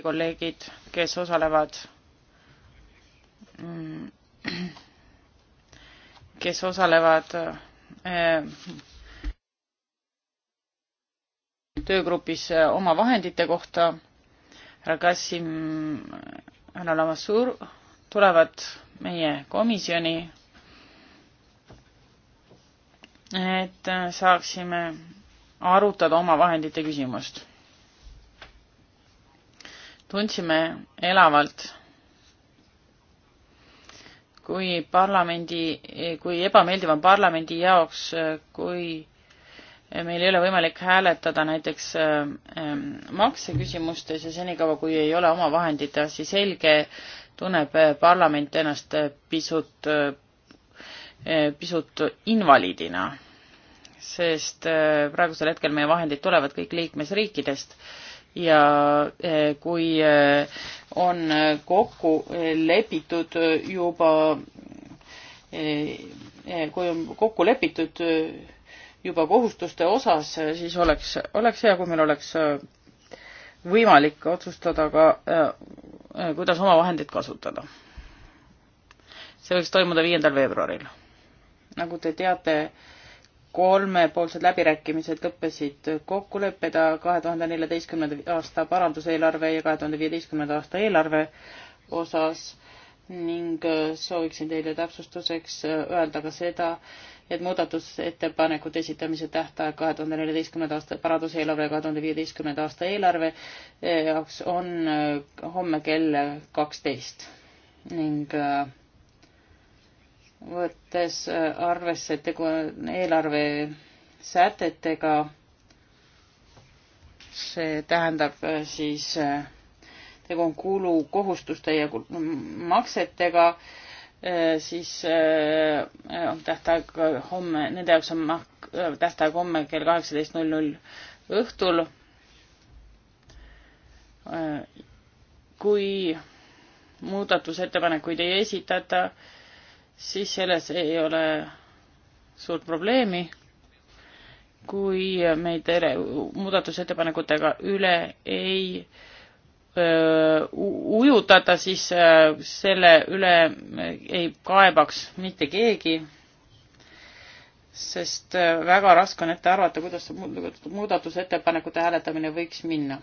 kolleegid, kes osalevad, kes osalevad eh, töögrupis eh, oma vahendite kohta, härra Kassim, härra Lamassur, tulevad meie komisjoni, et saaksime arutada oma vahendite küsimust tundsime elavalt, kui parlamendi, kui ebameeldiv on parlamendi jaoks, kui meil ei ole võimalik hääletada näiteks ähm, makseküsimustes ja senikaua, kui ei ole oma vahendid asi selge, tunneb parlament ennast pisut, äh, pisut invaliidina. sest äh, praegusel hetkel meie vahendid tulevad kõik liikmesriikidest ja eh, eh, eh, kui on kokku lepitud juba, kui on kokku lepitud juba kohustuste osas, siis oleks, oleks hea, kui meil oleks võimalik otsustada ka, kuidas oma vahendeid kasutada. see võiks toimuda viiendal veebruaril. nagu te teate, kolmepoolsed läbirääkimised lõppesid kokkuleppeda kahe tuhande neljateistkümnenda aasta paranduseelarve ja kahe tuhande viieteistkümnenda aasta eelarve osas ning äh, sooviksin teile täpsustuseks äh, öelda ka seda, et muudatusettepanekute esitamise tähtaeg kahe tuhande neljateistkümnenda aasta paranduseelarve ja kahe tuhande viieteistkümnenda aasta eelarve äh, jaoks on homme kell kaksteist ning võttes äh, arvesse, et tegu on eelarve sätetega, see tähendab äh, siis, äh, tegu on kulukohustuste ja maksetega, siis on tähtaeg homme, nende jaoks on mahk, tähtaeg homme kell kaheksateist null null õhtul. kui muudatusettepanekuid ei esitata, siis selles ei ole suurt probleemi. kui meid muudatusettepanekutega üle ei öö, ujutada, siis öö, selle üle ei kaebaks mitte keegi, sest väga raske on ette arvata, kuidas muudatusettepanekute hääletamine võiks minna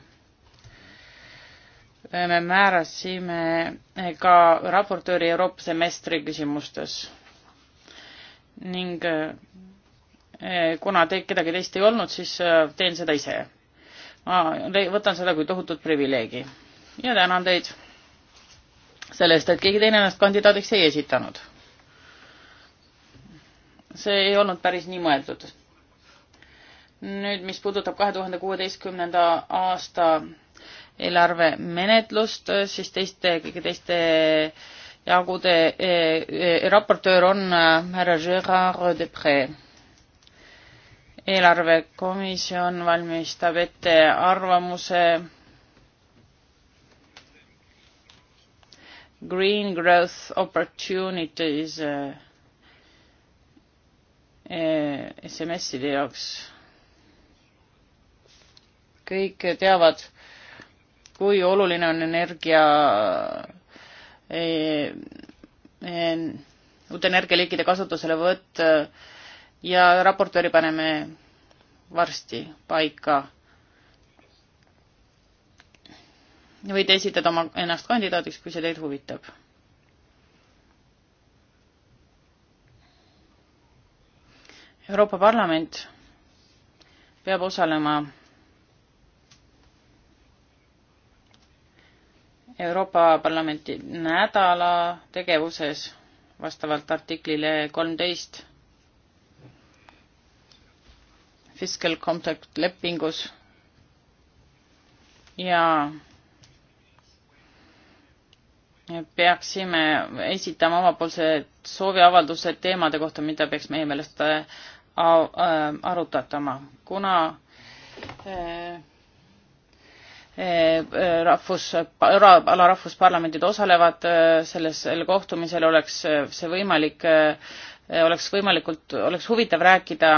me määrasime ka raportööri Euroopa semestri küsimustes ning eh, kuna te kedagi teist ei olnud, siis eh, teen seda ise. ma võtan seda kui tohutut privileegi ja tänan teid selle eest, et keegi teine ennast kandidaadiks ei esitanud. see ei olnud päris nii mõeldud. nüüd, mis puudutab kahe tuhande kuueteistkümnenda aasta eelarvemenetlust, siis teiste, kõigi teiste jagude e, e, raportöör on äh, härra Gerard Depree. eelarvekomisjon valmistab ette arvamuse Green Growth Opportunities äh, e, SMS-ide jaoks. kõik teavad kui oluline on energia e, e, uute energialiikide kasutuselevõtt ja raportööri paneme varsti paika. võite esitada oma, ennast kandidaadiks, kui see teid huvitab. Euroopa Parlament peab osalema Euroopa Parlamenti nädala tegevuses vastavalt artiklile kolmteist Fiscal Compact lepingus ja peaksime esitama omapoolsed sooviavaldused teemade kohta, mida peaks meie meelest äh, äh, arutatama, kuna äh, rahvus, ala rahvusparlamendid osalevad äh, selles, sellel kohtumisel, oleks äh, see võimalik, äh, oleks võimalikult, oleks huvitav rääkida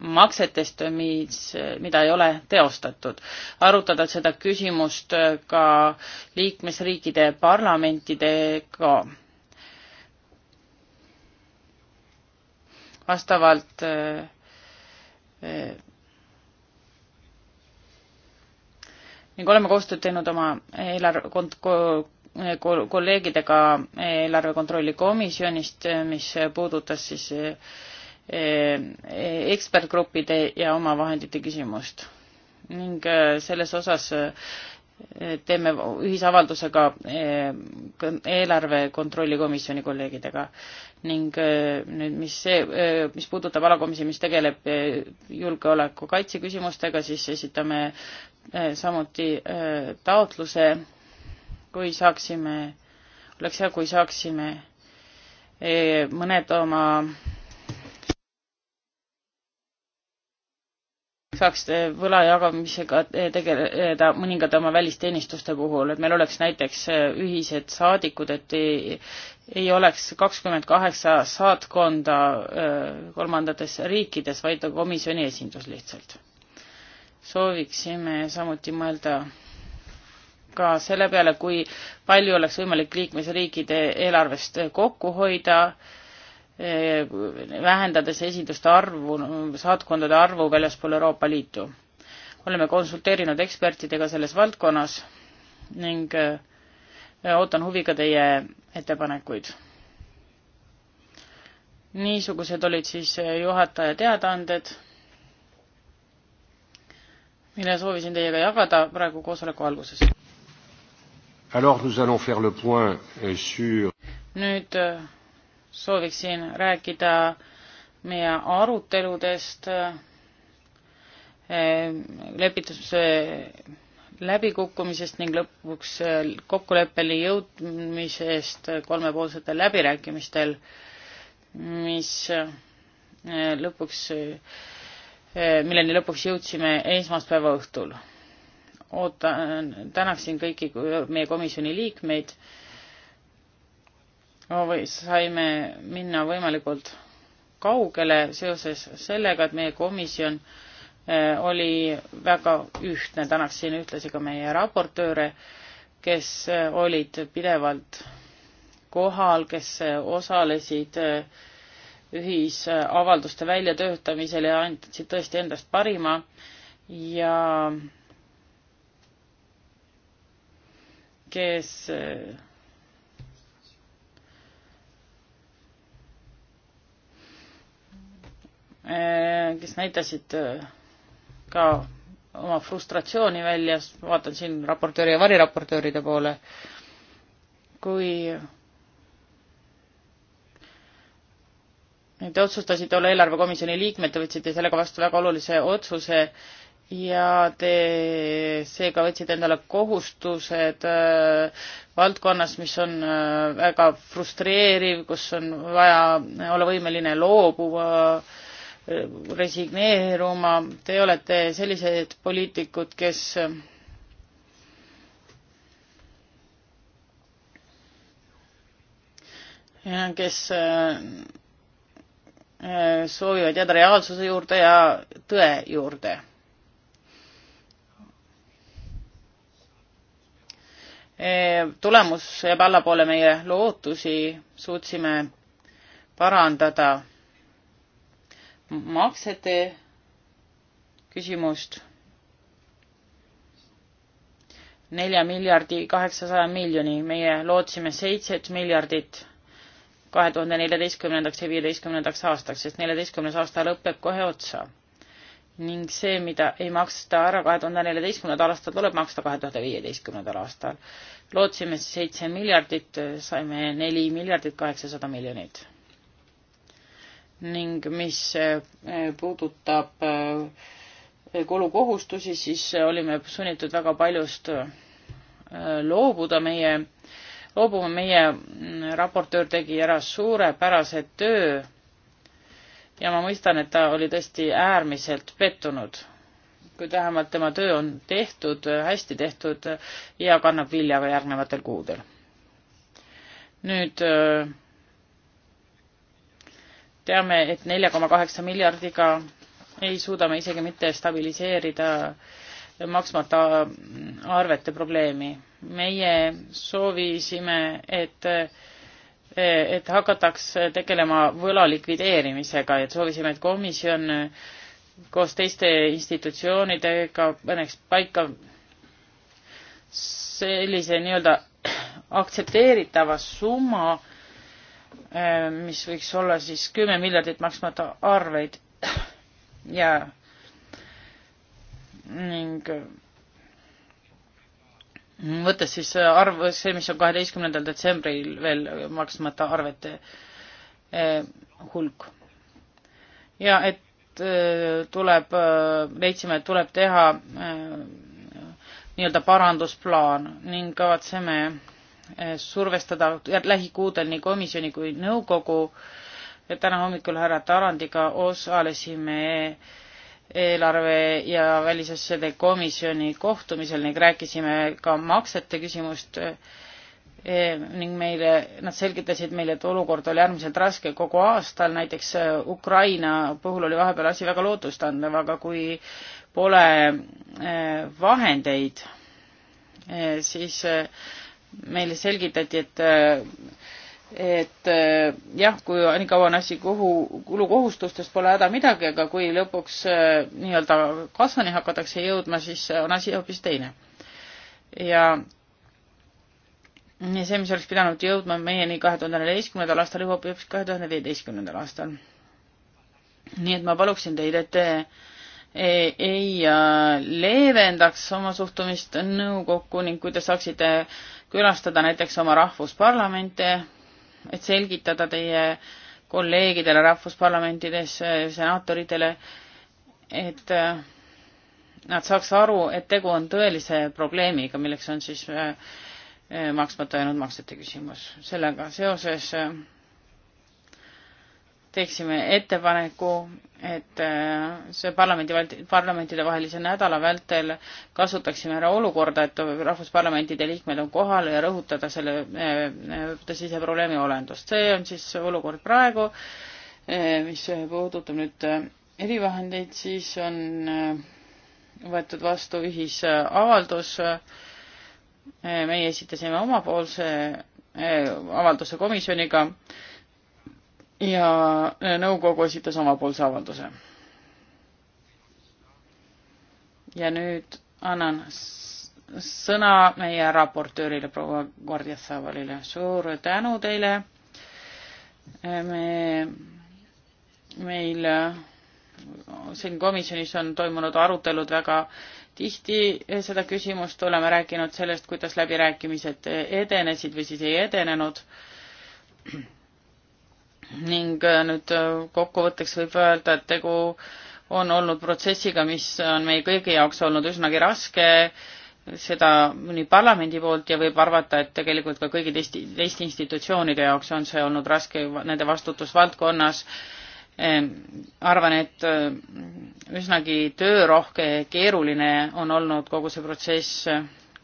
maksetest, mis, mida ei ole teostatud. arutada seda küsimust ka liikmesriikide parlamentidega. vastavalt ning oleme koostööd teinud oma eelarve kont-, kolleegidega eelarve kontrolli komisjonist, mis puudutas siis eh, ekspertgruppide ja omavahendite küsimust. ning eh, selles osas eh, teeme ühisavalduse ka eelarve kontrolli komisjoni kolleegidega ning nüüd, mis see, mis puudutab alakomisjoni, mis tegeleb julgeoleku kaitse küsimustega, siis esitame Eh, samuti eh, taotluse, kui saaksime, oleks hea, kui saaksime eh, mõned oma saaks võla jagamisega tegeleda mõningate oma välisteenistuste puhul, et meil oleks näiteks ühised saadikud, et ei, ei oleks kakskümmend kaheksa saatkonda kolmandates riikides, vaid komisjoni esindus lihtsalt sooviksime samuti mõelda ka selle peale, kui palju oleks võimalik liikmesriikide eelarvest kokku hoida, eh, vähendades esinduste arvu, saatkondade arvu väljaspool Euroopa Liitu. oleme konsulteerinud ekspertidega selles valdkonnas ning eh, ootan huviga teie ettepanekuid. niisugused olid siis eh, juhataja teadaanded mille soovisin teiega jagada praegu koosoleku alguses. Euh, nüüd äh, sooviksin rääkida meie aruteludest äh, lepituse läbikukkumisest ning lõpuks äh, kokkuleppeni jõudmisest kolmepoolsetel läbirääkimistel, mis lõpuks Eh, milleni lõpuks jõudsime esmaspäeva õhtul. ootan, tänaksin kõiki meie komisjoni liikmeid. või saime minna võimalikult kaugele seoses sellega, et meie komisjon eh, oli väga ühtne, tänaksin ühtlasi ka meie raportööre, kes eh, olid pidevalt kohal, kes osalesid äh, ühisavalduste väljatöötamisel ja andsid tõesti endast parima ja kes eh, kes näitasid eh, ka oma frustratsiooni välja, vaatan siin raportööri ja variraportööride poole, kui Te otsustasite olla eelarvekomisjoni liikmed, te võtsite sellega vastu väga olulise otsuse ja te seega võtsite endale kohustused äh, valdkonnas, mis on äh, väga frustreeriv, kus on vaja äh, olla võimeline loobuma äh,, resigneeruma. Te olete sellised poliitikud, kes äh, kes äh, Äh, soovivad jääda reaalsuse juurde ja tõe juurde. Äh, tulemus jääb allapoole meie lootusi, suutsime parandada maksete küsimust nelja miljardi kaheksasaja miljoni, meie lootsime seitset miljardit kahe tuhande neljateistkümnendaks ja viieteistkümnendaks aastaks, sest neljateistkümnes aasta lõpeb kohe otsa. ning see, mida ei maksta ära kahe tuhande neljateistkümnendal aastal, tuleb maksta kahe tuhande viieteistkümnendal aastal. lootsime seitse miljardit, saime neli miljardit kaheksasada miljonit. ning mis eh, puudutab eh, kulukohustusi, siis olime sunnitud väga paljust eh, loobuda meie äh, loobuma, meie raportöör tegi ära suurepärase töö ja ma mõistan, et ta oli tõesti äärmiselt pettunud, kuid vähemalt tema töö on tehtud, hästi tehtud ja kannab vilja ka järgnevatel kuudel. nüüd äh, teame, et nelja koma kaheksa miljardiga ei suuda me isegi mitte stabiliseerida maksmata arvete probleemi meie soovisime, et, et hakataks tegelema võla likvideerimisega, et soovisime, et komisjon koos teiste institutsioonidega paneks paika sellise nii-öelda aktsepteeritava summa, mis võiks olla siis kümme miljardit maksmata arveid ja ning võttes siis äh, arv, see, mis on kaheteistkümnendal detsembril veel maksmata arvete äh, hulk. ja et äh, tuleb, leidsime, et tuleb teha nii-öelda parandusplaan ning kavatseme survestada lähikuudel nii komisjoni kui nõukogu. täna hommikul härra Tarandiga osalesime ta eelarve ja välisasjade komisjoni kohtumisel ning rääkisime ka maksete küsimust e, ning meile, nad selgitasid meile, et olukord oli äärmiselt raske kogu aastal, näiteks e, Ukraina puhul oli vahepeal asi väga lootustandev, aga kui pole e, vahendeid, siis meile selgitati, et et äh, jah, kui nii kaua on asi kuhu, kulukohustustest pole häda midagi, aga kui lõpuks äh, nii-öelda kasvani hakatakse jõudma, siis on asi hoopis teine. ja ja see, mis oleks pidanud jõudma meieni kahe tuhande neljateistkümnendal aastal, jõuab hoopis kahe tuhande viieteistkümnendal aastal. nii et ma paluksin teid, et te e, ei, ei äh, leevendaks oma suhtumist nõukokku ning kui te saaksite külastada näiteks oma rahvusparlamente, et selgitada teie kolleegidele rahvusparlamentides, eh, senaatoritele, et eh, nad saaks aru, et tegu on tõelise probleemiga, milleks on siis eh, maksmata jäänud maksete küsimus. sellega seoses teeksime ettepaneku, et äh, see parlamendi, parlamentidevahelise nädala vältel kasutaksime ära olukorda, et rahvusparlamentide liikmed on kohal ja rõhutada selle äh, siseprobleemi olendust. see on siis olukord praegu, äh, mis puudutab nüüd erivahendeid, siis on võetud vastu ühisavaldus. meie esitasime omapoolse avalduse komisjoniga ja äh, nõukogu esitas omapoolse avalduse. ja nüüd annan sõna meie raportöörile, proua Guardia Zavalile. suur tänu teile. me, meil siin komisjonis on toimunud arutelud väga tihti seda küsimust, oleme rääkinud sellest, kuidas läbirääkimised edenesid või siis ei edenenud ning äh, nüüd äh, kokkuvõtteks võib öelda, et tegu on olnud protsessiga, mis on meie kõigi jaoks olnud üsnagi raske, seda nii parlamendi poolt ja võib arvata, et tegelikult ka kõigi teiste, teiste institutsioonide jaoks on see olnud raske nende vastutusvaldkonnas. Ehm, arvan, et äh, üsnagi töörohke ja keeruline on olnud kogu see protsess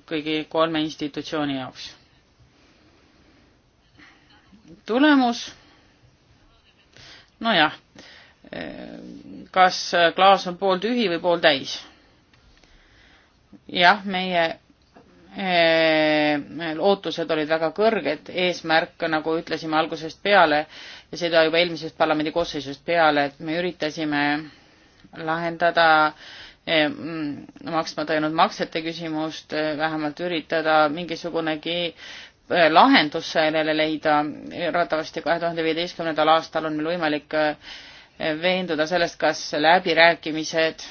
kõigi kolme institutsiooni jaoks. tulemus nojah, kas klaas on pooltühi või pooltäis? jah, meie eh, ootused olid väga kõrged, eesmärk, nagu ütlesime algusest peale ja seda juba eelmisest parlamendi koosseisust peale, et me üritasime lahendada eh, maksmata jäänud maksete küsimust, eh, vähemalt üritada mingisugunegi Eh, lahendus sellele leida. arvatavasti kahe tuhande viieteistkümnendal aastal on meil võimalik eh, veenduda sellest, kas läbirääkimised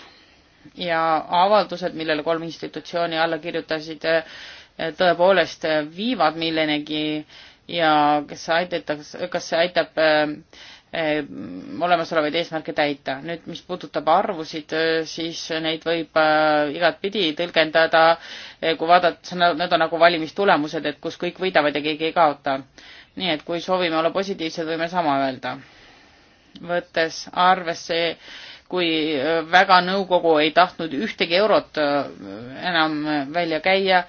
ja avaldused, millele kolm institutsiooni alla kirjutasid, eh, tõepoolest viivad millenegi ja kas see aitab, kas see aitab Eh, olemasolevaid eesmärke täita. nüüd, mis puudutab arvusid, eh, siis neid võib eh, igatpidi tõlgendada, kui vaadata, need on nagu valimistulemused, et kus kõik võidavad ja keegi ei kaota. nii et kui soovime olla positiivsed, võime sama öelda. võttes arvesse, kui väga nõukogu ei tahtnud ühtegi eurot enam välja käia,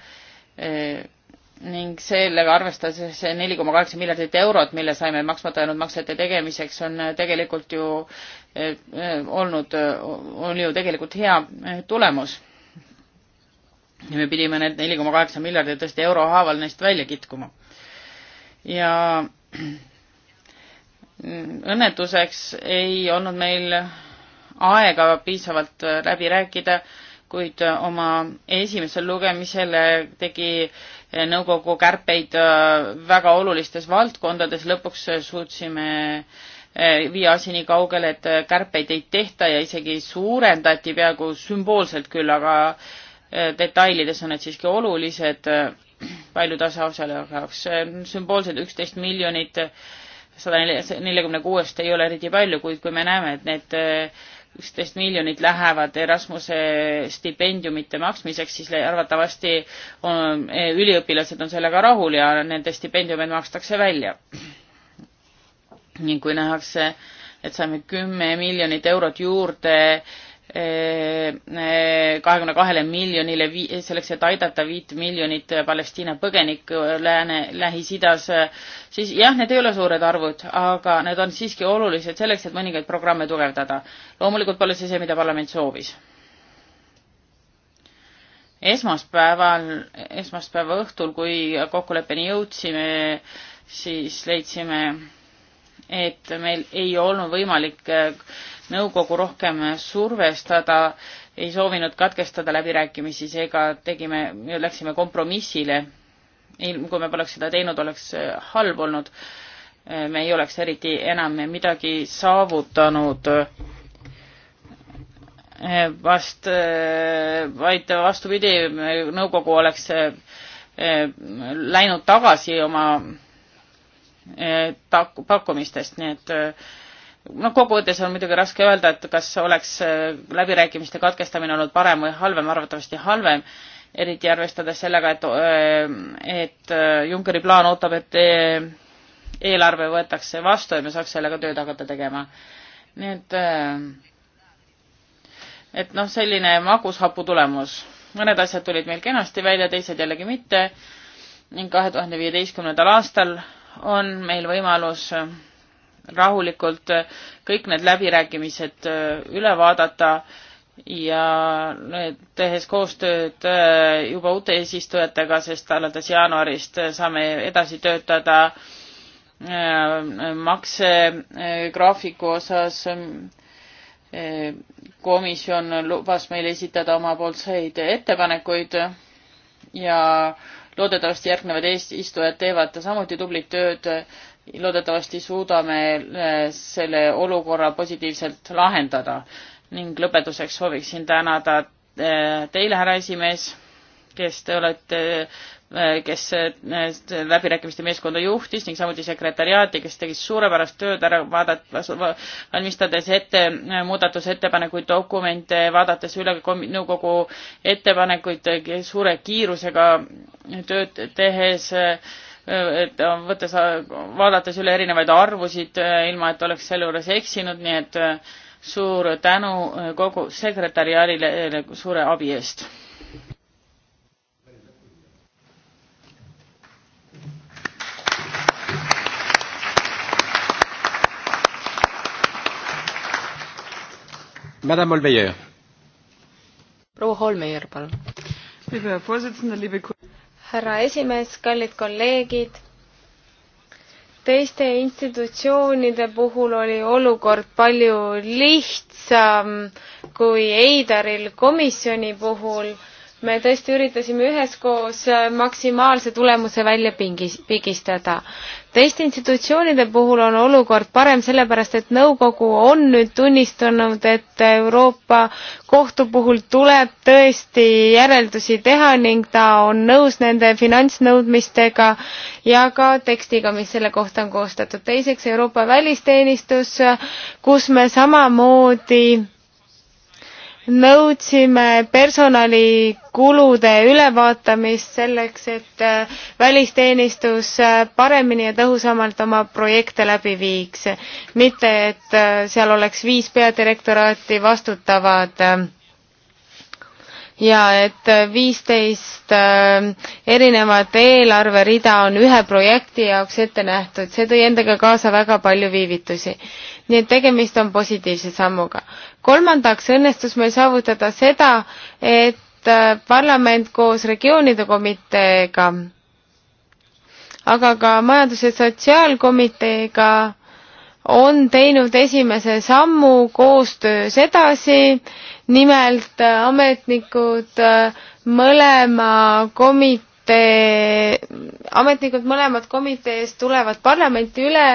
ning sellega arvestades see neli koma kaheksa miljardit eurot, mille saime maksmata jäänud maksete tegemiseks, on tegelikult ju eh, olnud, on ju tegelikult hea eh, tulemus. ja me pidime need neli koma kaheksa miljardit tõesti eurohaaval neist välja kitkuma. ja õnnetuseks ei olnud meil aega piisavalt eh, läbi rääkida kuid äh, oma esimesel lugemisel äh, tegi äh, nõukogu kärpeid väga olulistes valdkondades, lõpuks suutsime viia asi nii kaugele, et kärpeid ei tehta ja isegi suurendati peaaegu sümboolselt küll, aga detailides on need siiski olulised paljude asjaosalejate jaoks. sümboolsed üksteist miljonit sada neljakümne kuuest ei ole eriti palju, kuid kui me näeme, et need üksteist miljonit lähevad Erasmuse stipendiumite maksmiseks, siis arvatavasti on, üliõpilased on sellega rahul ja nende stipendiumid makstakse välja. ning kui nähakse, et saime kümme miljonit eurot juurde äh, Eh, eh, kahekümne kahele miljonile, selleks, et aidata viit miljonit Palestiina põgenikku Lääne, Lähis-Idas, siis jah, need ei ole suured arvud, aga need on siiski olulised selleks, et mõningaid programme tugevdada. loomulikult pole see see, mida parlament soovis. esmaspäeval, esmaspäeva õhtul, kui kokkuleppeni jõudsime, siis leidsime, et meil ei olnud võimalik nõukogu rohkem survestada, ei soovinud katkestada läbirääkimisi, seega tegime, läksime kompromissile. kui me poleks seda teinud, oleks halb olnud. me ei oleks eriti enam midagi saavutanud. vast, vaid vastupidi, nõukogu oleks eh, läinud tagasi oma eh, pakkumistest, nii et eh, no kokkuvõttes on muidugi raske öelda, et kas oleks äh, läbirääkimiste katkestamine olnud parem või halvem, arvatavasti halvem, eriti arvestades sellega, et, äh, et äh, Junckeri plaan ootab, et eelarve võetakse vastu ja me saaks sellega tööd hakata tegema. nii et, et noh, selline magushapu tulemus. mõned asjad tulid meil kenasti välja, teised jällegi mitte ning kahe tuhande viieteistkümnendal aastal on meil võimalus rahulikult äh, kõik need läbirääkimised äh, üle vaadata ja tehes koostööd äh, juba uute eesistujatega, sest alates jaanuarist saame edasi töötada maksegraafiku osas. komisjon lubas meil esitada omapoolseid ettepanekuid ja loodetavasti järgnevad eesistujad teevad samuti tublit tööd loodetavasti suudame äh, selle olukorra positiivselt lahendada. ning lõpetuseks sooviksin tänada äh, teile, härra esimees, kes te olete, äh, kes läbirääkimiste meeskonda juhtis ning samuti sekretäriaati, kes tegi suurepärast tööd ära vaadates, valmistades ette muudatusettepanekuid, dokumente, vaadates üle nõukogu ettepanekuid suure kiirusega tööd tehes äh, et äh, võttes, äh, vaadates üle erinevaid arvusid, äh, ilma et oleks selle juures eksinud, nii et suur tänu kogu sekretäriaalile nagu suure abi eest. proua Holmeier, palun härra esimees, kallid kolleegid. teiste institutsioonide puhul oli olukord palju lihtsam kui Eidaril komisjoni puhul me tõesti üritasime üheskoos äh, maksimaalse tulemuse välja pingis, pigistada. teiste institutsioonide puhul on olukord parem sellepärast, et nõukogu on nüüd tunnistanud, et Euroopa kohtu puhul tuleb tõesti järeldusi teha ning ta on nõus nende finantsnõudmistega ja ka tekstiga, mis selle kohta on koostatud. teiseks Euroopa välisteenistus, kus me samamoodi nõudsime personalikulude ülevaatamist selleks, et äh, välisteenistus äh, paremini ja tõhusamalt oma projekte läbi viiks. mitte, et äh, seal oleks viis peadirektoraati vastutavad ja et viisteist erinevat eelarverida on ühe projekti jaoks ette nähtud, see tõi endaga kaasa väga palju viivitusi nii et tegemist on positiivse sammuga. kolmandaks õnnestus meil saavutada seda, et äh, parlament koos regioonide komiteega, aga ka majandus- ja sotsiaalkomiteega on teinud esimese sammu koostöös edasi, nimelt äh, ametnikud äh, mõlema komit-, komitee, eh, ametnikud mõlemad komiteest tulevad parlamenti üle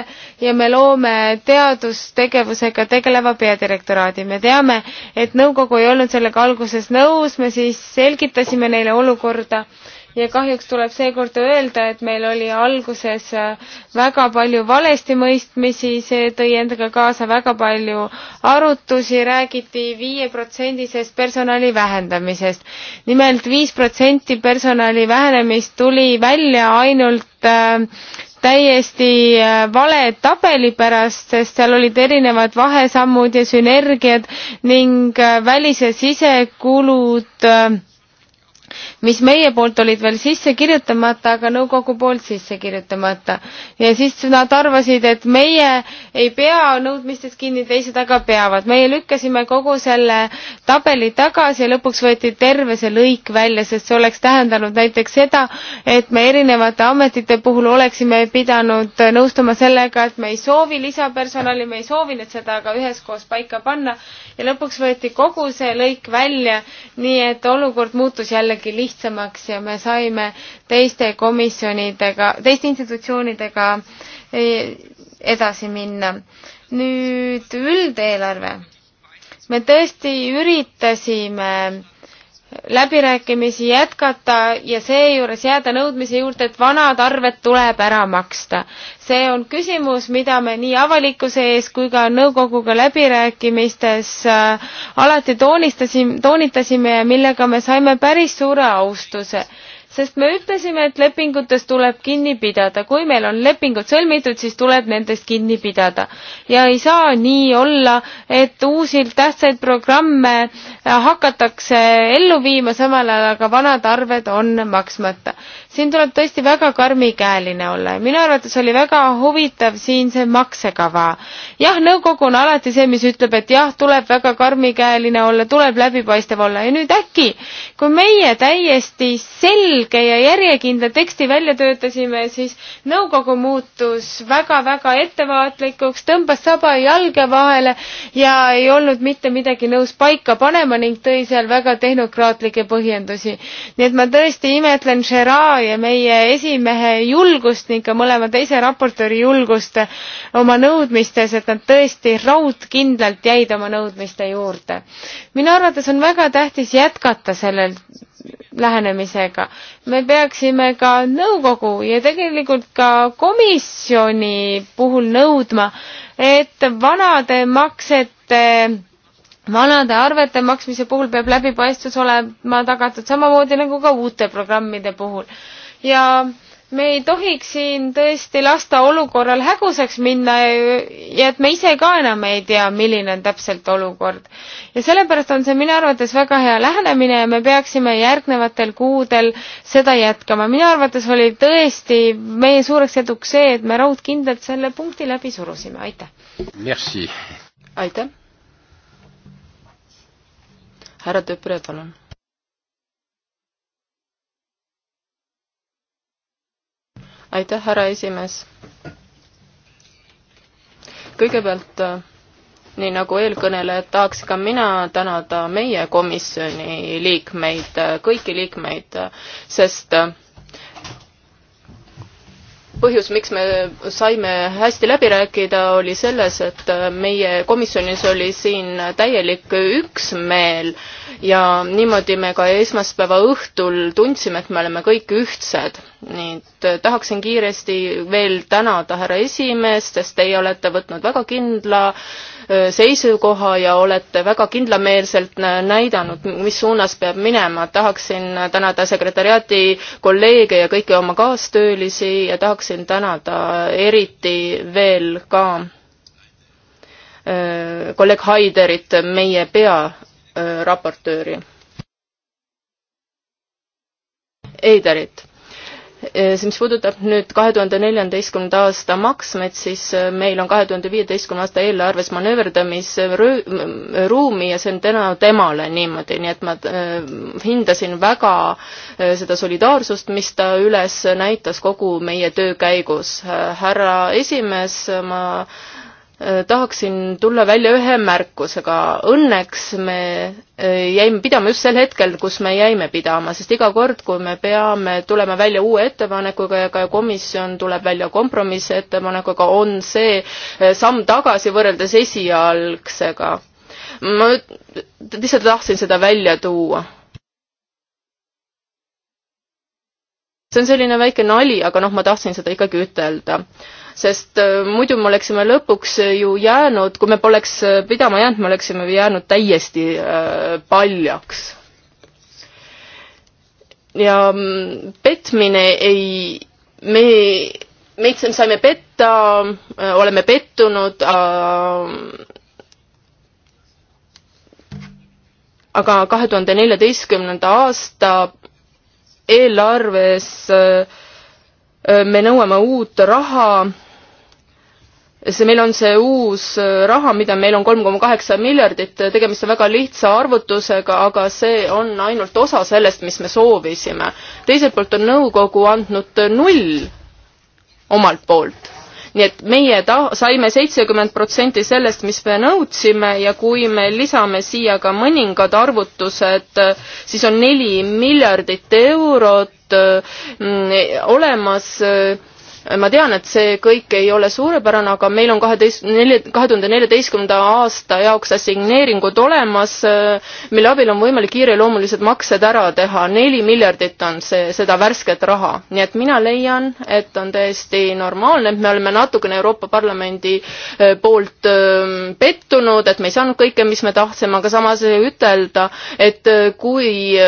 ja me loome teadustegevusega tegeleva peadirektoraadi. me teame, et nõukogu ei olnud sellega alguses nõus, me siis selgitasime neile olukorda ja kahjuks tuleb seekord öelda, et meil oli alguses äh, väga palju valestimõistmisi, see tõi endaga kaasa väga palju arutusi, räägiti viieprotsendisest personali vähendamisest. nimelt viis protsenti personali vähenemist tuli välja ainult äh, täiesti äh, vale tabeli pärast, sest seal olid erinevad vahesammud ja sünergiad ning välis- ja sisekulud mis meie poolt olid veel sisse kirjutamata, aga nõukogu poolt sisse kirjutamata. ja siis nad arvasid, et meie ei pea nõudmistest kinni, teised aga peavad. meie lükkasime kogu selle tabeli tagasi ja lõpuks võeti terve see lõik välja, sest see oleks tähendanud näiteks seda, et me erinevate ametite puhul oleksime pidanud nõustuma sellega, et me ei soovi lisapersonali, me ei soovinud seda aga üheskoos paika panna ja lõpuks võeti kogu see lõik välja, nii et olukord muutus jällegi lihtsamaks lihtsamaks ja me saime teiste komisjonidega, teiste institutsioonidega eh, edasi minna. nüüd üldeelarve. me tõesti üritasime läbirääkimisi jätkata ja seejuures jääda nõudmise juurde, et vanad arved tuleb ära maksta. see on küsimus, mida me nii avalikkuse ees kui ka nõukoguga läbirääkimistes äh, alati toonistasin, toonitasime ja millega me saime päris suure austuse sest me ütlesime, et lepingutest tuleb kinni pidada, kui meil on lepingud sõlmitud, siis tuleb nendest kinni pidada. ja ei saa nii olla, et uusi tähtsaid programme äh, hakatakse ellu viima, samal ajal aga vanad arved on maksmata. siin tuleb tõesti väga karmikäeline olla ja minu arvates oli väga huvitav siin see maksekava. jah, nõukogu on alati see, mis ütleb, et jah, tuleb väga karmikäeline olla, tuleb läbipaistev olla ja nüüd äkki, kui meie täiesti selge selge ja järjekindla teksti välja töötasime, siis nõukogu muutus väga-väga ettevaatlikuks, tõmbas saba jalge vahele ja ei olnud mitte midagi nõus paika panema ning tõi seal väga tehnokraatlikke põhjendusi. nii et ma tõesti imetlen Gerard ja meie esimehe julgust ning ka mõlema teise raportööri julgust oma nõudmistes, et nad tõesti raudkindlalt jäid oma nõudmiste juurde. minu arvates on väga tähtis jätkata sellel lähenemisega. me peaksime ka nõukogu ja tegelikult ka komisjoni puhul nõudma, et vanade maksete vanade arvete maksmise puhul peab läbipaistvus olema tagatud samamoodi nagu ka uute programmide puhul. ja me ei tohiks siin tõesti lasta olukorral häguseks minna ja et me ise ka enam ei tea, milline on täpselt olukord. ja sellepärast on see minu arvates väga hea lähenemine ja me peaksime järgnevatel kuudel seda jätkama. minu arvates oli tõesti meie suureks eduks see, et me raudkindlalt selle punkti läbi surusime, aitäh! aitäh! härra Töpre, palun aitäh, härra esimees. kõigepealt, äh, nii nagu eelkõnelejad, tahaks ka mina tänada meie komisjoni liikmeid, äh, kõiki liikmeid, äh, sest põhjus, miks me saime hästi läbi rääkida, oli selles, et meie komisjonis oli siin täielik üksmeel ja niimoodi me ka esmaspäeva õhtul tundsime, et me oleme kõik ühtsed. nii et tahaksin kiiresti veel tänada härra esimeest, sest teie olete võtnud väga kindla äh, seisukoha ja olete väga kindlameelselt näidanud, mis suunas peab minema. tahaksin tänada sekretäriaati kolleege ja kõiki oma kaastöölisi ja tahaksin tänada eriti veel ka kolleeg Haiderit, meie pearaportööri. Eiderit Äh, see, mis puudutab nüüd kahe tuhande neljateistkümnenda aasta maksmeid, siis äh, meil on kahe tuhande viieteistkümne aasta eelarves manööverdamisruumi ja see on täna temale niimoodi, nii et ma äh, hindasin väga seda solidaarsust, mis ta üles näitas kogu meie töö käigus. härra esimees, ma Äh, tahaksin tulla välja ühe märkusega. Õnneks me äh, jäime pidama just sel hetkel, kus me jäime pidama, sest iga kord, kui me peame tulema välja uue ettepanekuga ja ka komisjon tuleb välja kompromissettepanekuga, on see äh, samm tagasi võrreldes esialgsega. ma lihtsalt tahtsin seda välja tuua see on selline väike nali, aga noh, ma tahtsin seda ikkagi ütelda. sest äh, muidu me oleksime lõpuks äh, ju jäänud, kui me poleks äh, pidama jäänud, me oleksime jäänud täiesti paljaks. ja mm, petmine ei, me, meid saime petta, oleme pettunud äh, aga kahe tuhande neljateistkümnenda aasta eelarves äh, me nõuame uut raha, see, meil on see uus äh, raha, mida meil on kolm koma kaheksa miljardit, äh, tegemist on väga lihtsa arvutusega, aga see on ainult osa sellest, mis me soovisime. teiselt poolt on nõukogu andnud null omalt poolt nii et meie ta-, saime seitsekümmend protsenti sellest, mis me nõudsime ja kui me lisame siia ka mõningad arvutused, siis on neli miljardit eurot mm, olemas öö, ma tean, et see kõik ei ole suurepärane, aga meil on kaheteist, nelja, kahe tuhande neljateistkümnenda aasta jaoks assigneeringud olemas, mille abil on võimalik kiireloomulised maksed ära teha, neli miljardit on see, seda värsket raha. nii et mina leian, et on täiesti normaalne, et me oleme natukene Euroopa Parlamendi poolt pettunud, et me ei saanud kõike, mis me tahtsime, aga samas ütelda, et kui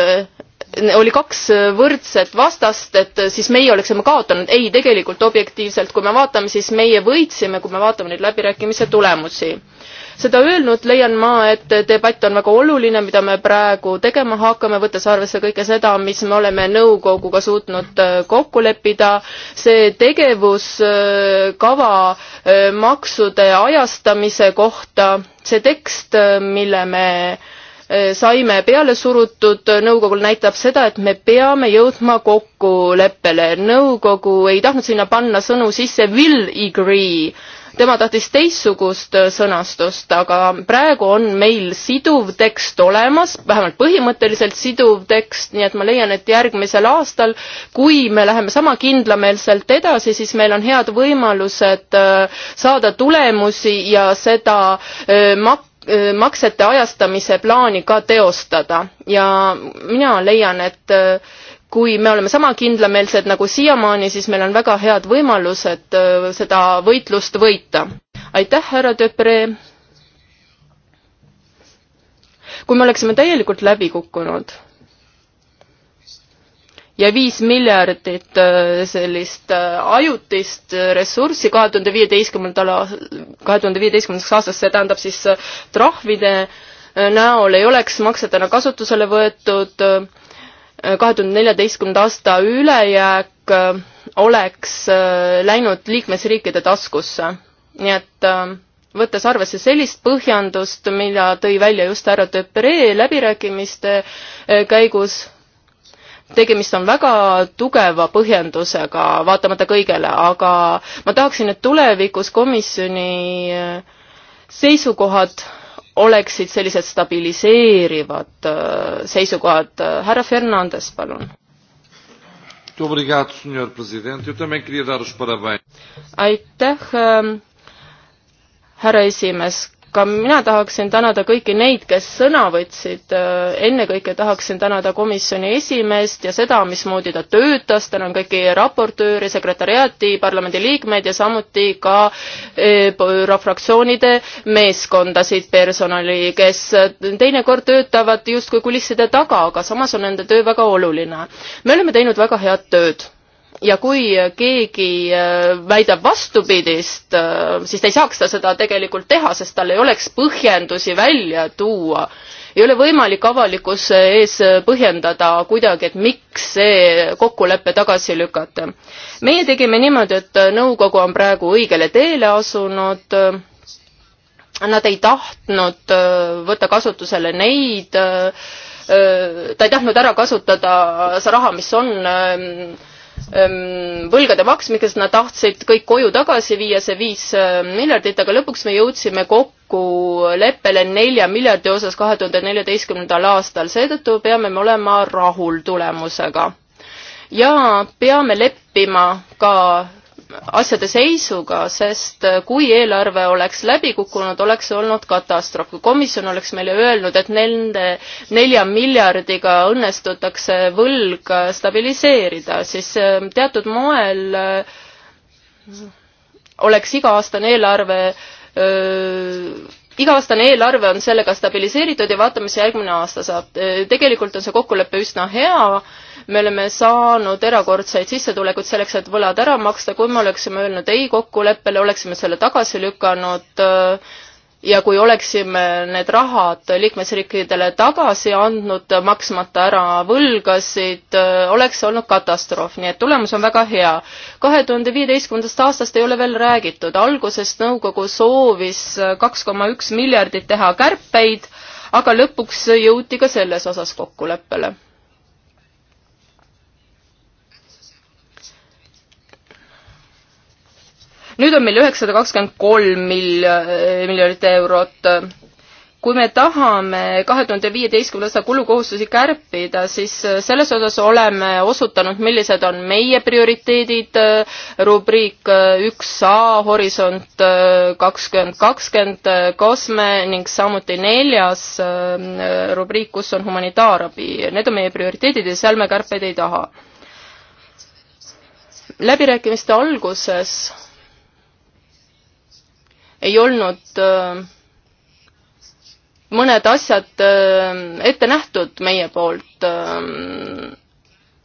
oli kaks äh, võrdset vastast, et äh, siis meie oleksime kaotanud. ei, tegelikult objektiivselt, kui me vaatame, siis meie võitsime, kui me vaatame neid läbirääkimise tulemusi. seda öelnud leian ma, et debatt on väga oluline, mida me praegu tegema hakkame, võttes arvesse kõike seda, mis me oleme nõukoguga suutnud äh, kokku leppida. see tegevuskava maksude ajastamise kohta, see tekst, mille me Äh, saime peale surutud nõukogul näitab seda, et me peame jõudma kokkuleppele. nõukogu ei tahtnud sinna panna sõnu sisse will agree, tema tahtis teistsugust sõnastust, aga praegu on meil siduv tekst olemas, vähemalt põhimõtteliselt siduv tekst, nii et ma leian, et järgmisel aastal, kui me läheme sama kindlameelselt edasi, siis meil on head võimalused äh, saada tulemusi ja seda äh, mak-, maksete ajastamise plaani ka teostada ja mina leian, et kui me oleme sama kindlameelsed nagu siiamaani, siis meil on väga head võimalused seda võitlust võita. aitäh, härra Depree. kui me oleksime täielikult läbi kukkunud ja viis miljardit äh, sellist äh, ajutist ressurssi kahe tuhande viieteistkümnendal, kahe tuhande viieteistkümnendaks aastaks, see tähendab siis äh, trahvide näol ei oleks maksetena kasutusele võetud, kahe tuhande neljateistkümnenda aasta ülejääk oleks läinud liikmesriikide taskusse. nii et võttes arvesse sellist põhjendust, mille tõi välja just härra Töpere läbirääkimiste käigus, tegemist on väga tugeva põhjendusega, vaatamata kõigele, aga ma tahaksin, et tulevikus komisjoni äh, seisukohad oleksid sellised stabiliseerivad äh, seisukohad. härra Fernandes, palun. aitäh, ähm, härra esimees ka mina tahaksin tänada kõiki neid, kes sõna võtsid, ennekõike tahaksin tänada komisjoni esimeest ja seda, mismoodi ta töötas, tänan kõiki raportööre, sekretäriaati, parlamendiliikmeid ja samuti ka eurofraktsioonide eh, meeskondasid personali, kes teinekord töötavad justkui kulisside taga, aga samas on nende töö väga oluline. me oleme teinud väga head tööd ja kui keegi äh, väidab vastupidist, äh, siis ta ei saaks ta seda tegelikult teha, sest tal ei oleks põhjendusi välja tuua. ei ole võimalik avalikkuse ees põhjendada kuidagi, et miks see kokkulepe tagasi lükata. meie tegime niimoodi, et nõukogu on praegu õigele teele asunud. Nad ei tahtnud äh, võtta kasutusele neid, ta ei tahtnud ära kasutada see raha, mis on ähm, võlgade maksmiseks, nad tahtsid kõik koju tagasi viia, see viis miljardit, aga lõpuks me jõudsime kokkuleppele nelja miljardi osas kahe tuhande neljateistkümnendal aastal, seetõttu peame me olema rahul tulemusega. ja peame leppima ka asjade seisuga, sest kui eelarve oleks läbi kukkunud, oleks olnud katastroof. kui komisjon oleks meile öelnud, et nende nelja miljardiga õnnestutakse võlg stabiliseerida, siis ähm, teatud moel äh, oleks iga-aastane eelarve öö, äh, iga-aastane eelarve on sellega stabiliseeritud ja vaatame, mis järgmine aasta saab. Äh, tegelikult on see kokkulepe üsna hea me oleme saanud erakordseid sissetulekuid selleks, et võlad ära maksta, kui me oleksime öelnud ei kokkuleppele, oleksime selle tagasi lükanud äh, ja kui oleksime need rahad liikmesriikidele tagasi andnud, maksmata ära võlgasid, äh, oleks olnud katastroof, nii et tulemus on väga hea. kahe tuhande viieteistkümnendast aastast ei ole veel räägitud, alguses nõukogu soovis äh, kaks koma üks miljardit teha kärpeid, aga lõpuks jõuti ka selles osas kokkuleppele nüüd on meil üheksasada kakskümmend kolm mil-, miljonit eurot. kui me tahame kahe tuhande viieteistkümnenda aasta kulukohustusi kärpida, siis selles osas oleme osutanud, millised on meie prioriteedid, rubriik üks A, Horisont kakskümmend kakskümmend, COSME ning samuti neljas rubriik, kus on humanitaarabi. Need on meie prioriteedid ja seal me kärpeid ei taha läbirääkimiste alguses ei olnud äh, mõned asjad äh, ette nähtud meie poolt. Äh,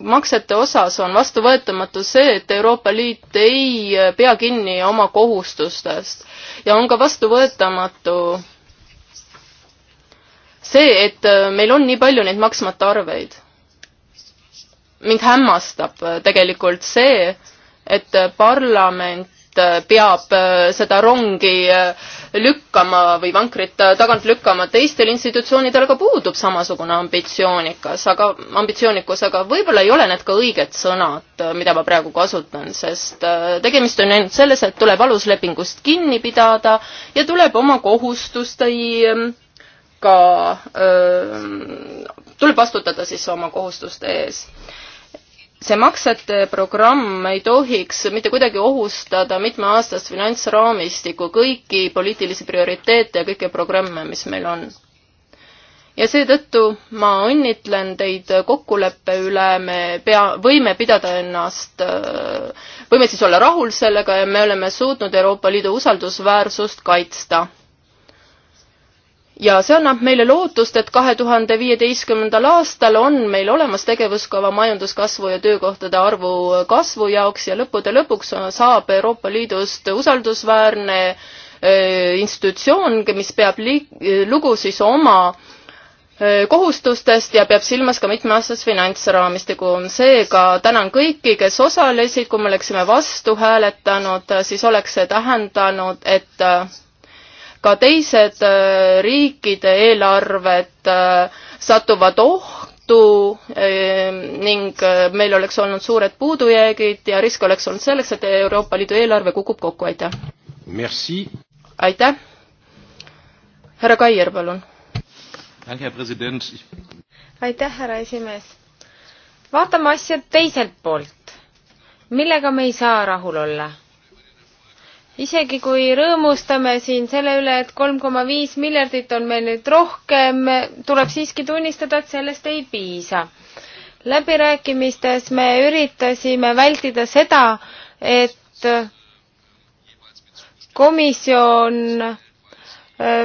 maksete osas on vastuvõetamatu see, et Euroopa Liit ei pea kinni oma kohustustest ja on ka vastuvõetamatu see, et meil on nii palju neid maksmata arveid. mind hämmastab tegelikult see, et parlament Äh, peab äh, seda rongi äh, lükkama või vankrit tagant lükkama, teistel institutsioonidel aga puudub samasugune ambitsioonikas, aga ambitsioonikus, aga võib-olla ei ole need ka õiged sõnad, mida ma praegu kasutan, sest tegemist on ainult selles, et tuleb aluslepingust kinni pidada ja tuleb oma kohustuste ähm, ka, ähm, tuleb vastutada siis oma kohustuste ees see maksete programm ei tohiks mitte kuidagi ohustada mitmeaastast finantsraamistikku, kõiki poliitilisi prioriteete ja kõiki programme, mis meil on. ja seetõttu ma õnnitlen teid kokkuleppe üle, me pea, võime pidada ennast, võime siis olla rahul sellega ja me oleme suutnud Euroopa Liidu usaldusväärsust kaitsta ja see annab meile lootust, et kahe tuhande viieteistkümnendal aastal on meil olemas tegevuskava majanduskasvu ja töökohtade arvu kasvu jaoks ja lõppude lõpuks saab Euroopa Liidust usaldusväärne institutsioon, mis peab lugu siis oma kohustustest ja peab silmas ka mitmeaastast finantsraamistikku. seega tänan kõiki, kes osalesid, kui me oleksime vastu hääletanud, siis oleks see tähendanud, et ka teised äh, riikide eelarved äh, satuvad ohtu äh, ning meil oleks olnud suured puudujäägid ja risk oleks olnud selleks, et Euroopa Liidu eelarve kukub kokku, aitäh. aitäh. härra Kaier, palun. aitäh, härra esimees. vaatame asja teiselt poolt. millega me ei saa rahul olla isegi kui rõõmustame siin selle üle, et kolm koma viis miljardit on meil nüüd rohkem, tuleb siiski tunnistada, et sellest ei piisa. läbirääkimistes me üritasime vältida seda, et komisjon äh,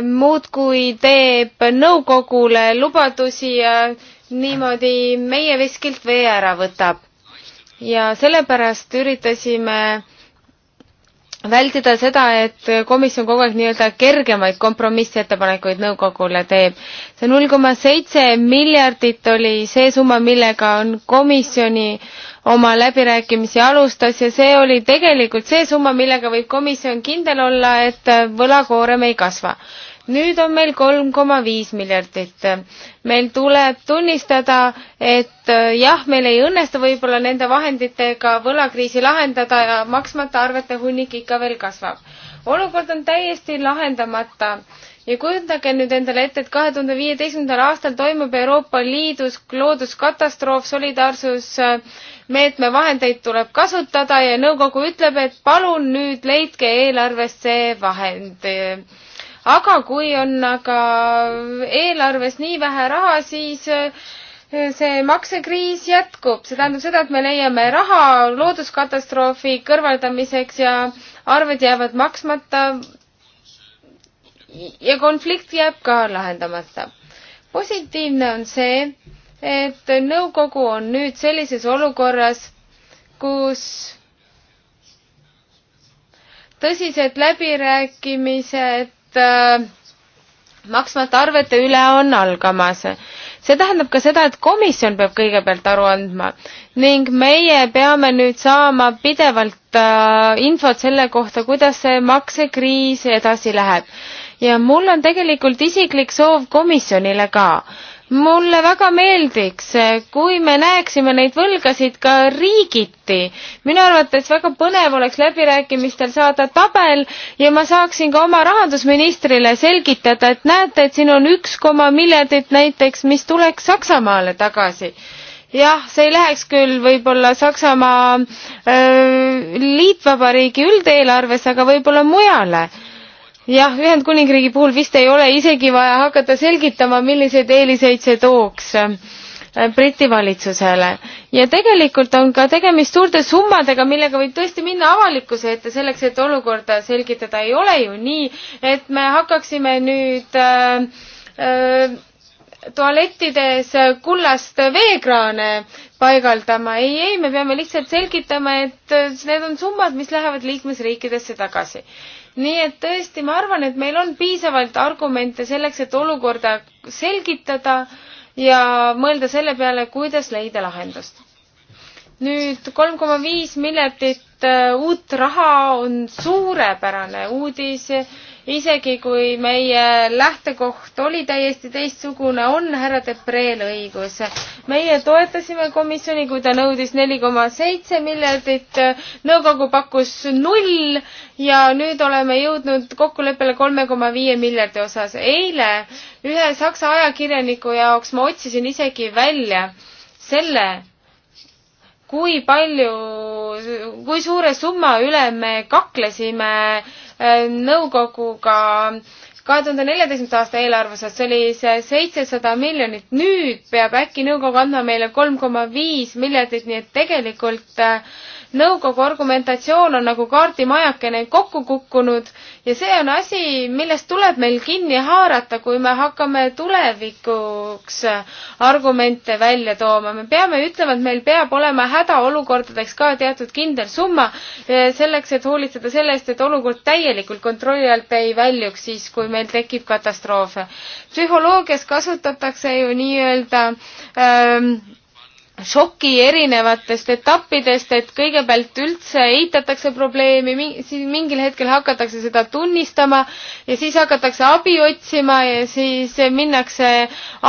muudkui teeb nõukogule lubadusi ja niimoodi meie veskilt vee ära võtab. ja sellepärast üritasime vältida seda, et komisjon kogu aeg nii-öelda kergemaid kompromissettepanekuid nõukogule teeb. see null koma seitse miljardit oli see summa, millega on komisjoni oma läbirääkimisi alustas ja see oli tegelikult see summa, millega võib komisjon kindel olla, et võlakoorem ei kasva nüüd on meil kolm koma viis miljardit. meil tuleb tunnistada, et äh, jah, meil ei õnnestu võib-olla nende vahenditega võlakriisi lahendada ja maksmata arvete hunnik ikka veel kasvab. olukord on täiesti lahendamata ja kujutage nüüd endale ette, et kahe tuhande viieteistkümnendal aastal toimub Euroopa Liidus looduskatastroof, solidaarsus meetme vahendeid tuleb kasutada ja nõukogu ütleb, et palun nüüd leidke eelarvest see vahend aga kui on aga eelarves nii vähe raha, siis eh, see maksekriis jätkub, see tähendab seda, et me leiame raha looduskatastroofi kõrvaldamiseks ja arved jäävad maksmata. ja konflikt jääb ka lahendamata. positiivne on see, et nõukogu on nüüd sellises olukorras, kus tõsised läbirääkimised Äh, maksmata arvete üle on algamas. see tähendab ka seda, et komisjon peab kõigepealt aru andma ning meie peame nüüd saama pidevalt äh, infot selle kohta, kuidas see maksekriis edasi läheb. ja mul on tegelikult isiklik soov komisjonile ka mulle väga meeldiks, kui me näeksime neid võlgasid ka riigiti. minu arvates väga põnev oleks läbirääkimistel saada tabel ja ma saaksin ka oma rahandusministrile selgitada, et näete, et siin on üks koma miljardit näiteks, mis tuleks Saksamaale tagasi jah, see ei läheks küll võib-olla Saksamaa öö, liitvabariigi üldeelarvesse, aga võib-olla mujale jah, Ühendkuningriigi puhul vist ei ole isegi vaja hakata selgitama, milliseid eeliseid see tooks äh, Briti valitsusele. ja tegelikult on ka tegemist suurte summadega, millega võib tõesti minna avalikkuse ette selleks, et olukorda selgitada. ei ole ju nii, et me hakkaksime nüüd äh, äh, tualettides kullast veekraane paigaldama. ei, ei, me peame lihtsalt selgitama, et äh, need on summad, mis lähevad liikmesriikidesse tagasi nii et tõesti, ma arvan, et meil on piisavalt argumente selleks, et olukorda selgitada ja mõelda selle peale, kuidas leida lahendust. nüüd kolm koma viis miljardit äh, uut raha on suurepärane uudis isegi kui meie lähtekoht oli täiesti teistsugune, on härra Depreel õigus. meie toetasime komisjoni, kui ta nõudis neli koma seitse miljardit, nõukogu pakkus null ja nüüd oleme jõudnud kokkuleppele kolme koma viie miljardi osas. eile ühe saksa ajakirjaniku jaoks ma otsisin isegi välja selle, kui palju, kui suure summa üle me kaklesime äh, nõukoguga kahe tuhande neljateistkümnenda aasta eelarves, et see oli see seitsesada miljonit, nüüd peab äkki nõukogu andma meile kolm koma viis miljardit, nii et tegelikult äh, nõukogu argumentatsioon on nagu kaardimajakene kokku kukkunud ja see on asi, millest tuleb meil kinni haarata, kui me hakkame tulevikuks argumente välja tooma. me peame ütlema, et meil peab olema hädaolukordadeks ka teatud kindel summa eh, selleks, et hoolitseda selle eest, et olukord täielikult kontrolli alt ei väljuks siis, kui meil tekib katastroofe. psühholoogias kasutatakse ju nii-öelda ähm, šoki erinevatest etappidest, et kõigepealt üldse eitatakse probleemi, siis mingil hetkel hakatakse seda tunnistama ja siis hakatakse abi otsima ja siis minnakse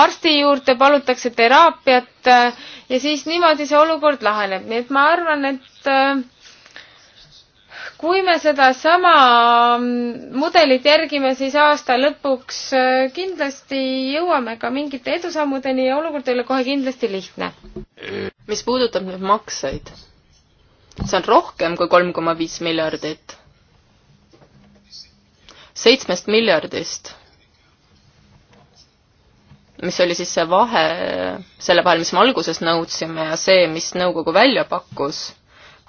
arsti juurde, palutakse teraapiat äh, ja siis niimoodi see olukord laheneb, nii et ma arvan, et äh, kui me sedasama mudelit järgime, siis aasta lõpuks äh, kindlasti jõuame ka mingite edusammudeni ja olukord ei ole kohe kindlasti lihtne. mis puudutab nüüd makseid, see on rohkem kui kolm koma viis miljardit. seitsmest miljardist, mis oli siis see vahe selle vahel, mis me alguses nõudsime ja see, mis nõukogu välja pakkus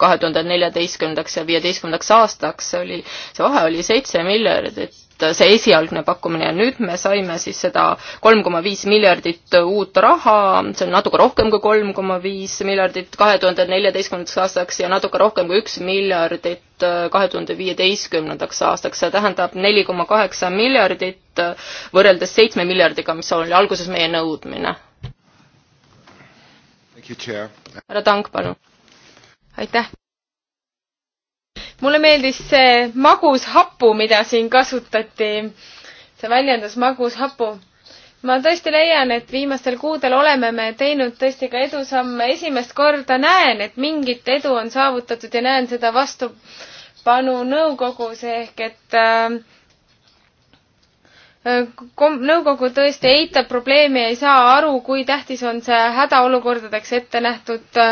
kahe tuhande neljateistkümnendaks ja viieteistkümnendaks aastaks oli, see vahe oli seitse miljardit, see esialgne pakkumine ja nüüd me saime siis seda kolm koma viis miljardit uut raha, see on natuke rohkem kui kolm koma viis miljardit kahe tuhande neljateistkümnendaks aastaks ja natuke rohkem kui üks miljardit kahe tuhande viieteistkümnendaks aastaks, see tähendab neli koma kaheksa miljardit võrreldes seitsme miljardiga, mis oli alguses meie nõudmine. härra Tank, palun aitäh! mulle meeldis see magus hapu, mida siin kasutati, see väljendus magus hapu. ma tõesti leian, et viimastel kuudel oleme me teinud tõesti ka edusamme, esimest korda näen, et mingit edu on saavutatud ja näen seda vastupanu nõukogus ehk et äh, kom-, nõukogu tõesti eitab probleemi, ei saa aru, kui tähtis on see hädaolukordadeks ette nähtud äh,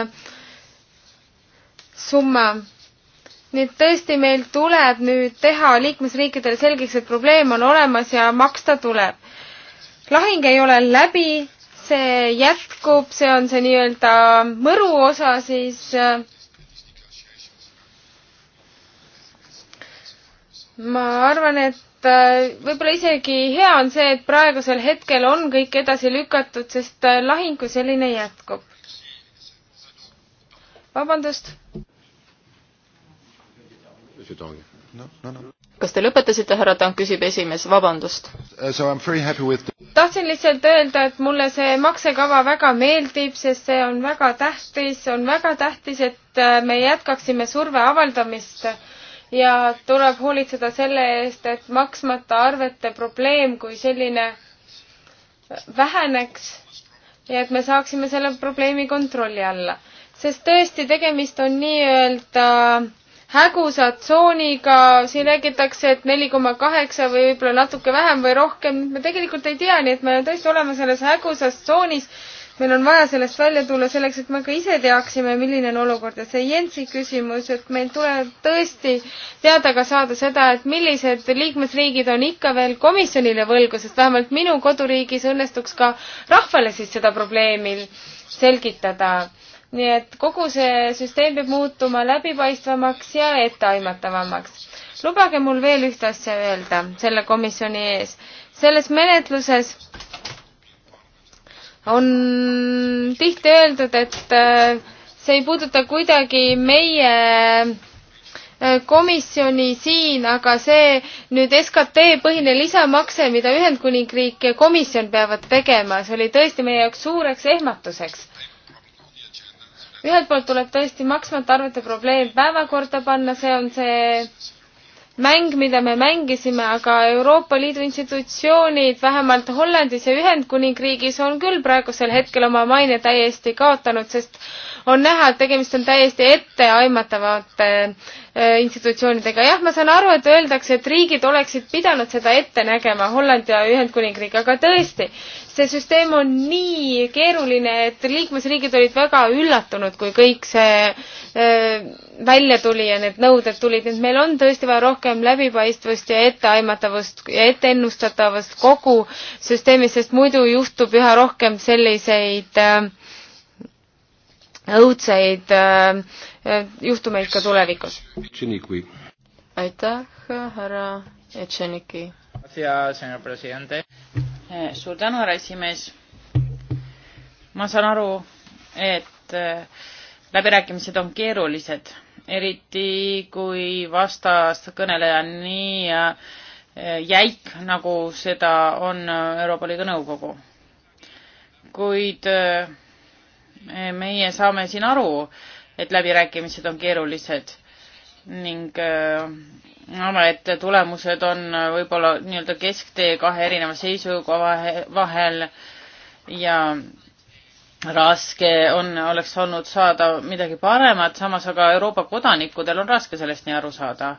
summa nii et tõesti, meil tuleb nüüd teha liikmesriikidele selgeks, et probleem on olemas ja maksta tuleb. lahing ei ole läbi, see jätkub, see on see nii-öelda mõru osa siis. Äh, ma arvan, et äh, võib-olla isegi hea on see, et praegusel hetkel on kõik edasi lükatud, sest äh, lahing kui selline jätkub vabandust. No, no, no. kas te lõpetasite, härra Tank, küsib esimees, vabandust. Uh, tahtsin lihtsalt öelda, et mulle see maksekava väga meeldib, sest see on väga tähtis, on väga tähtis, et äh, me jätkaksime surve avaldamist ja tuleb hoolitseda selle eest, et maksmata arvete probleem kui selline väheneks ja et me saaksime selle probleemi kontrolli alla sest tõesti, tegemist on nii-öelda hägusa tsooniga, siin räägitakse, et neli koma kaheksa või võib-olla natuke vähem või rohkem, me tegelikult ei tea, nii et me tõesti oleme selles hägusas tsoonis. meil on vaja sellest välja tulla selleks, et me ka ise teaksime, milline on olukord ja see Jensi küsimus, et meil tuleb tõesti teada ka saada seda, et millised liikmesriigid on ikka veel komisjonile võlgu, sest vähemalt minu koduriigis õnnestuks ka rahvale siis seda probleemi selgitada nii et kogu see süsteem peab muutuma läbipaistvamaks ja etteaimatavamaks. lubage mul veel ühte asja öelda selle komisjoni ees. selles menetluses on tihti öeldud, et äh, see ei puuduta kuidagi meie äh, komisjoni siin, aga see nüüd SKT põhine lisamakse, mida Ühendkuningriik ja komisjon peavad tegema, see oli tõesti meie jaoks suureks ehmatuseks ühelt poolt tuleb tõesti maksmata arvete probleem päevakorda panna, see on see mäng, mida me mängisime, aga Euroopa Liidu institutsioonid vähemalt Hollandis ja Ühendkuningriigis on küll praegusel hetkel oma maine täiesti kaotanud, sest on näha, et tegemist on täiesti etteaimatavate äh, institutsioonidega. jah, ma saan aru, et öeldakse, et riigid oleksid pidanud seda ette nägema, Holland ja Ühendkuningriik, aga tõesti, see süsteem on nii keeruline, et liikmesriigid olid väga üllatunud, kui kõik see äh, välja tuli ja need nõuded tulid, nii et meil on tõesti vaja rohkem läbipaistvust ja etteaimatavust ja etteennustatavust kogu süsteemis, sest muidu juhtub üha rohkem selliseid äh, õudseid äh, juhtumeid ka tulevikus. aitäh, härra Etšeniki. Eh, suur tänu, härra esimees. ma saan aru, et äh, läbirääkimised on keerulised, eriti kui vastaskõneleja on nii äh, jäik, nagu seda on Euroopa Liidu Nõukogu. kuid äh, meie saame siin aru, et läbirääkimised on keerulised ning äh, näeme, et tulemused on võib-olla nii-öelda kesktee kahe erineva seisukoha vahel ja raske on, oleks olnud saada midagi paremat, samas aga Euroopa kodanikudel on raske sellest nii aru saada.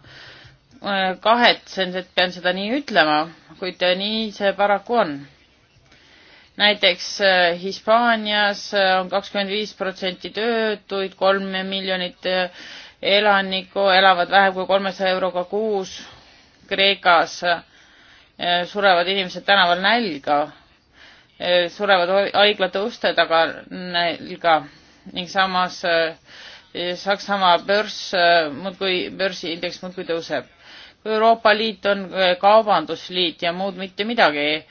Äh, kahetsen, et pean seda nii ütlema, kuid nii see paraku on näiteks äh, Hispaanias äh, on kakskümmend viis protsenti töötuid, kolm miljonit äh, elanikku elavad vähem kui kolmesaja euroga kuus. Kreekas surevad inimesed tänaval nälga, surevad haiglate uste taga nälga ning samas Saksamaa börs muudkui, börsiindeks muudkui tõuseb. kui Euroopa Liit on kaubandusliit ja muud mitte midagi,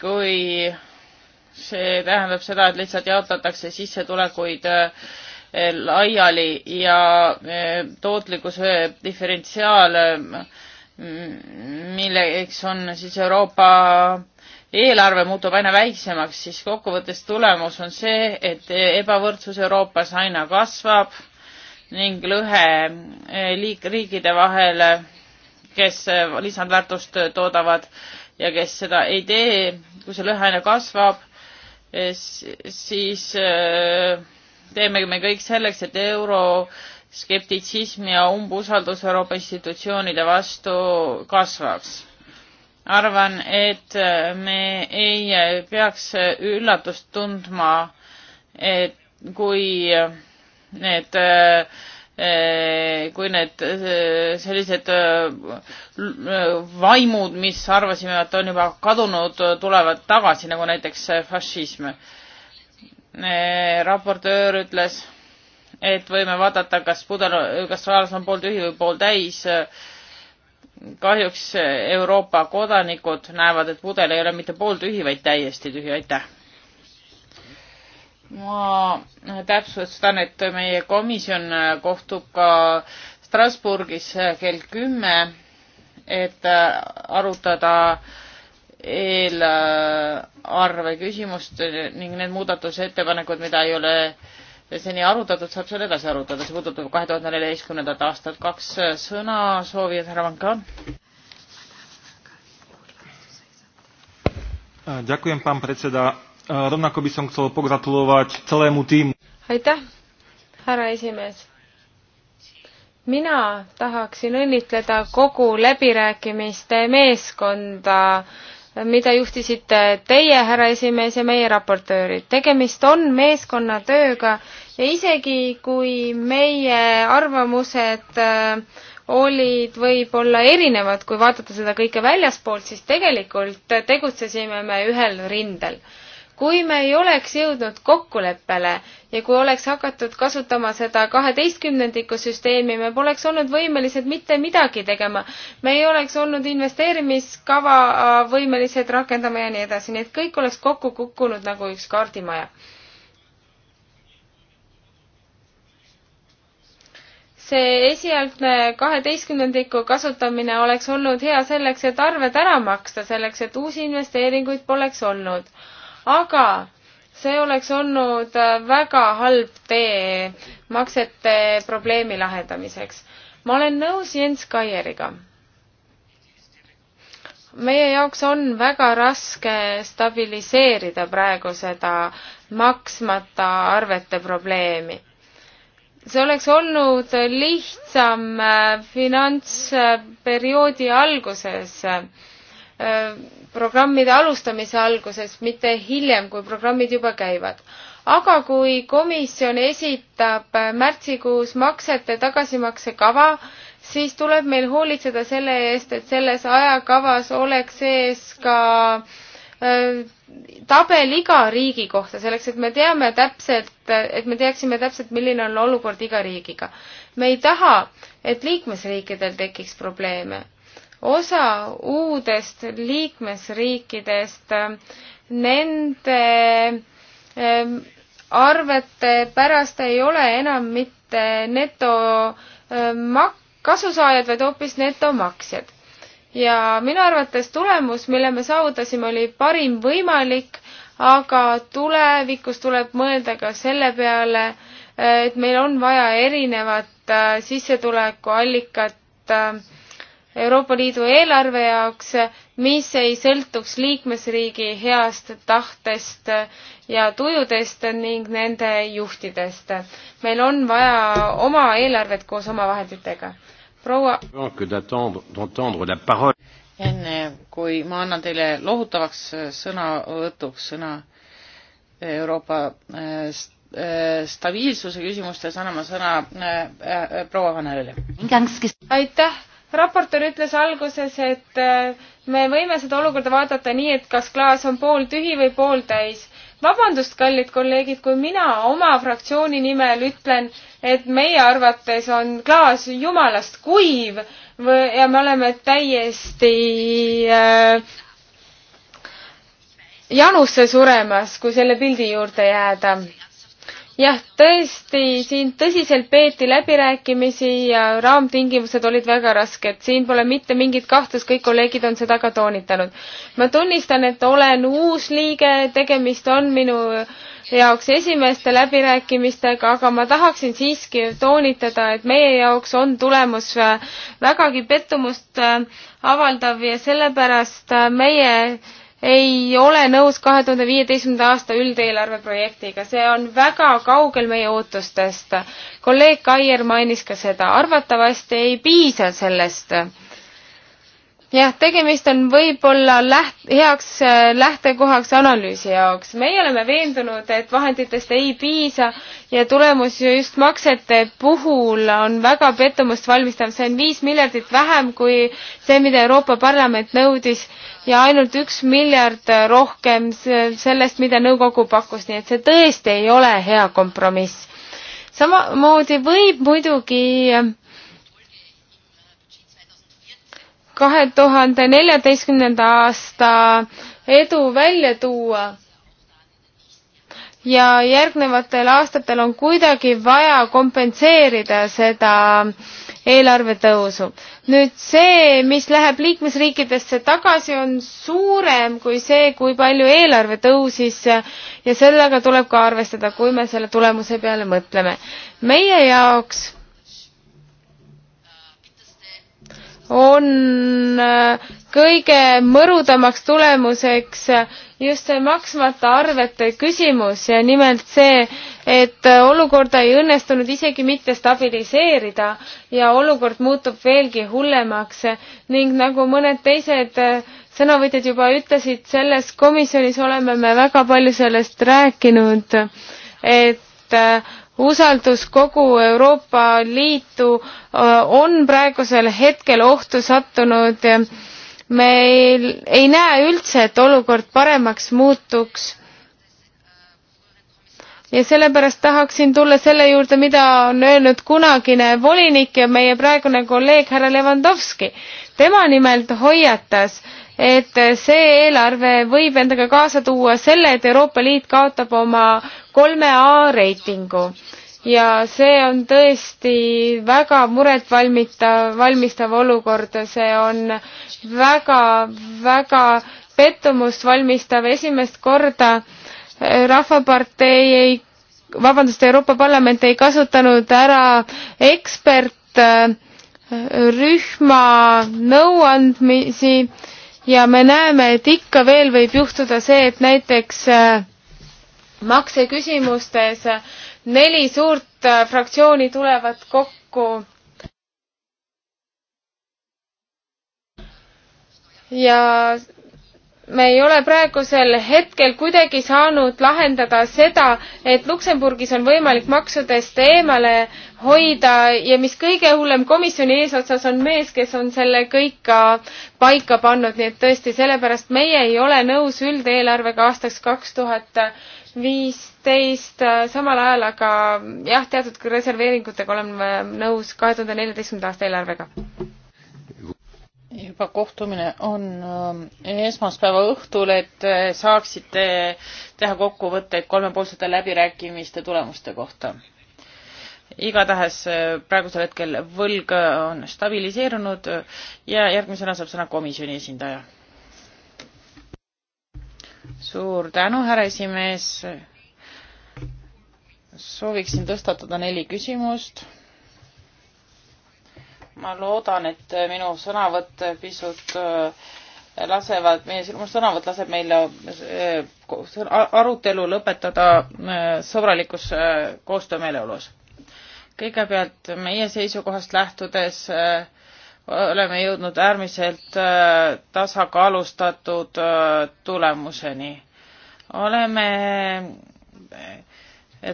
kui see tähendab seda, et lihtsalt jaotatakse sissetulekuid eh, laiali ja eh, tootlikkuse diferentsiaal, mm, milleks on siis Euroopa eelarve muutub aina väiksemaks, siis kokkuvõttes tulemus on see, et ebavõrdsus Euroopas aina kasvab ning lõhe eh, liik-, riikide vahel, kes lisandväärtust toodavad ja kes seda ei tee, kui see lõhe aina kasvab, siis äh, teeme me kõik selleks, et euroskeptitsism ja umbusaldus Euroopa institutsioonide vastu kasvaks. arvan, et äh, me ei äh, peaks üllatust tundma, et kui need äh, Eh, kui need eh, sellised eh, vaimud, mis arvasime, et on juba kadunud, tulevad tagasi, nagu näiteks fašism. raportöör ütles, et võime vaadata, kas pudel, kas valas on pooltühi või pooltäis. kahjuks Euroopa kodanikud näevad, et pudel ei ole mitte pooltühi, vaid täiesti tühi, aitäh ma täpsustan, et meie komisjon kohtub ka Strasbourgis kell kümme, et arutada eelarve küsimust ning need muudatusettepanekud, mida ei ole seni arutatud, saab seal edasi arutada, see puudutab kahe tuhande neljateistkümnendat aastat. kaks sõna soovijad, härra Vanka. Ďakujem, pán predseda rovnako by som chcel pogratulovať celému týmu. aitäh, härra esimees. mina tahaksin õnnitleda kogu läbirääkimiste meeskonda, mida juhtisite teie, härra esimees, ja meie raportöörid. tegemist on meeskonnatööga ja isegi kui meie arvamused äh, olid võib-olla erinevad, kui vaadata seda kõike väljaspoolt, siis tegelikult tegutsesime me ühel rindel kui me ei oleks jõudnud kokkuleppele ja kui oleks hakatud kasutama seda kaheteistkümnendiku süsteemi, me poleks olnud võimelised mitte midagi tegema. me ei oleks olnud investeerimiskava äh, võimelised rakendama ja nii edasi, nii et kõik oleks kokku kukkunud nagu üks kaardimaja. see esialgne kaheteistkümnendiku kasutamine oleks olnud hea selleks, et arved ära maksta, selleks et uusi investeeringuid poleks olnud aga see oleks olnud äh, väga halb tee maksete probleemi lahendamiseks. ma olen nõus Jens Kaieriga. meie jaoks on väga raske stabiliseerida praegu seda maksmata arvete probleemi. see oleks olnud lihtsam äh, finantsperioodi alguses äh, programmide alustamise alguses, mitte hiljem, kui programmid juba käivad. aga kui komisjon esitab äh, märtsikuus maksete tagasimakse kava, siis tuleb meil hoolitseda selle eest, et selles ajakavas oleks sees ka äh, tabel iga riigi kohta, selleks et me teame täpselt, et me teaksime täpselt, milline on olukord iga riigiga. me ei taha, et liikmesriikidel tekiks probleeme osa uudest liikmesriikidest, nende ehm, arvete pärast ei ole enam mitte neto ehm, kasusaajad, vaid hoopis netomaksjad. ja minu arvates tulemus, mille me saavutasime, oli parim võimalik, aga tulevikus tuleb mõelda ka selle peale, et meil on vaja erinevat äh, sissetulekuallikat äh, Euroopa Liidu eelarve jaoks, mis ei sõltuks liikmesriigi heast tahtest ja tujudest ning nende juhtidest. meil on vaja oma eelarvet koos oma vahenditega. proua enne kui ma annan teile lohutavaks sõnavõtuks sõna Euroopa äh, äh, stabiilsuse küsimustes, annan ma sõna äh, proua Vanelile. aitäh, raportöör ütles alguses, et äh, me võime seda olukorda vaadata nii, et kas klaas on pooltühi või pooltäis. vabandust, kallid kolleegid, kui mina oma fraktsiooni nimel ütlen, et meie arvates on klaas jumalast kuiv või, ja me oleme täiesti äh, janusse suremas, kui selle pildi juurde jääda jah, tõesti, siin tõsiselt peeti läbirääkimisi ja raamtingimused olid väga rasked, siin pole mitte mingit kahtlust, kõik kolleegid on seda ka toonitanud. ma tunnistan, et olen uus liige, tegemist on minu jaoks esimeste läbirääkimistega, aga ma tahaksin siiski toonitada, et meie jaoks on tulemus vägagi pettumust avaldav ja sellepärast meie ei ole nõus kahe tuhande viieteistkümnenda aasta üldeelarve projektiga, see on väga kaugel meie ootustest. kolleeg Kaier mainis ka seda, arvatavasti ei piisa sellest. jah, tegemist on võib-olla läht-, heaks lähtekohaks analüüsi jaoks. meie oleme veendunud, et vahenditest ei piisa ja tulemus just maksete puhul on väga pettumust valmistav, see on viis miljardit vähem kui see, mida Euroopa Parlament nõudis ja ainult üks miljard rohkem sellest, mida nõukogu pakkus, nii et see tõesti ei ole hea kompromiss. samamoodi võib muidugi kahe tuhande neljateistkümnenda aasta edu välja tuua ja järgnevatel aastatel on kuidagi vaja kompenseerida seda äh, eelarve tõusu. nüüd see, mis läheb liikmesriikidesse tagasi, on suurem kui see, kui palju eelarve tõusis ja sellega tuleb ka arvestada, kui me selle tulemuse peale mõtleme. meie jaoks on äh, kõige mõrudamaks tulemuseks just see maksmata arvete küsimus ja nimelt see, et olukorda ei õnnestunud isegi mitte stabiliseerida ja olukord muutub veelgi hullemaks ning nagu mõned teised sõnavõtjad juba ütlesid, selles komisjonis oleme me väga palju sellest rääkinud, et usaldus kogu Euroopa Liitu äh, on praegusel hetkel ohtu sattunud meil ei näe üldse, et olukord paremaks muutuks. ja sellepärast tahaksin tulla selle juurde, mida on öelnud kunagine volinik ja meie praegune kolleeg härra Levandovski. tema nimelt hoiatas, et see eelarve võib endaga kaasa tuua selle, et Euroopa Liit kaotab oma kolme A reitingu ja see on tõesti väga muretvalmitav, valmistav olukord, see on väga-väga pettumust valmistav esimest korda Rahvapartei ei, vabandust, Euroopa Parlament ei kasutanud ära ekspertrühma nõuandmisi ja me näeme, et ikka veel võib juhtuda see, et näiteks äh, makseküsimustes neli suurt äh, fraktsiooni tulevad kokku ja me ei ole praegusel hetkel kuidagi saanud lahendada seda, et Luksemburgis on võimalik maksudest eemale hoida ja mis kõige hullem, komisjoni eesotsas on mees, kes on selle kõik ka paika pannud, nii et tõesti, sellepärast meie ei ole nõus üldeelarvega aastaks kaks tuhat viisteist, samal ajal aga jah, teatud reserveeringutega oleme nõus kahe tuhande neljateistkümnenda aasta eelarvega juba kohtumine on ähm, esmaspäeva õhtul, et äh, saaksite teha kokkuvõtteid kolmepoolsete läbirääkimiste tulemuste kohta. igatahes äh, praegusel hetkel võlg äh, on stabiliseerunud ja järgmisena saab sõna komisjoni esindaja. suur tänu, härra esimees. sooviksin tõstatada neli küsimust ma loodan, et minu sõnavõtt pisut äh, lasevad, meie minu sõnavõtt laseb meil äh, arutelu lõpetada äh, sõbralikus koostöömeeleolus. kõigepealt meie seisukohast lähtudes oleme jõudnud äärmiselt tasakaalustatud tulemuseni. oleme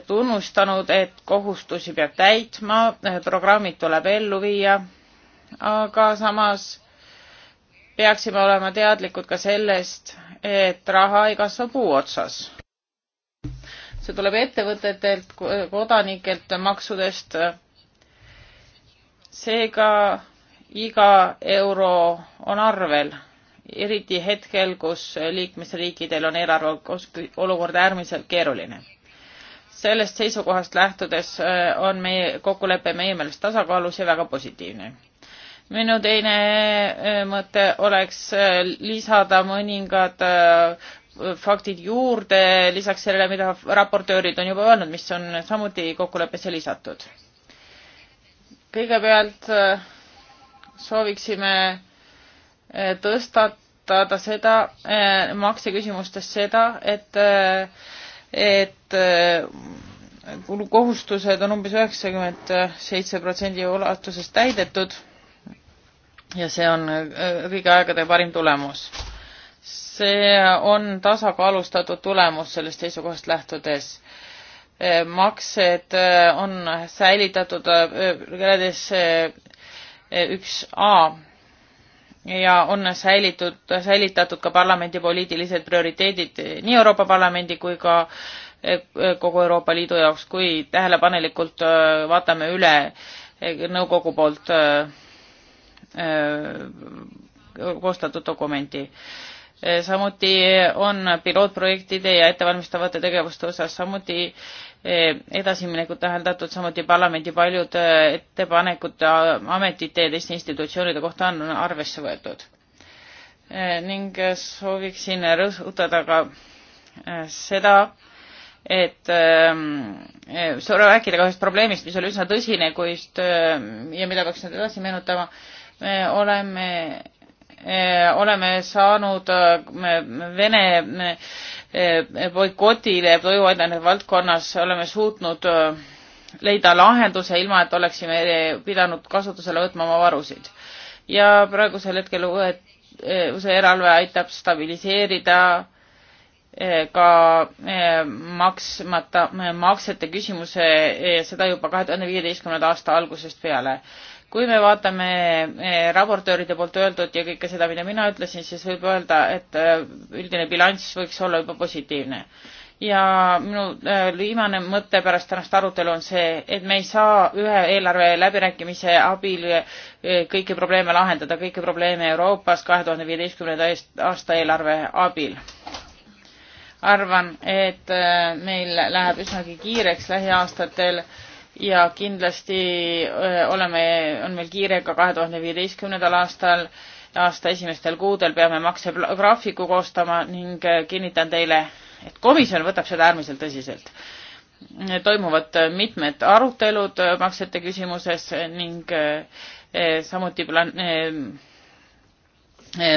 tunnustanud, et kohustusi peab täitma, programmid tuleb ellu viia, aga samas peaksime olema teadlikud ka sellest, et raha ei kasva puu otsas. see tuleb ettevõtetelt, kodanikelt, maksudest. seega iga euro on arvel, eriti hetkel, kus liikmesriikidel on eelarve olukord äärmiselt keeruline sellest seisukohast lähtudes äh, on meie kokkulepe meie meelest tasakaalus ja väga positiivne. minu teine äh, mõte oleks äh, lisada mõningad faktid juurde lisaks sellele, mida raportöörid on juba öelnud, mis on samuti kokkuleppesse lisatud. kõigepealt sooviksime tõstatada seda makseküsimustes seda, et et äh, kulukohustused on umbes üheksakümmend seitse protsendi ulatuses täidetud ja see on äh, kõigi aegade parim tulemus. see on tasakaalustatud tulemus sellest seisukohast lähtudes. Äh, maksed on säilitatud kõnedes üks A ja on säilitud, säilitatud ka parlamendi poliitilised prioriteedid nii Euroopa Parlamendi kui ka eh, kogu Euroopa Liidu jaoks, kui tähelepanelikult eh, vaatame üle eh, nõukogu poolt koostatud dokumenti Eh, samuti on pilootprojektide ja ettevalmistavate tegevuste osas samuti eh, edasiminekut täheldatud, samuti parlamendi paljud eh, ettepanekud ametite ja teiste institutsioonide kohta on arvesse võetud. ning sooviksin rõhutada ka seda, et äh, rääkida ka ühest probleemist, mis oli üsna tõsine, kuid äh, ja mida peaks nüüd edasi meenutama, me oleme Äh, oleme saanud äh, Vene äh, boikotile toiduainete valdkonnas, oleme suutnud leida lahenduse, ilma et oleksime pidanud kasutusele võtma oma varusid. ja praegusel hetkel uue, see eralve aitab stabiliseerida ka maksmata maksete küsimuse, seda juba kahe tuhande viieteistkümnenda aasta algusest peale kui me vaatame eh, raportööride poolt öeldud ja kõike seda, mida mina ütlesin, siis võib öelda, et eh, üldine bilanss võiks olla juba positiivne. ja minu eh, viimane mõte pärast tänast arutelu on see, et me ei saa ühe eelarve läbirääkimise abil kõiki probleeme lahendada, kõiki probleeme Euroopas kahe tuhande viieteistkümnenda aasta eelarve abil arvan, et meil läheb üsnagi kiireks lähiaastatel äh, ja kindlasti oleme, on meil kiire ka kahe tuhande viieteistkümnendal aastal, aasta esimestel kuudel peame maksegraafiku koostama ning kinnitan teile, et komisjon võtab seda äärmiselt tõsiselt. toimuvad mitmed arutelud maksete küsimuses ning samuti plaan-,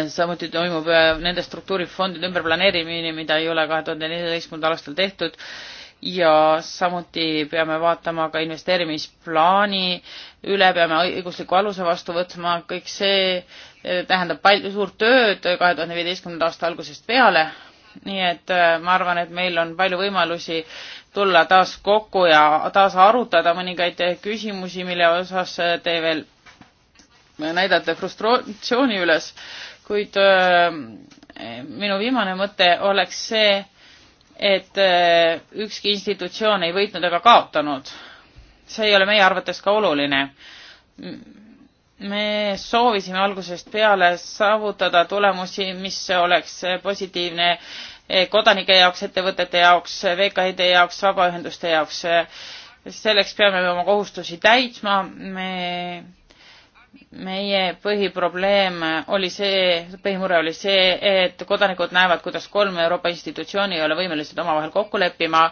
samuti toimub nende struktuurifondide ümberplaneerimine, mida ei ole kahe tuhande neljateistkümnendal aastal tehtud ja samuti peame vaatama ka investeerimisplaani üle, peame õigusliku aluse vastu võtma, kõik see eh, tähendab palju suurt tööd kahe tuhande viieteistkümnenda aasta algusest peale. nii et eh, ma arvan, et meil on palju võimalusi tulla taas kokku ja taas arutada mõningaid küsimusi, mille osas eh, te veel näidate frustratsiooni üles, kuid öö, minu viimane mõte oleks see, et äh, ükski institutsioon ei võitnud ega kaotanud. see ei ole meie arvates ka oluline. me soovisime algusest peale saavutada tulemusi, mis oleks positiivne eh, kodanike jaoks, ettevõtete jaoks, VKD jaoks, vabaühenduste jaoks. selleks peame oma kohustusi täitma. me meie põhiprobleem oli see, põhimure oli see, et kodanikud näevad, kuidas kolm Euroopa institutsiooni ei ole võimelised omavahel kokku leppima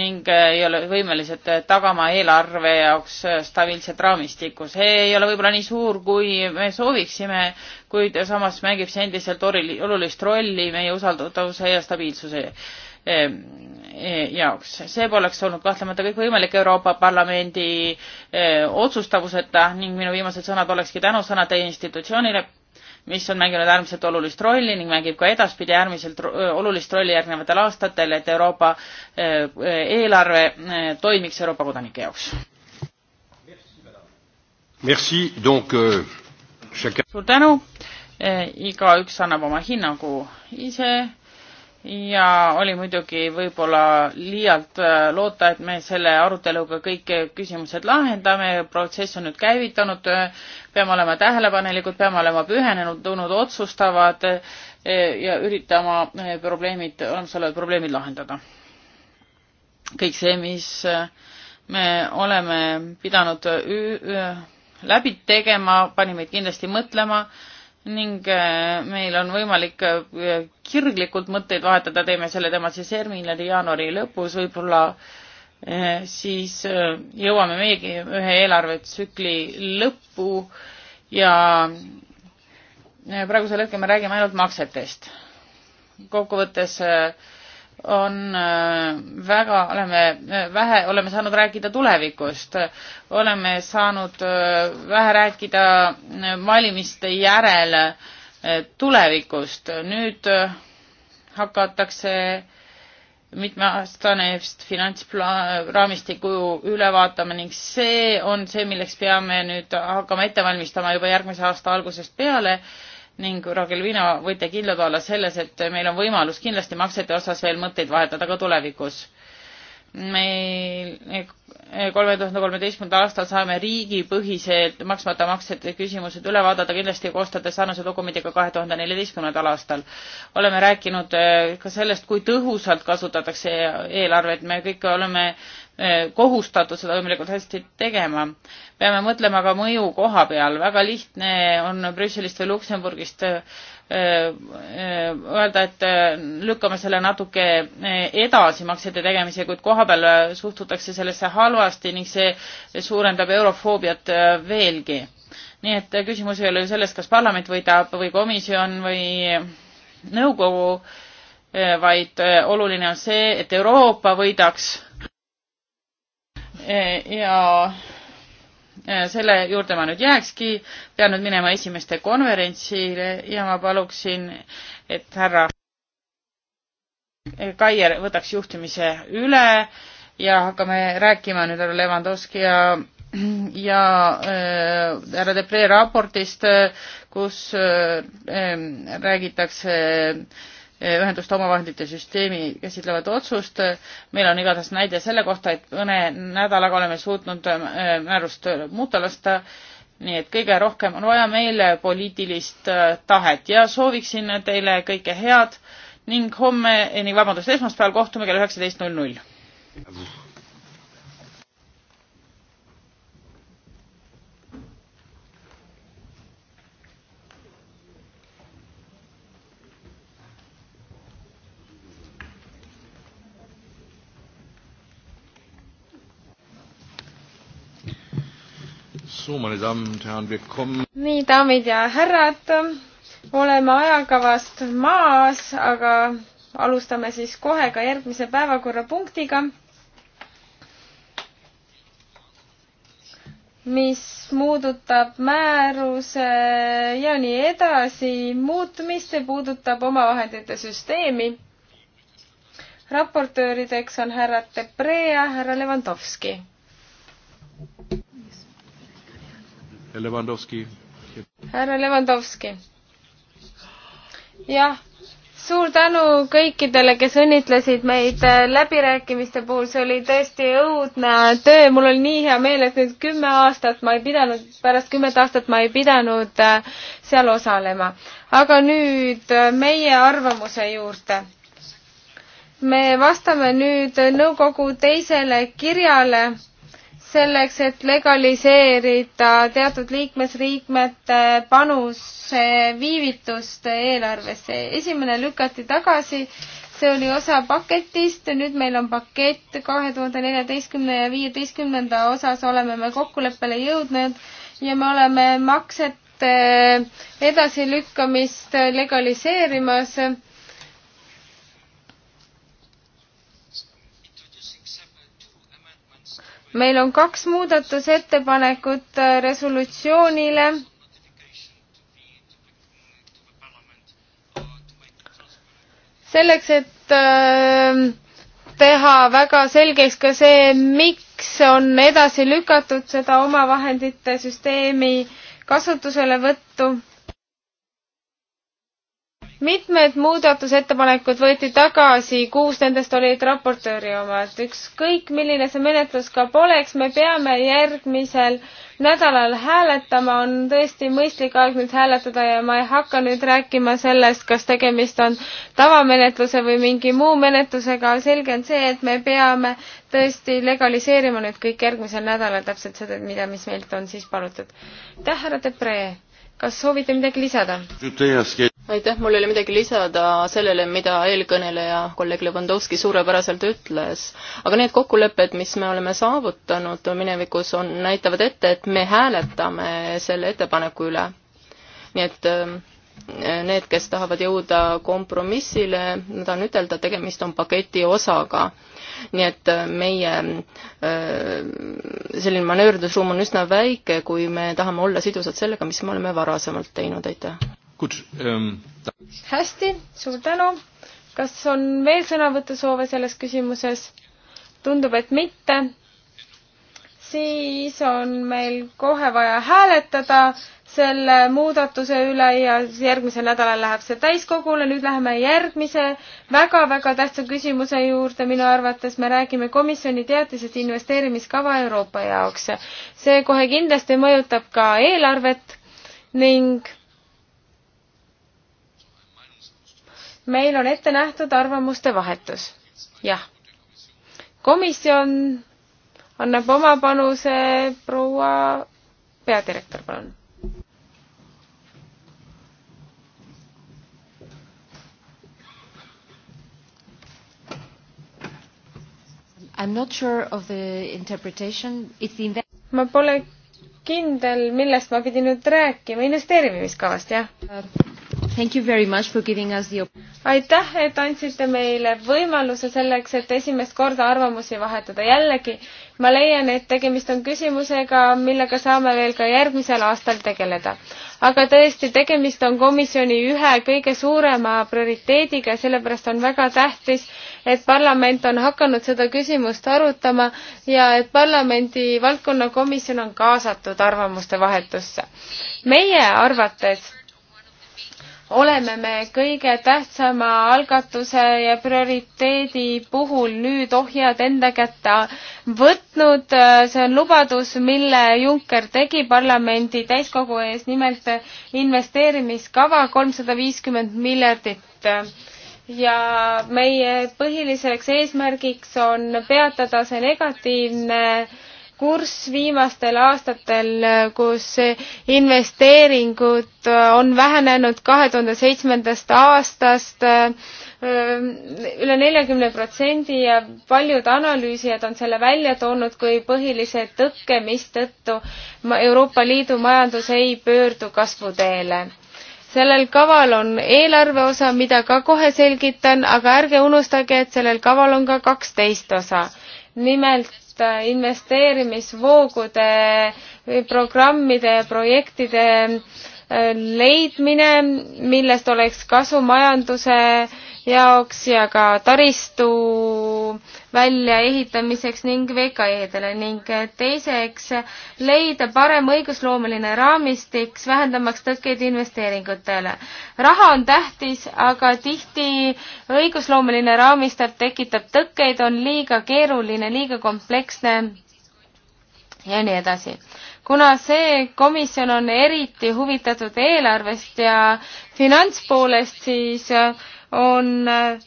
ning ei ole võimelised tagama eelarve jaoks stabiilset raamistikku. see ei ole võib-olla nii suur, kui me sooviksime, kuid samas mängib see endiselt olulist rolli meie usaldatavuse ja stabiilsuse Ehm, e, jaoks. see poleks olnud kahtlemata kõikvõimalik Euroopa Parlamendi e, otsustavuseta ning minu viimased sõnad olekski tänusõnad teie institutsioonile, mis on mänginud äärmiselt olulist rolli ning mängib ka edaspidi äärmiselt e, olulist rolli järgnevatel aastatel, et Euroopa eelarve toimiks Euroopa kodanike jaoks. Euh, suur tänu, igaüks annab oma hinnangu ise ja oli muidugi võib-olla liialt äh, loota, et me selle aruteluga kõik küsimused lahendame, protsess on nüüd käivitanud, peame olema tähelepanelikud, peame olema pühenenud, tulnud otsustavad äh, ja üritama äh, probleemid, olemasolevad probleemid lahendada. kõik see, mis me oleme pidanud läbi tegema, pani meid kindlasti mõtlema ning äh, meil on võimalik äh, kirglikult mõtteid vahetada, teeme selle teema siis Ermilari jaanuari lõpus, võib-olla äh, siis jõuame meiegi ühe eelarvetsükli lõppu ja praegusel hetkel me räägime ainult maksetest. kokkuvõttes on äh, väga, oleme äh, vähe, oleme saanud rääkida tulevikust, oleme saanud äh, vähe rääkida valimiste järel tulevikust. nüüd hakatakse mitmeaastane finantsraamistiku üle vaatama ning see on see, milleks peame nüüd hakkama ette valmistama juba järgmise aasta algusest peale ning Rogelvina võite kindlad olla selles, et meil on võimalus kindlasti maksete osas veel mõtteid vahetada ka tulevikus. meil kolme tuhande kolmeteistkümnendal aastal saame riigipõhised maksmata maksete küsimused üle vaadata kindlasti koostades sarnase dokumendiga kahe tuhande neljateistkümnendal aastal. oleme rääkinud äh, ka sellest, kui tõhusalt kasutatakse eelarvet, me kõik oleme Eh, kohustatud seda võimalikult hästi tegema. peame mõtlema ka mõju koha peal, väga lihtne on Brüsselist või Luksemburgist eh, eh, öelda, et lükkame selle natuke edasi maksete tegemise, kuid kohapeal suhtutakse sellesse halvasti ning see suurendab eurofoobiat veelgi. nii et küsimus ei ole ju selles, kas parlament võidab või komisjon või nõukogu, vaid oluline on see, et Euroopa võidaks Eh, ja eh, selle juurde ma nüüd jääkski, pean nüüd minema esimeste konverentsile ja ma paluksin, et härra Kaier võtaks juhtimise üle ja hakkame rääkima nüüd härra Levandovski ja ja eh, härra Debre raportist, kus äh, räägitakse äh, Eh, ühenduste omavahendite süsteemi käsitlevat otsust. meil on igatahes näide selle kohta, et mõne nädalaga oleme suutnud eh, määrust muuta lasta. nii et kõige rohkem on vaja meile poliitilist eh, tahet ja sooviksin teile kõike head ning homme, ei vabandust, esmaspäeval kohtume kell üheksateist null null. nii, daamid ja härrad, oleme ajakavast maas, aga alustame siis kohe ka järgmise päevakorrapunktiga, mis muudutab määruse ja nii edasi muutmist, see puudutab omavahendite süsteemi. raportöörideks on härrad Debre ja härra Levanovski. Levandovski. härra Levandovski. jah, suur tänu kõikidele, kes õnnitlesid meid äh, läbirääkimiste puhul, see oli tõesti õudne töö, mul oli nii hea meel, et nüüd kümme aastat ma ei pidanud, pärast kümmet aastat ma ei pidanud äh, seal osalema. aga nüüd äh, meie arvamuse juurde. me vastame nüüd nõukogu teisele kirjale selleks, et legaliseerida teatud liikmesriikmete panuse viivitust eelarvesse. esimene lükati tagasi, see oli osa paketist, nüüd meil on pakett kahe tuhande neljateistkümne ja viieteistkümnenda osas oleme me kokkuleppele jõudnud ja me oleme maksete edasilükkamist legaliseerimas meil on kaks muudatusettepanekut äh, resolutsioonile. selleks, et äh, teha väga selgeks ka see, miks on edasi lükatud seda omavahendite süsteemi kasutuselevõttu mitmed muudatusettepanekud võeti tagasi, kuus nendest olid raportööri omad. ükskõik, milline see menetlus ka poleks, me peame järgmisel nädalal hääletama, on tõesti mõistlik aeg nüüd hääletada ja ma ei hakka nüüd rääkima sellest, kas tegemist on tavamenetluse või mingi muu menetlusega. selge on see, et me peame tõesti legaliseerima nüüd kõik järgmisel nädalal täpselt seda, mida, mis meilt on siis palutud. aitäh, härra Depree, kas soovite midagi lisada? aitäh, mul ei ole midagi lisada sellele, mida eelkõneleja, kolleeg Levandovski suurepäraselt ütles. aga need kokkulepped, mis me oleme saavutanud minevikus, on, näitavad ette, et me hääletame selle ettepaneku üle. nii et äh, need, kes tahavad jõuda kompromissile, ma tahan ütelda, tegemist on paketi osaga. nii et äh, meie äh, selline manööverdusruum on üsna väike, kui me tahame olla sidusad sellega, mis me oleme varasemalt teinud, aitäh ähm, ta... hästi, suur tänu. kas on veel sõnavõtusoove selles küsimuses? tundub, et mitte. siis on meil kohe vaja hääletada selle muudatuse üle ja järgmisel nädalal läheb see täiskogule, nüüd läheme järgmise väga-väga tähtsa küsimuse juurde, minu arvates me räägime komisjoni teatisest investeerimiskava Euroopa jaoks. see kohe kindlasti mõjutab ka eelarvet ning meil on ette nähtud arvamuste vahetus. jah. komisjon annab oma panuse, proua peadirektor, palun. I am not sure of the interpretation, it's the ma pole kindel, millest ma pidin nüüd rääkima, investeerimiskavast, jah? The... aitäh, et andsite meile võimaluse selleks, et esimest korda arvamusi vahetada. jällegi, ma leian, et tegemist on küsimusega, millega saame veel ka järgmisel aastal tegeleda. aga tõesti, tegemist on komisjoni ühe kõige suurema prioriteediga ja sellepärast on väga tähtis, et parlament on hakanud seda küsimust arutama ja et parlamendi valdkonnakomisjon on kaasatud arvamuste vahetusse. meie arvates oleme me kõige tähtsama algatuse ja prioriteedi puhul nüüd ohjad enda kätte võtnud. see on lubadus, mille Juncker tegi parlamendi täiskogu ees, nimelt investeerimiskava kolmsada viiskümmend miljardit ja meie põhiliseks eesmärgiks on peatada see negatiivne äh, kurss viimastel aastatel, kus investeeringud on vähenenud kahe tuhande seitsmendast aastast äh, üle neljakümne protsendi ja paljud analüüsijad on selle välja toonud kui põhilise tõkke, mistõttu Euroopa Liidu majandus ei pöördu kasvuteele sellel kaval on eelarve osa, mida ka kohe selgitan, aga ärge unustage, et sellel kaval on ka kaksteist osa. nimelt Äh, investeerimisvoogude programmide ja projektide leidmine, millest oleks kasu majanduse jaoks ja ka taristu väljaehitamiseks ning VKE-dele ning teiseks leida parem õigusloomeline raamistik, vähendamaks tõkkeid investeeringutele. raha on tähtis, aga tihti õigusloomeline raamistik tekitab tõkkeid, on liiga keeruline, liiga kompleksne ja nii edasi kuna see komisjon on eriti huvitatud eelarvest ja finantspoolest, siis äh, on äh,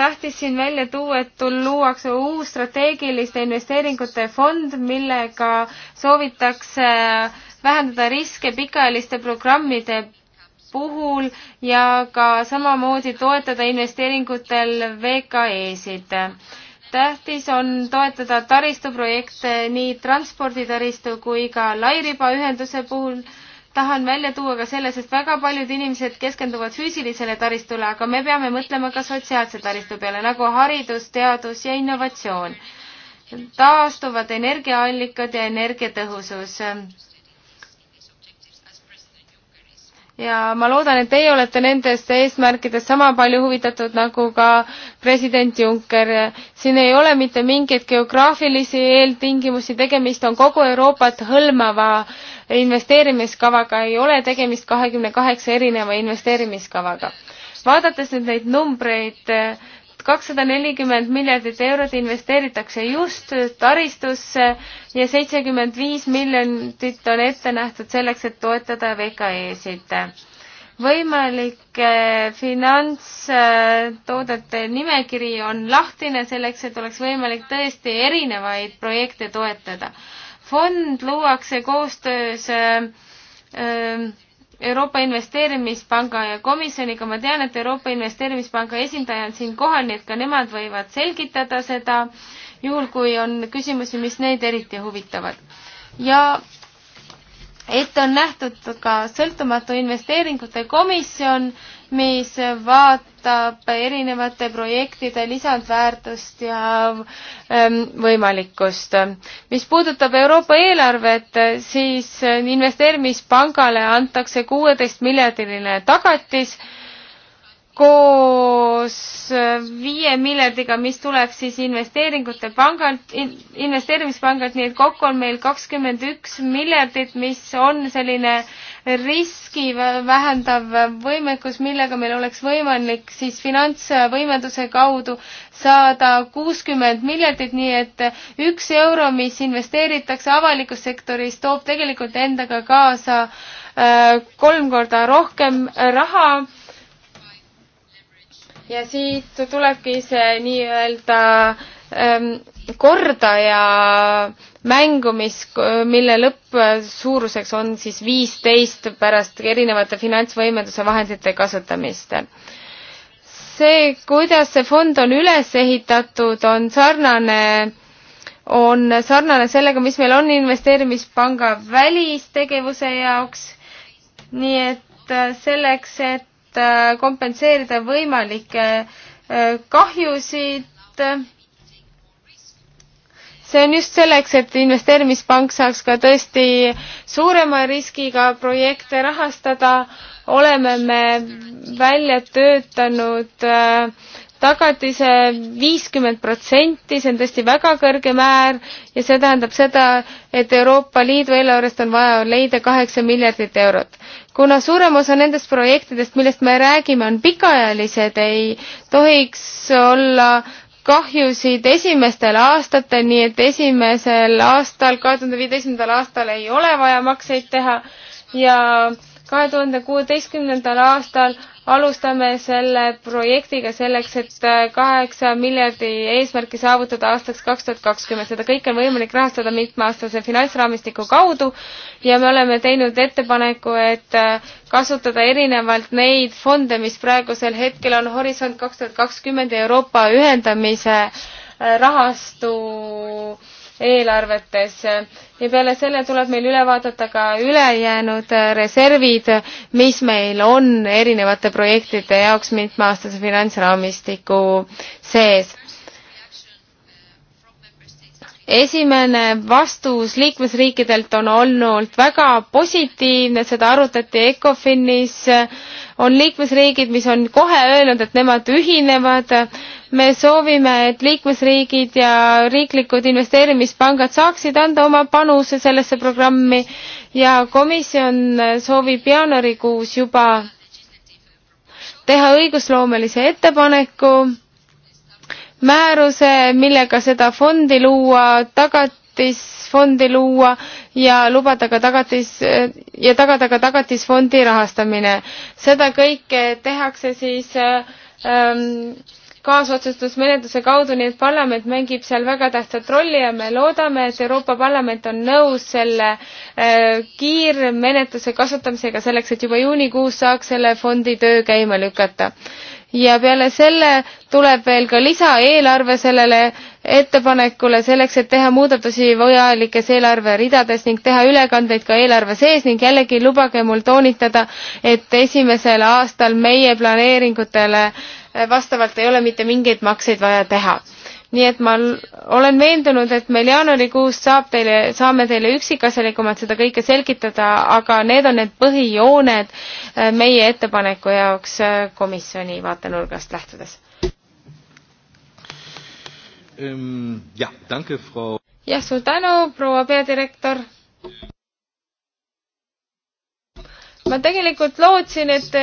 tähtis siin välja tuua, et luuakse uus strateegiliste investeeringute fond, millega soovitakse äh, vähendada riske pikaajaliste programmide puhul ja ka samamoodi toetada investeeringutel VKE-sid tähtis on toetada taristuprojekte nii transporditaristu kui ka lairibaühenduse puhul. tahan välja tuua ka selle, sest väga paljud inimesed keskenduvad füüsilisele taristule, aga me peame mõtlema ka sotsiaalse taristu peale nagu haridus, teadus ja innovatsioon. taastuvad energiaallikad ja energiatõhusus ja ma loodan, et teie olete nendest eesmärkidest sama palju huvitatud nagu ka president Juncker. siin ei ole mitte mingeid geograafilisi eeltingimusi, tegemist on kogu Euroopat hõlmava investeerimiskavaga, ei ole tegemist kahekümne kaheksa erineva investeerimiskavaga. vaadates nüüd neid numbreid, kakssada nelikümmend miljardit eurot investeeritakse just taristusse ja seitsekümmend viis miljonit on ette nähtud selleks, et toetada VKE-sid. võimalike eh, finantstoodete eh, nimekiri on lahtine selleks, et oleks võimalik tõesti erinevaid projekte toetada. fond luuakse koostöös öö, eh, öö, Euroopa Investeerimispanga ja komisjoniga, ma tean, et Euroopa Investeerimispanga esindaja on siin kohal, nii et ka nemad võivad selgitada seda, juhul kui on küsimusi, mis neid eriti huvitavad. ja ette on nähtud ka sõltumatu investeeringute komisjon, mis vaat-, puudutab erinevate projektide lisandväärtust ja ähm, võimalikkust. mis puudutab Euroopa eelarvet, siis investeerimispangale antakse kuueteist miljardiline tagatis koos viie miljardiga, mis tuleb siis investeeringute pangalt in,, investeerimispangalt, nii et kokku on meil kakskümmend üks miljardit, mis on selline riski vähendav võimekus, millega meil oleks võimalik siis finantsvõimenduse kaudu saada kuuskümmend miljardit, nii et üks euro, mis investeeritakse avalikus sektoris, toob tegelikult endaga kaasa äh, kolm korda rohkem raha ja siit tulebki see nii-öelda ähm, kordaja mängu, mis, mille lõppsuuruseks on siis viisteist pärast erinevate finantsvõimenduse vahendite kasutamist see, kuidas see fond on üles ehitatud, on sarnane, on sarnane sellega, mis meil on investeerimispanga välistegevuse jaoks. nii et äh, selleks, et et äh, kompenseerida võimalikke äh, kahjusid. see on just selleks, et investeerimispank saaks ka tõesti suurema riskiga projekte rahastada, oleme me välja töötanud äh, tagatise viiskümmend protsenti, see on tõesti väga kõrge määr ja see tähendab seda, et Euroopa Liidu eelarvest on vaja leida kaheksa miljardit eurot kuna suurem osa nendest projektidest, millest me räägime, on pikaajalised, ei tohiks olla kahjusid esimestel aastatel, nii et esimesel aastal, kahe tuhande viieteistkümnendal aastal ei ole vaja makseid teha ja kahe tuhande kuueteistkümnendal aastal alustame selle projektiga selleks, et äh, kaheksa miljardi eesmärki saavutada aastaks kaks tuhat kakskümmend. seda kõike on võimalik rahastada mitmeaastase finantsraamistiku kaudu ja me oleme teinud ettepaneku, et äh, kasutada erinevalt neid fonde, mis praegusel hetkel on Horisont kaks tuhat kakskümmend ja Euroopa ühendamise äh, rahastu eelarvetes ja peale selle tuleb meil üle vaadata ka ülejäänud reservid, mis meil on erinevate projektide jaoks mitmeaastase finantsraamistiku sees. esimene vastus liikmesriikidelt on olnud väga positiivne, seda arutati ECOFINis, on liikmesriigid, mis on kohe öelnud, et nemad ühinevad me soovime, et liikmesriigid ja riiklikud investeerimispangad saaksid anda oma panuse sellesse programmi ja komisjon soovib jaanuarikuus juba teha õigusloomelise ettepaneku määruse, millega seda fondi luua, tagatisfondi luua ja lubada ka tagatis ja tagada ka tagatisfondi rahastamine. seda kõike tehakse siis ähm, kaasotsustusmenetluse kaudu, nii et parlament mängib seal väga tähtsat rolli ja me loodame, et Euroopa Parlament on nõus selle äh, kiirmenetluse kasutamisega selleks, et juba juunikuus saaks selle fondi töö käima lükata ja peale selle tuleb veel ka lisaeelarve sellele ettepanekule selleks, et teha muudatusi vajalikes eelarveridades ning teha ülekandeid ka eelarve sees ning jällegi lubage mul toonitada, et esimesel aastal meie planeeringutele vastavalt ei ole mitte mingeid makseid vaja teha nii et ma olen veendunud, et meil jaanuarikuus saab teile, saame teile üksikasjalikumalt seda kõike selgitada, aga need on need põhijooned äh, meie ettepaneku jaoks äh, komisjoni vaatenurgast lähtudes. jah, suur tänu, proua peadirektor ma tegelikult lootsin, et te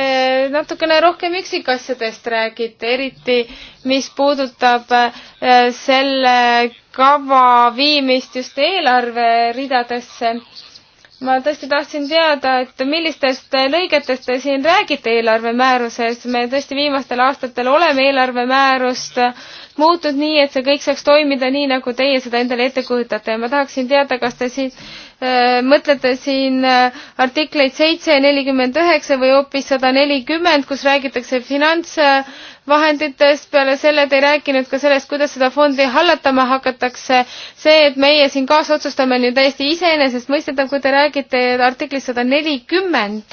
natukene rohkem üksikasjadest räägite, eriti mis puudutab äh, selle kava viimist just eelarveridadesse. ma tõesti tahtsin teada, et millistest lõigetest te siin räägite eelarvemääruses, me tõesti viimastel aastatel oleme eelarvemäärust muutnud nii, et see kõik saaks toimida nii, nagu teie seda endale ette kujutate ja ma tahaksin teada, kas te siis Äh, mõtlete siin äh, artikleid seitse ja nelikümmend üheksa või hoopis sada nelikümmend, kus räägitakse finantsvahenditest, peale selle te ei rääkinud ka sellest, kuidas seda fondi hallatama hakatakse. see, et meie siin kaasotsustame, on ju täiesti iseenesestmõistetav, kui te räägite artiklist sada nelikümmend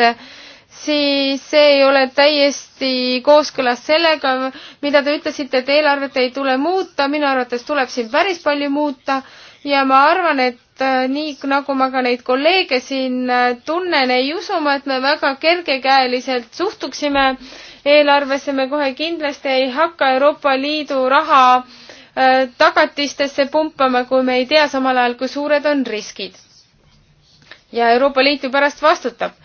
siis see ei ole täiesti kooskõlas sellega, mida te ütlesite, et eelarvet ei tule muuta, minu arvates tuleb siin päris palju muuta ja ma arvan, et Äh, nii nagu ma ka neid kolleege siin äh, tunnen, ei usu ma, et me väga kergekäeliselt suhtuksime eelarvesse, me kohe kindlasti ei hakka Euroopa Liidu raha äh, tagatistesse pumpama, kui me ei tea samal ajal, kui suured on riskid. ja Euroopa Liit ju pärast vastutab.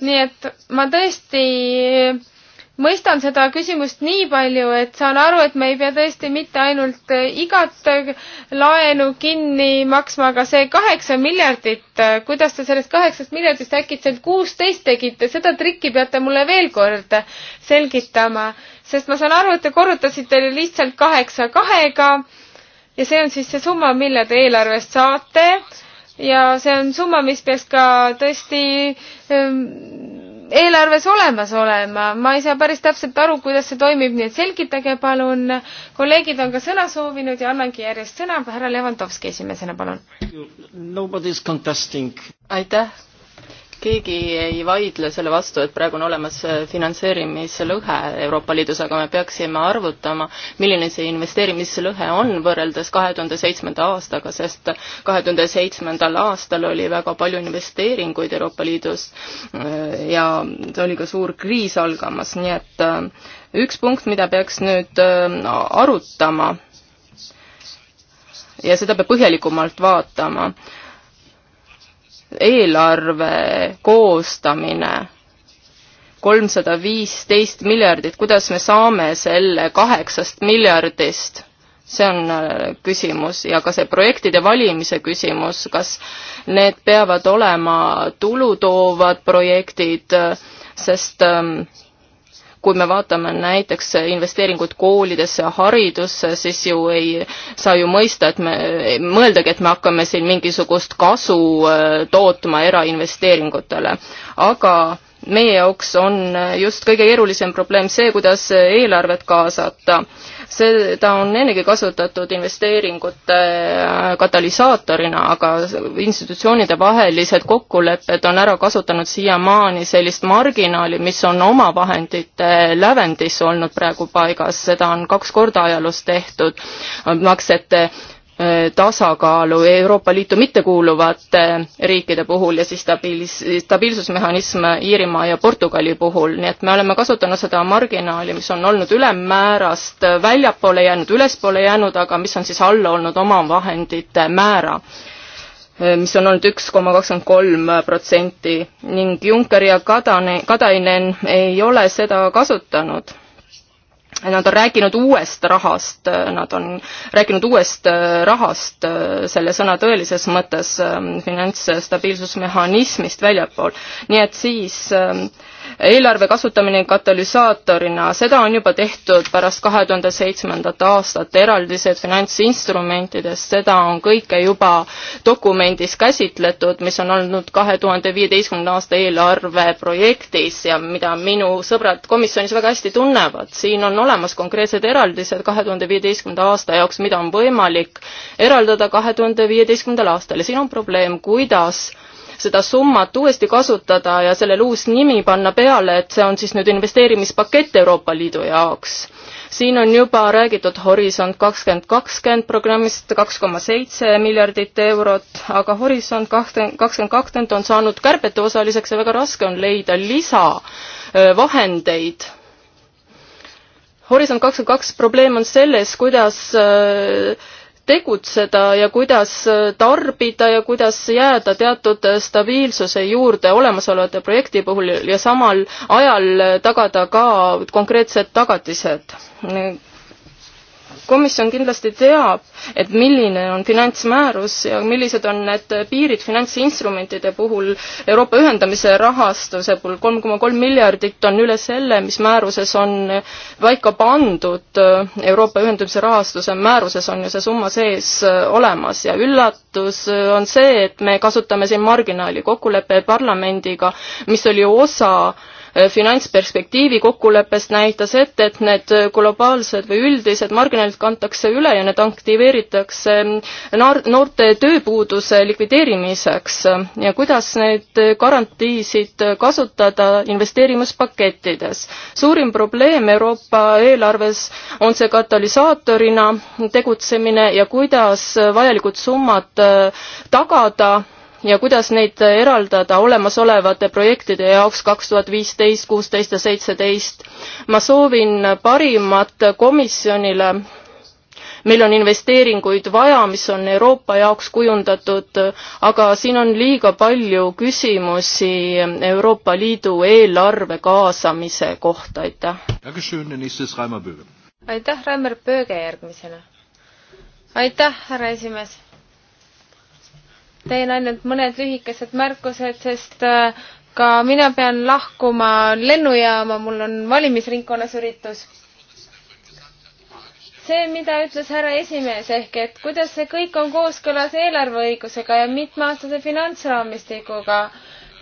nii et ma tõesti mõistan seda küsimust nii palju, et saan aru, et me ei pea tõesti mitte ainult äh, igat äh, laenu kinni maksma, aga see kaheksa miljardit, äh, kuidas te sellest kaheksast miljardist äkitselt kuusteist tegite, seda trikki peate mulle veel kord selgitama, sest ma saan aru, et te korrutasite lihtsalt kaheksa kahega ja see on siis see summa, mille te eelarvest saate ja see on summa, mis peaks ka tõesti ähm, eelarves olemas olema, ma ei saa päris täpselt aru, kuidas see toimib, nii et selgitage palun. kolleegid on ka sõna soovinud ja annangi järjest sõna härra Levanovski esimesena, palun. aitäh keegi ei vaidle selle vastu, et praegu on olemas äh, finantseerimislõhe Euroopa Liidus, aga me peaksime arvutama, milline see investeerimislõhe on võrreldes kahe tuhande seitsmenda aastaga, sest kahe tuhande seitsmendal aastal oli väga palju investeeringuid Euroopa Liidus äh, ja oli ka suur kriis algamas, nii et äh, üks punkt, mida peaks nüüd arutama ja seda peab põhjalikumalt vaatama eelarve koostamine, kolmsada viisteist miljardit, kuidas me saame selle kaheksast miljardist? see on äh, küsimus ja ka see projektide valimise küsimus, kas need peavad olema tulutoovad projektid, äh, sest äh, kui me vaatame näiteks investeeringuid koolidesse, haridusse, siis ju ei saa ju mõista, et me, mõeldagi, et me hakkame siin mingisugust kasu äh, tootma erainvesteeringutele. aga meie jaoks on äh, just kõige keerulisem probleem see, kuidas äh, eelarvet kaasata seda on ennegi kasutatud investeeringute äh, katalüsaatorina, aga institutsioonide vahelised kokkulepped on ära kasutanud siiamaani sellist marginaali, mis on omavahendite lävendis olnud praegu paigas, seda on kaks korda ajaloos tehtud, maksete Äh, tasakaalu Euroopa Liitu mittekuuluvate äh, riikide puhul ja siis stabiils-, stabiilsusmehhanism Iirimaa ja Portugali puhul, nii et me oleme kasutanud seda marginaali, mis on olnud ülemmäärast äh, väljapoole jäänud, ülespoole jäänud, aga mis on siis alla olnud omavahendite määra, mis on olnud üks koma kakskümmend kolm protsenti ning Juncker ja Kadane, Kadainen ei ole seda kasutanud Nad on rääkinud uuest rahast, äh, nad on rääkinud uuest äh, rahast äh, selle sõna tõelises mõttes ähm, finantsstabiilsusmehhanismist väljapool. nii et siis äh, eelarve kasutamine katalüsaatorina, seda on juba tehtud pärast kahe tuhande seitsmendat aastat, eraldised finantsinstrumentidest, seda on kõike juba dokumendis käsitletud, mis on olnud kahe tuhande viieteistkümnenda aasta eelarve projektis ja mida minu sõbrad komisjonis väga hästi tunnevad. siin on olemas konkreetsed eraldised kahe tuhande viieteistkümnenda aasta jaoks, mida on võimalik eraldada kahe tuhande viieteistkümnendal aastal ja siin on probleem, kuidas seda summat uuesti kasutada ja sellele uus nimi panna peale, et see on siis nüüd investeerimispakett Euroopa Liidu jaoks. siin on juba räägitud Horisont kakskümmend kakskümmend programmist kaks koma seitse miljardit eurot, aga Horisont kakskümmend kakskümmend on saanud kärbete osaliseks ja väga raske on leida lisavahendeid Horisont kakskümmend kaks probleem on selles, kuidas äh, tegutseda ja kuidas äh, tarbida ja kuidas jääda teatud äh, stabiilsuse juurde olemasolevate projekti puhul ja samal ajal äh, tagada ka konkreetsed tagatised komisjon kindlasti teab, et milline on finantsmäärus ja millised on need piirid finantsinstrumentide puhul Euroopa ühendamise rahastuse puhul, kolm koma kolm miljardit on üle selle, mis määruses on paika pandud, Euroopa ühendamise rahastuse määruses on ju see summa sees äh, olemas ja üllatus äh, on see, et me kasutame siin marginaali, kokkulepe parlamendiga, mis oli osa Äh, finantsperspektiivi kokkuleppest näitas ette, et need globaalsed või üldised marginaalid kantakse üle ja need aktiveeritakse ähm, noorte tööpuuduse likvideerimiseks ja kuidas neid garantiisid kasutada investeerimispakettides. suurim probleem Euroopa eelarves on see katalüsaatorina tegutsemine ja kuidas vajalikud summad äh, tagada ja kuidas neid eraldada olemasolevate projektide jaoks kaks tuhat viisteist, kuusteist ja seitseteist. ma soovin parimat komisjonile. meil on investeeringuid vaja, mis on Euroopa jaoks kujundatud, aga siin on liiga palju küsimusi Euroopa Liidu eelarve kaasamise kohta, aitäh. aitäh, Raimar Pööge järgmisena. aitäh, härra esimees teen ainult mõned lühikesed märkused, sest äh, ka mina pean lahkuma lennujaama, mul on valimisringkonnas üritus. see, mida ütles härra esimees ehk, et kuidas see kõik on kooskõlas eelarveõigusega ja mitmeaastase finantsraamistikuga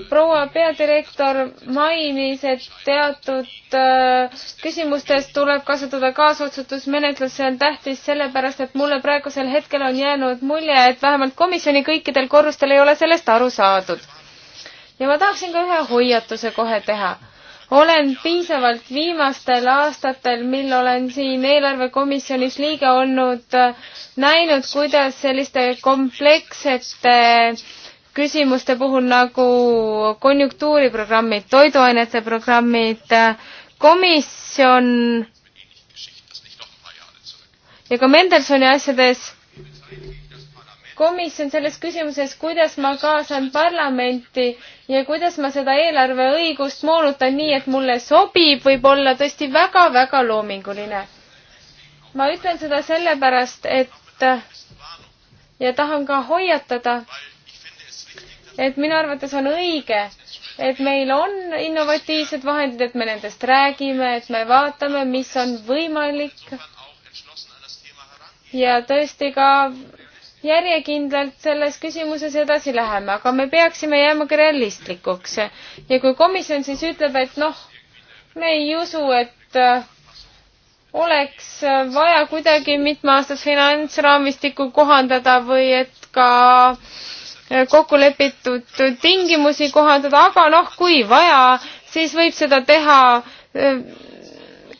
proua peadirektor mainis, et teatud äh, küsimustes tuleb kasutada kaasotsustusmenetlust, see on tähtis sellepärast, et mulle praegusel hetkel on jäänud mulje, et vähemalt komisjoni kõikidel korrustel ei ole sellest aru saadud. ja ma tahaksin ka ühe hoiatuse kohe teha. olen piisavalt viimastel aastatel, mil olen siin eelarvekomisjonis liige olnud, äh, näinud, kuidas selliste komplekssete äh, küsimuste puhul nagu konjunktuuriprogrammid, toiduainete programmid, komisjon ja ka Mendelsoni asjades komisjon selles küsimuses, kuidas ma kaasan parlamenti ja kuidas ma seda eelarveõigust moonutan nii, et mulle sobib, võib olla tõesti väga-väga loominguline. ma ütlen seda sellepärast, et ja tahan ka hoiatada, et minu arvates on õige, et meil on innovatiivsed vahendid, et me nendest räägime, et me vaatame, mis on võimalik. ja tõesti ka järjekindlalt selles küsimuses edasi läheme, aga me peaksime jääma ka realistlikuks. ja kui komisjon siis ütleb, et noh, me ei usu, et äh, oleks vaja kuidagi mitmeaastast finantsraamistikku kohandada või et ka äh, kokku lepitud tingimusi kohandada, aga noh, kui vaja, siis võib seda teha eh,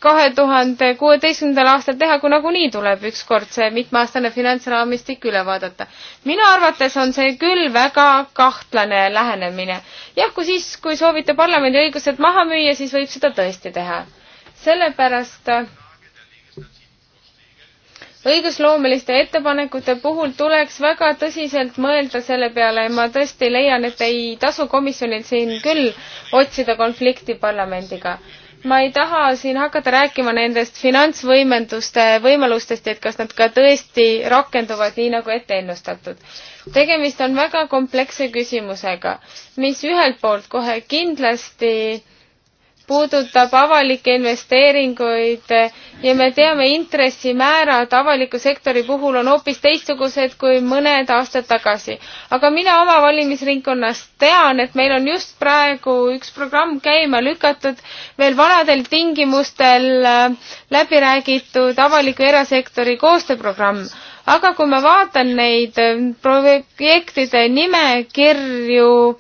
kahe tuhande kuueteistkümnendal aastal teha, kui nagunii tuleb ükskord see mitmeaastane finantsraamistik üle vaadata. minu arvates on see küll väga kahtlane lähenemine. jah, kui siis, kui soovite parlamendi õigused maha müüa, siis võib seda tõesti teha. sellepärast äh, õigusloomeliste ettepanekute puhul tuleks väga tõsiselt mõelda selle peale ja ma tõesti leian, et ei tasu komisjonil siin küll otsida konflikti parlamendiga. ma ei taha siin hakata rääkima nendest finantsvõimenduste võimalustest, et kas nad ka tõesti rakenduvad nii, nagu ette ennustatud. tegemist on väga kompleksse küsimusega, mis ühelt poolt kohe kindlasti puudutab avalikke investeeringuid ja me teame, intressimäärad avaliku sektori puhul on hoopis teistsugused kui mõned aastad tagasi. aga mina oma valimisringkonnas tean, et meil on just praegu üks programm käima lükatud, veel vanadel tingimustel äh, läbi räägitud avaliku erasektori koostööprogramm aga kui ma vaatan neid äh, projektide nimekirju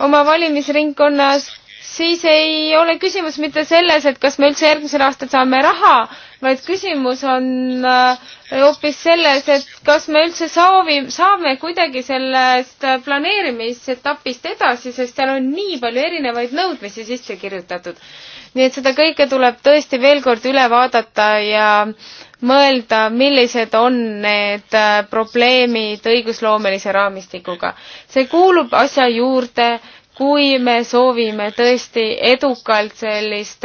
oma valimisringkonnas, siis ei ole küsimus mitte selles, et kas me üldse järgmisel aastal saame raha, vaid küsimus on äh, hoopis selles, et kas me üldse soovi, saame kuidagi sellest planeerimisetapist edasi, sest seal on nii palju erinevaid nõudmisi sisse kirjutatud. nii et seda kõike tuleb tõesti veel kord üle vaadata ja mõelda, millised on need äh, probleemid õigusloomelise raamistikuga. see kuulub asja juurde kui me soovime tõesti edukalt sellist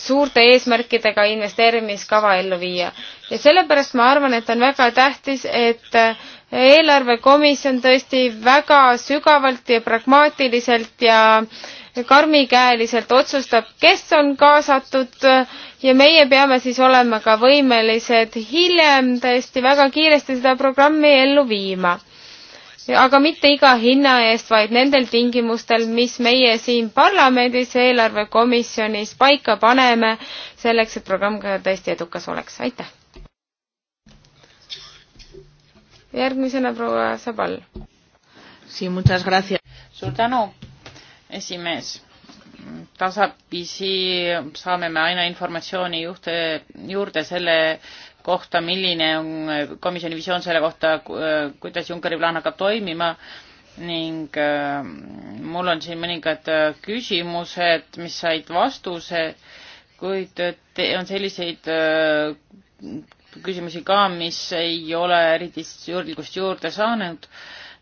suurte eesmärkidega investeerimiskava ellu viia. ja sellepärast ma arvan, et on väga tähtis, et eelarvekomisjon tõesti väga sügavalt ja pragmaatiliselt ja karmikäeliselt otsustab, kes on kaasatud ja meie peame siis olema ka võimelised hiljem tõesti väga kiiresti seda programmi ellu viima aga mitte iga hinna eest, vaid nendel tingimustel, mis meie siin parlamendis eelarvekomisjonis paika paneme, selleks et programm ka tõesti edukas oleks, aitäh! järgmisena proua Sabal. suur tänu, esimees. tasapisi saame me aina informatsiooni juhte, juurde selle kohta, milline on komisjoni visioon selle kohta, kuidas Junckeri plaan hakkab toimima ning äh, mul on siin mõningad äh, küsimused, mis said vastuse, kuid äh, on selliseid küsimusi ka, mis ei ole eriti julgust juurde saanud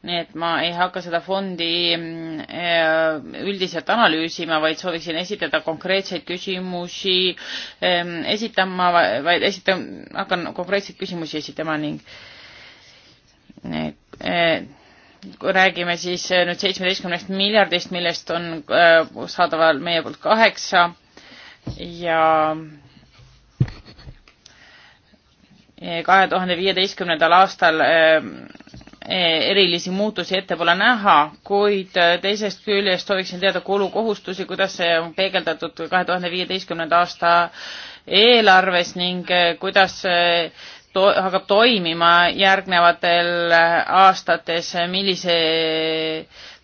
nii et ma ei hakka seda fondi mm, eh, üldiselt analüüsima, vaid sooviksin esitada konkreetseid küsimusi ehm, esitama, vaid esitan, hakkan konkreetseid küsimusi esitama ning kui eh, eh, räägime siis nüüd seitsmeteistkümnest miljardist, millest on saadaval meie poolt kaheksa ja kahe tuhande viieteistkümnendal aastal Eh, erilisi muutusi ette pole näha, kuid eh, teisest küljest sooviksin teada kulukohustusi, kuidas see on peegeldatud kahe tuhande viieteistkümnenda aasta eelarves ning eh, kuidas to hakkab toimima järgnevatel aastates, millise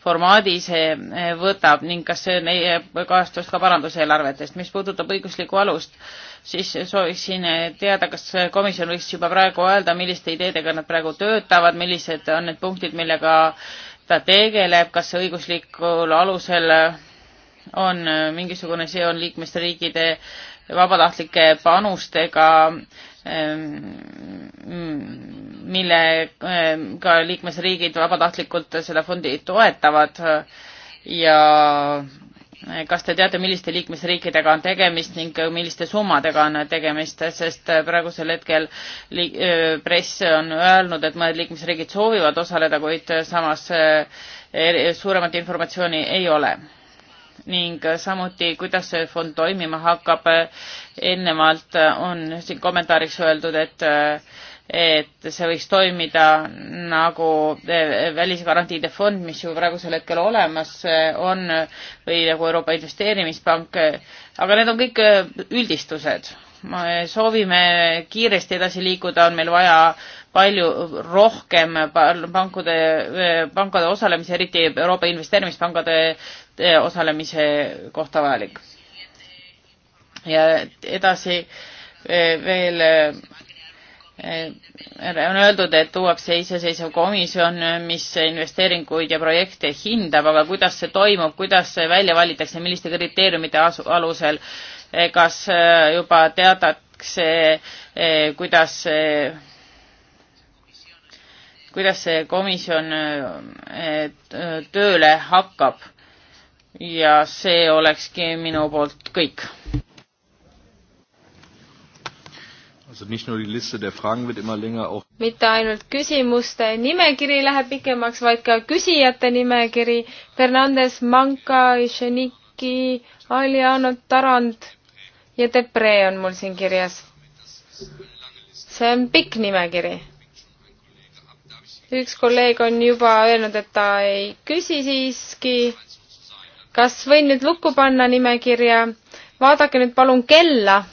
formaadi see võtab ning kas see leiab kajastust ka paranduseelarvetest, mis puudutab õiguslikku alust siis sooviksin teada, kas komisjon võiks juba praegu öelda, milliste ideedega nad praegu töötavad, millised on need punktid, millega ta tegeleb, kas õiguslikul alusel on mingisugune seon liikmesriigide vabatahtlike panustega, ehm, millega ehm, liikmesriigid vabatahtlikult seda fondi toetavad ja kas te teate, milliste liikmesriikidega on tegemist ning milliste summadega on tegemist, sest praegusel hetkel press on öelnud, et mõned liikmesriigid soovivad osaleda, kuid samas suuremat informatsiooni ei ole. ning samuti, kuidas see fond toimima hakkab, ennemalt on siin kommentaariks öeldud, et et see võiks toimida nagu eh, välisgarantiide fond, mis ju praegusel hetkel olemas eh, on või nagu Euroopa Investeerimispank, eh, aga need on kõik üldistused. soovime kiiresti edasi liikuda, on meil vaja palju rohkem pankade, pankade osalemise, eriti Euroopa Investeerimispangade osalemise kohta vajalik. ja edasi veel Eh, on öeldud, et tuuakse iseseisev komisjon, mis investeeringuid ja projekte hindab, aga kuidas see toimub, kuidas see välja valitakse, milliste kriteeriumite alusel, eh, kas eh, juba teatakse, kuidas kuidas see komisjon tööle hakkab ja see olekski minu poolt kõik mitte ainult küsimuste nimekiri läheb pikemaks, vaid ka küsijate nimekiri. Fernandes, Manka, Išeniki, Aljano, Tarand ja Depre on mul siin kirjas. see on pikk nimekiri. üks kolleeg on juba öelnud, et ta ei küsi siiski. kas võin nüüd lukku panna nimekirja? vaadake nüüd palun kella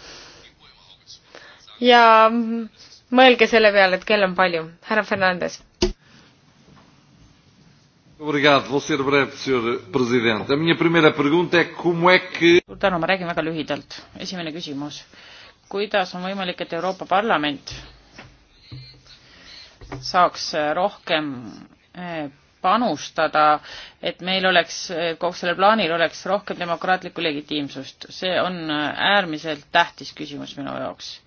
ja mõelge selle peale, et kell on palju. härra Fernandes. suur tänu, ma räägin väga lühidalt. esimene küsimus. kuidas on võimalik, et Euroopa Parlament saaks rohkem eh, panustada, et meil oleks, eh, kogu sellel plaanil oleks rohkem demokraatlikku legitiimsust. see on eh, äärmiselt tähtis küsimus minu jaoks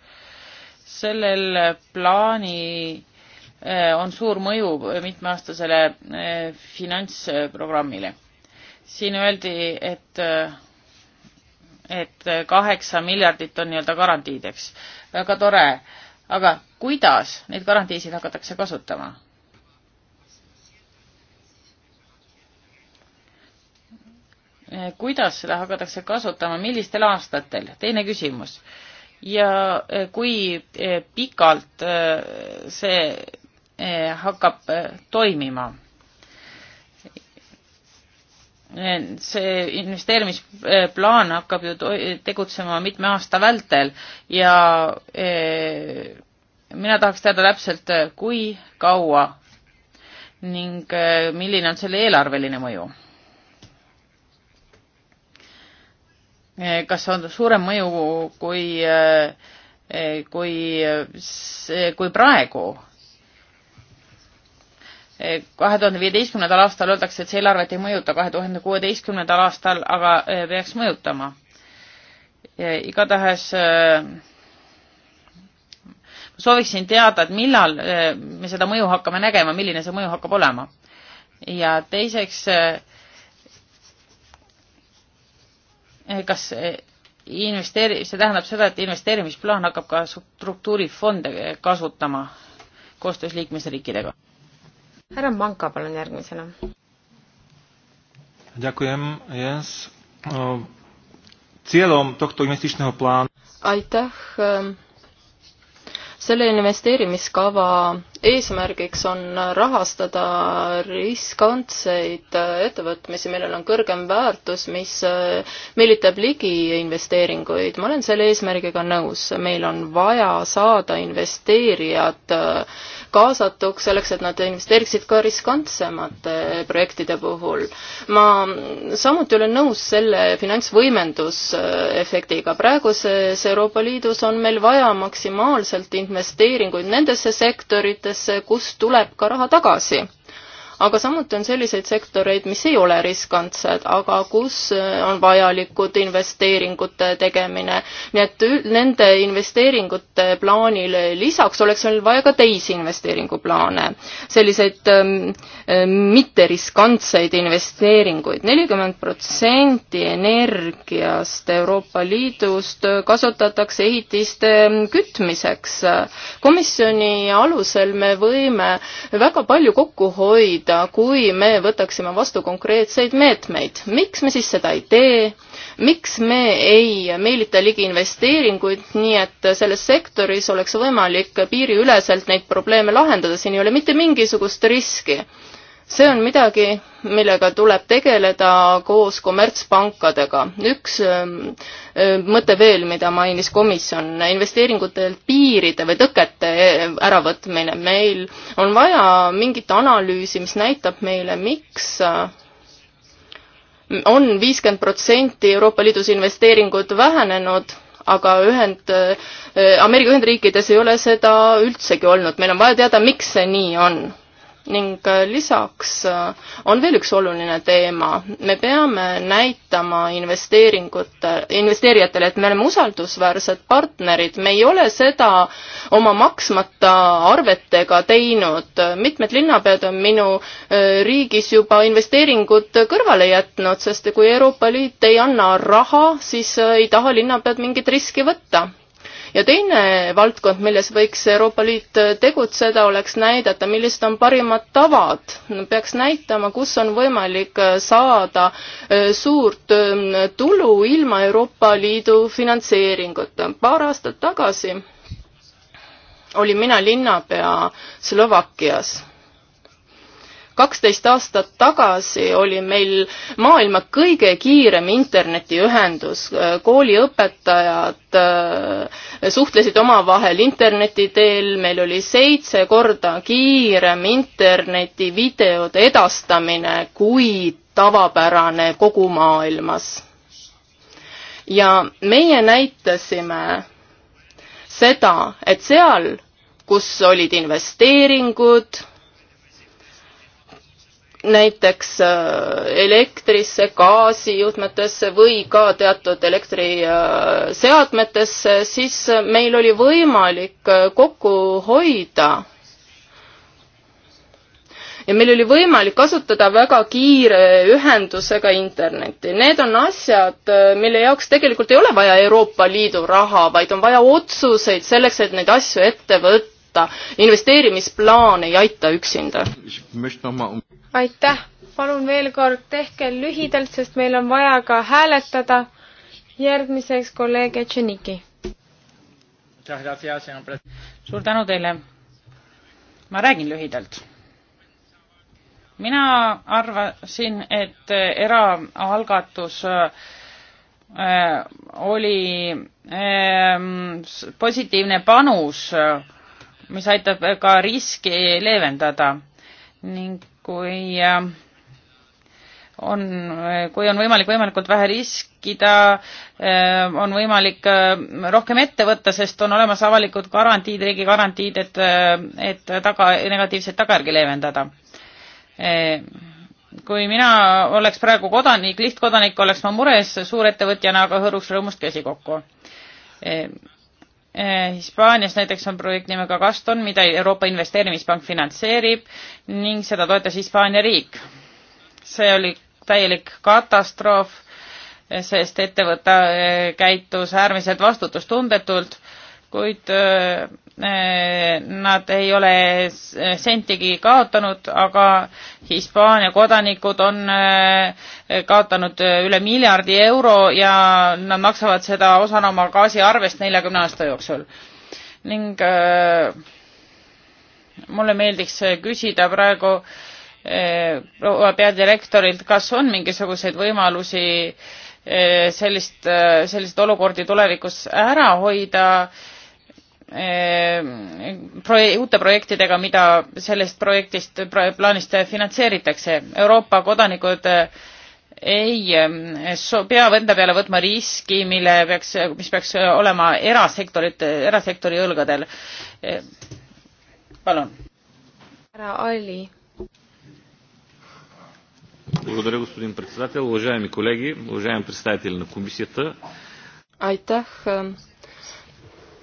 sellel plaani eh, on suur mõju mitmeaastasele eh, finantsprogrammile. siin öeldi, et, eh, et kaheksa miljardit on nii-öelda garantiideks. väga tore, aga kuidas neid garantiisid hakatakse kasutama? kuidas seda hakatakse kasutama, millistel aastatel? teine küsimus ja eh, kui eh, pikalt eh, see hakkab toimima. see investeerimisplaan hakkab ju tegutsema mitme aasta vältel ja mina tahaks teada täpselt, kui kaua ning milline on selle eelarveline mõju Eh, kas on suurem mõju kui, eh, kui, kui praegu? Eh, kahe tuhande viieteistkümnendal aastal öeldakse, et see eelarvet ei mõjuta, kahe tuhande kuueteistkümnendal aastal aga peaks mõjutama. igatahes ma sooviksin teada, et millal me seda mõju hakkame nägema, milline see mõju hakkab olema. ja teiseks äh, Eh, kas eh, investeeri-, see tähendab seda, et investeerimisplaan hakkab ka struktuurifonde eh, kasutama koostöös liikmesriikidega? härra Manka, palun järgmisena. aitäh ehm, selle investeerimiskava eesmärgiks on rahastada riskantseid ettevõtmisi, millel on kõrgem väärtus, mis meelitab ligi investeeringuid. ma olen selle eesmärgiga nõus, meil on vaja saada investeerijad kaasatuks selleks, et nad investeeriksid ka riskantsemate projektide puhul. ma samuti olen nõus selle finantsvõimendusefektiga. praeguses Euroopa Liidus on meil vaja maksimaalselt investeeringuid nendesse sektoritesse, kust tuleb ka raha tagasi aga samuti on selliseid sektoreid, mis ei ole riskantsed, aga kus äh, on vajalikud investeeringute tegemine. nii et nende investeeringute plaanile lisaks oleks meil vaja ka teisi investeeringuplaane, selliseid ähm, äh, mitteriskantseid investeeringuid. nelikümmend protsenti energiast Euroopa Liidust kasutatakse ehitiste ähm, kütmiseks. komisjoni alusel me võime väga palju kokku hoida, leida, kui me võtaksime vastu konkreetseid meetmeid. miks me siis seda ei tee? miks me ei meelita ligi investeeringuid, nii et selles sektoris oleks võimalik piiriüleselt neid probleeme lahendada, siin ei ole mitte mingisugust riski see on midagi, millega tuleb tegeleda koos kommertspankadega. üks ähm, äh, mõte veel, mida mainis komisjon, investeeringutelt piiride või tõkete äh, äravõtmine. meil on vaja mingit analüüsi, mis näitab meile, miks äh, on viiskümmend protsenti Euroopa Liidus investeeringud vähenenud aga ühend, Ameerika Ühendriikides ei ole seda üldsegi olnud. meil on vaja teada, miks see nii on ning äh, lisaks äh, on veel üks oluline teema. me peame näitama investeeringute, investeerijatele, et me oleme usaldusväärsed partnerid, me ei ole seda oma maksmata arvetega teinud. mitmed linnapead on minu äh, riigis juba investeeringud kõrvale jätnud, sest kui Euroopa Liit ei anna raha, siis ei taha linnapead mingit riski võtta ja teine valdkond, milles võiks Euroopa Liit tegutseda, oleks näidata, millised on parimad tavad. peaks näitama, kus on võimalik äh, saada äh, suurt ähm, tulu ilma Euroopa Liidu finantseeringuta. paar aastat tagasi olin mina linnapea Slovakkias kaksteist aastat tagasi oli meil maailma kõige kiirem internetiühendus, kooliõpetajad äh, suhtlesid omavahel interneti teel, meil oli seitse korda kiirem internetivideode edastamine kui tavapärane kogu maailmas. ja meie näitasime seda, et seal, kus olid investeeringud, näiteks äh, elektrisse, gaasijuhtmetesse või ka teatud elektriseadmetesse, äh, siis meil oli võimalik äh, kokku hoida. ja meil oli võimalik kasutada väga kiire ühendusega internetti. Need on asjad, mille jaoks tegelikult ei ole vaja Euroopa Liidu raha, vaid on vaja otsuseid selleks, et neid asju ette võtta kohta. investeerimisplaan ei aita üksinda. Um- aitäh, palun veel kord tehke lühidalt, sest meil on vaja ka hääletada. järgmiseks kolleeg Etšeniki. suur tänu teile. ma räägin lühidalt mina arvasin, et eraalgatus äh, oli äh, positiivne panus mis aitab ka riski leevendada ning kui äh, on, kui on võimalik võimalikult vähe riskida, äh, on võimalik äh, rohkem ette võtta, sest on olemas avalikud garantiid, riigi garantiid, et, et taga, negatiivseid tagajärgi leevendada. kui mina oleks praegu kodanik, lihtkodanik, oleks ma mures suurettevõtjana, aga hõõruks rõõmust käsi kokku Eh, Hispaanias näiteks on projekt nimega Gaston, mida Euroopa Investeerimispank finantseerib ning seda toetas Hispaania riik. see oli täielik katastroof, sest ettevõte eh, käitus äärmiselt vastutustundetult kuid äh, nad ei ole sentigi kaotanud, aga Hispaania kodanikud on äh, kaotanud üle miljardi euro ja nad maksavad seda osana oma gaasiarvest neljakümne aasta jooksul. ning äh, mulle meeldiks küsida praegu proua peadirektorilt, kas on mingisuguseid võimalusi sellist, selliseid olukordi tulevikus ära hoida Eh, proje-, uute projektidega, mida sellest projektist, plaanist finantseeritakse. Euroopa kodanikud eh, ei eh, so, peab enda peale võtma riski, mille peaks, mis peaks olema erasektorit, erasektori õlgadel. palun. härra Alli. Благодаря, господин председател. Уважаеми колеги, уважаеми представители на комисията. Айтах,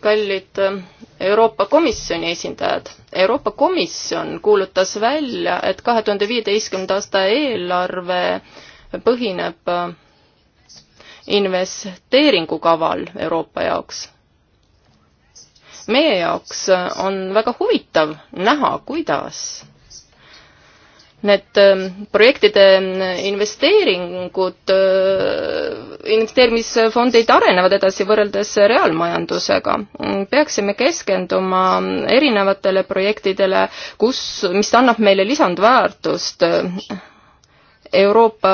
kallid äh, Euroopa Komisjoni esindajad. Euroopa Komisjon kuulutas välja, et kahe tuhande viieteistkümnenda aasta eelarve põhineb äh, investeeringukaval Euroopa jaoks. meie jaoks äh, on väga huvitav näha, kuidas need ähm, projektide ähm, investeeringud, äh, investeerimisfondid arenevad edasi võrreldes reaalmajandusega. peaksime keskenduma erinevatele projektidele, kus, mis annab meile lisandväärtust äh, Euroopa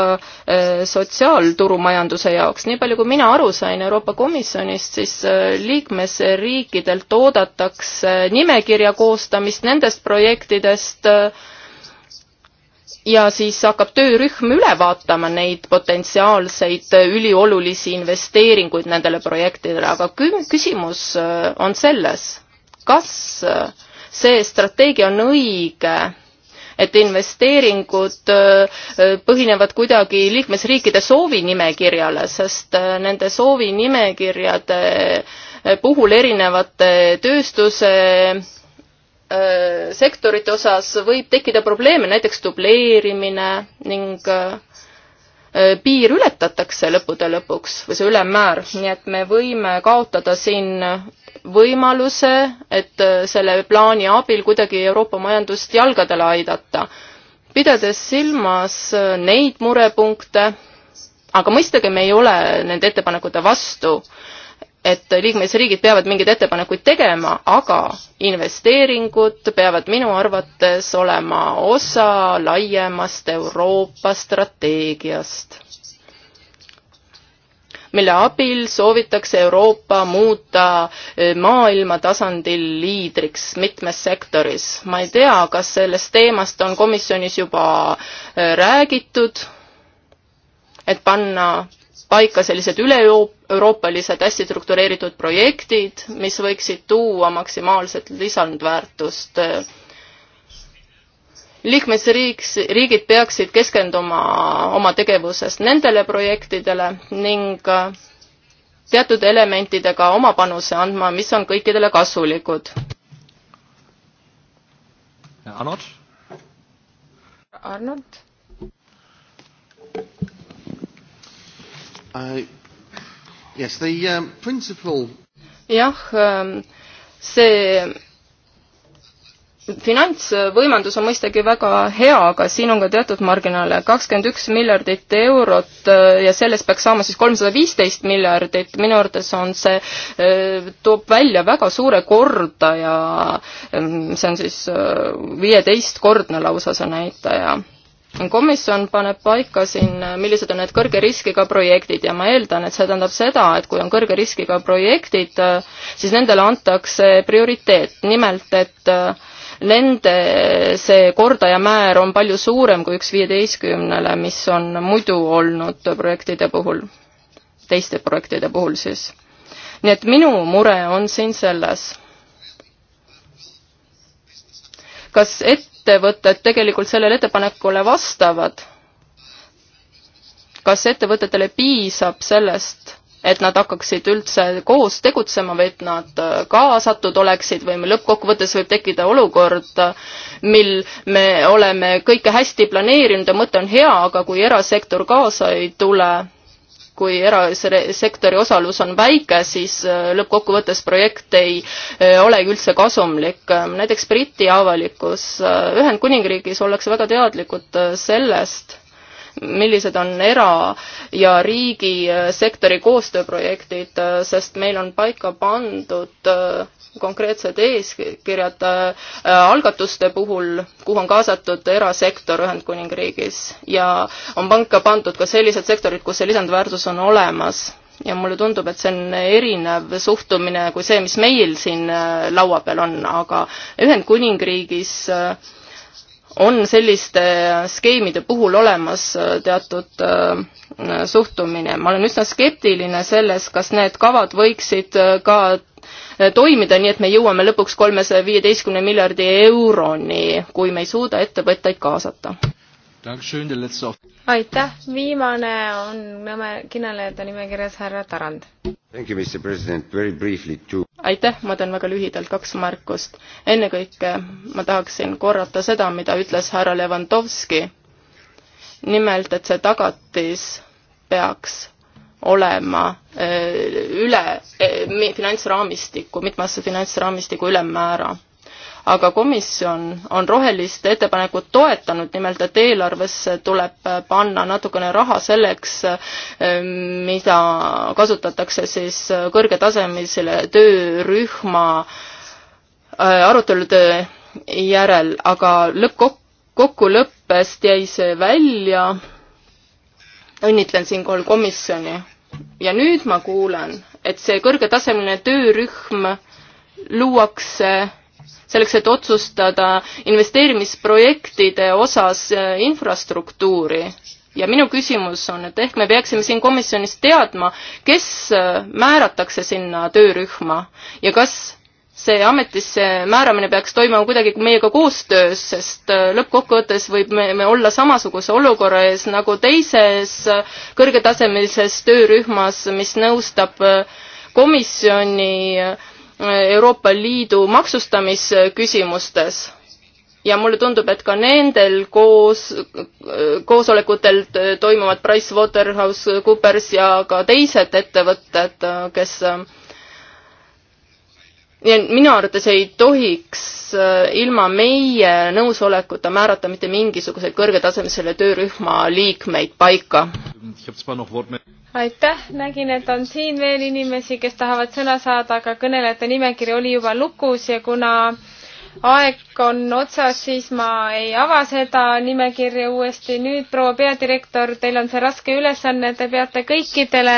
äh, sotsiaalturumajanduse jaoks. nii palju, kui mina aru sain Euroopa Komisjonist, siis liikmesriikidelt oodatakse nimekirja koostamist nendest projektidest, ja siis hakkab töörühm üle vaatama neid potentsiaalseid üliolulisi investeeringuid nendele projektidele, aga küsimus äh, on selles, kas äh, see strateegia on õige, et investeeringud äh, põhinevad kuidagi liikmesriikide soovinimekirjale, sest nende soovinimekirjade puhul erinevate tööstuse Äh, sektorite osas võib tekkida probleeme, näiteks dubleerimine ning äh, äh, piir ületatakse lõppude lõpuks või see ülemmäär, nii et me võime kaotada siin võimaluse, et selle plaani abil kuidagi Euroopa majandust jalgadele aidata. pidades silmas neid murepunkte, aga mõistagi me ei ole nende ettepanekute vastu, et liikmesriigid peavad mingeid ettepanekuid tegema, aga investeeringud peavad minu arvates olema osa laiemast Euroopa strateegiast, mille abil soovitakse Euroopa muuta eh, maailma tasandil liidriks mitmes sektoris. ma ei tea, kas sellest teemast on komisjonis juba eh, räägitud, et panna paika sellised üle-euroopalised hästi struktureeritud projektid, mis võiksid tuua maksimaalset lisandväärtust. liikmesriik, riigid peaksid keskenduma oma tegevuses nendele projektidele ning teatud elementidega oma panuse andma, mis on kõikidele kasulikud. Arnold? Arnold? Uh, yes, the um, principle. jah, ähm, see finantsvõimendus on mõistagi väga hea, aga siin on ka teatud marginaale. kakskümmend üks miljardit eurot äh, ja sellest peaks saama siis kolmsada viisteist miljardit. minu arvates on see, äh, toob välja väga suure korda ja ähm, see on siis äh, viieteistkordne lausa see näitaja komisjon paneb paika siin, millised on need kõrge riskiga projektid ja ma eeldan, et see tähendab seda, et kui on kõrge riskiga projektid, siis nendele antakse prioriteet, nimelt et nende see kordaja määr on palju suurem kui üks viieteistkümnele, mis on muidu olnud projektide puhul, teiste projektide puhul siis. nii et minu mure on siin selles, kas et ettevõtted tegelikult sellele ettepanekule vastavad? kas ettevõtetele piisab sellest, et nad hakkaksid üldse koos tegutsema või et nad äh, kaasatud oleksid või lõppkokkuvõttes võib tekkida olukord, mil me oleme kõike hästi planeerinud ja mõte on hea, aga kui erasektor kaasa ei tule, kui erasektori osalus on väike, siis äh, lõppkokkuvõttes projekt ei äh, olegi üldse kasumlik. näiteks Briti avalikkus, äh, Ühendkuningriigis ollakse väga teadlikud sellest, millised on era- ja riigisektori koostööprojektid, sest meil on paika pandud äh, konkreetsed eeskirjad äh, algatuste puhul, kuhu on kaasatud erasektor Ühendkuningriigis ja on panka pandud ka sellised sektorid, kus see lisandväärtus on olemas ja mulle tundub, et see on erinev suhtumine kui see, mis meil siin äh, laua peal on, aga Ühendkuningriigis äh, on selliste skeemide puhul olemas äh, teatud äh, suhtumine. ma olen üsna skeptiline selles, kas need kavad võiksid äh, ka toimida, nii et me jõuame lõpuks kolmesaja viieteistkümne miljardi euroni, kui me ei suuda ettevõtteid kaasata aitäh, viimane on kõnelejate nimekirjas härra Tarand. aitäh, ma teen väga lühidalt kaks märkust. ennekõike ma tahaksin korrata seda, mida ütles härra Levanovski. nimelt, et see tagatis peaks olema eh, üle eh, finantsraamistiku, mitmesse finantsraamistiku ülemmäära aga komisjon on roheliste ettepanekut toetanud, nimelt et eelarvesse tuleb äh, panna natukene raha selleks, äh, mida kasutatakse siis äh, kõrgetasemelisele töörühma arutelude järel, aga lõppkokkuluppest jäi see välja. õnnitlen siinkohal komisjoni. ja nüüd ma kuulen, et see kõrgetasemeline töörühm luuakse selleks, et otsustada investeerimisprojektide osas äh, infrastruktuuri. ja minu küsimus on, et ehk me peaksime siin komisjonis teadma, kes äh, määratakse sinna töörühma ja kas see ametisse määramine peaks toimuma kuidagi meiega koostöös, sest äh, lõppkokkuvõttes võib me, me olla samasuguse olukorra ees nagu teises kõrgetasemelises töörühmas, mis nõustab komisjoni äh, Euroopa Liidu maksustamisküsimustes ja mulle tundub, et ka nendel koos, koosolekutel toimuvad PricewaterhouseCoopers ja ka teised ettevõtted, kes minu arvates ei tohiks äh, ilma meie nõusolekuta määrata mitte mingisuguseid kõrgetasemelisele töörühma liikmeid paika. aitäh, nägin, et on siin veel inimesi, kes tahavad sõna saada, aga kõnelejate nimekiri oli juba lukus ja kuna aeg on otsas, siis ma ei ava seda nimekirja uuesti. nüüd, proua peadirektor, teil on see raske ülesanne, te peate kõikidele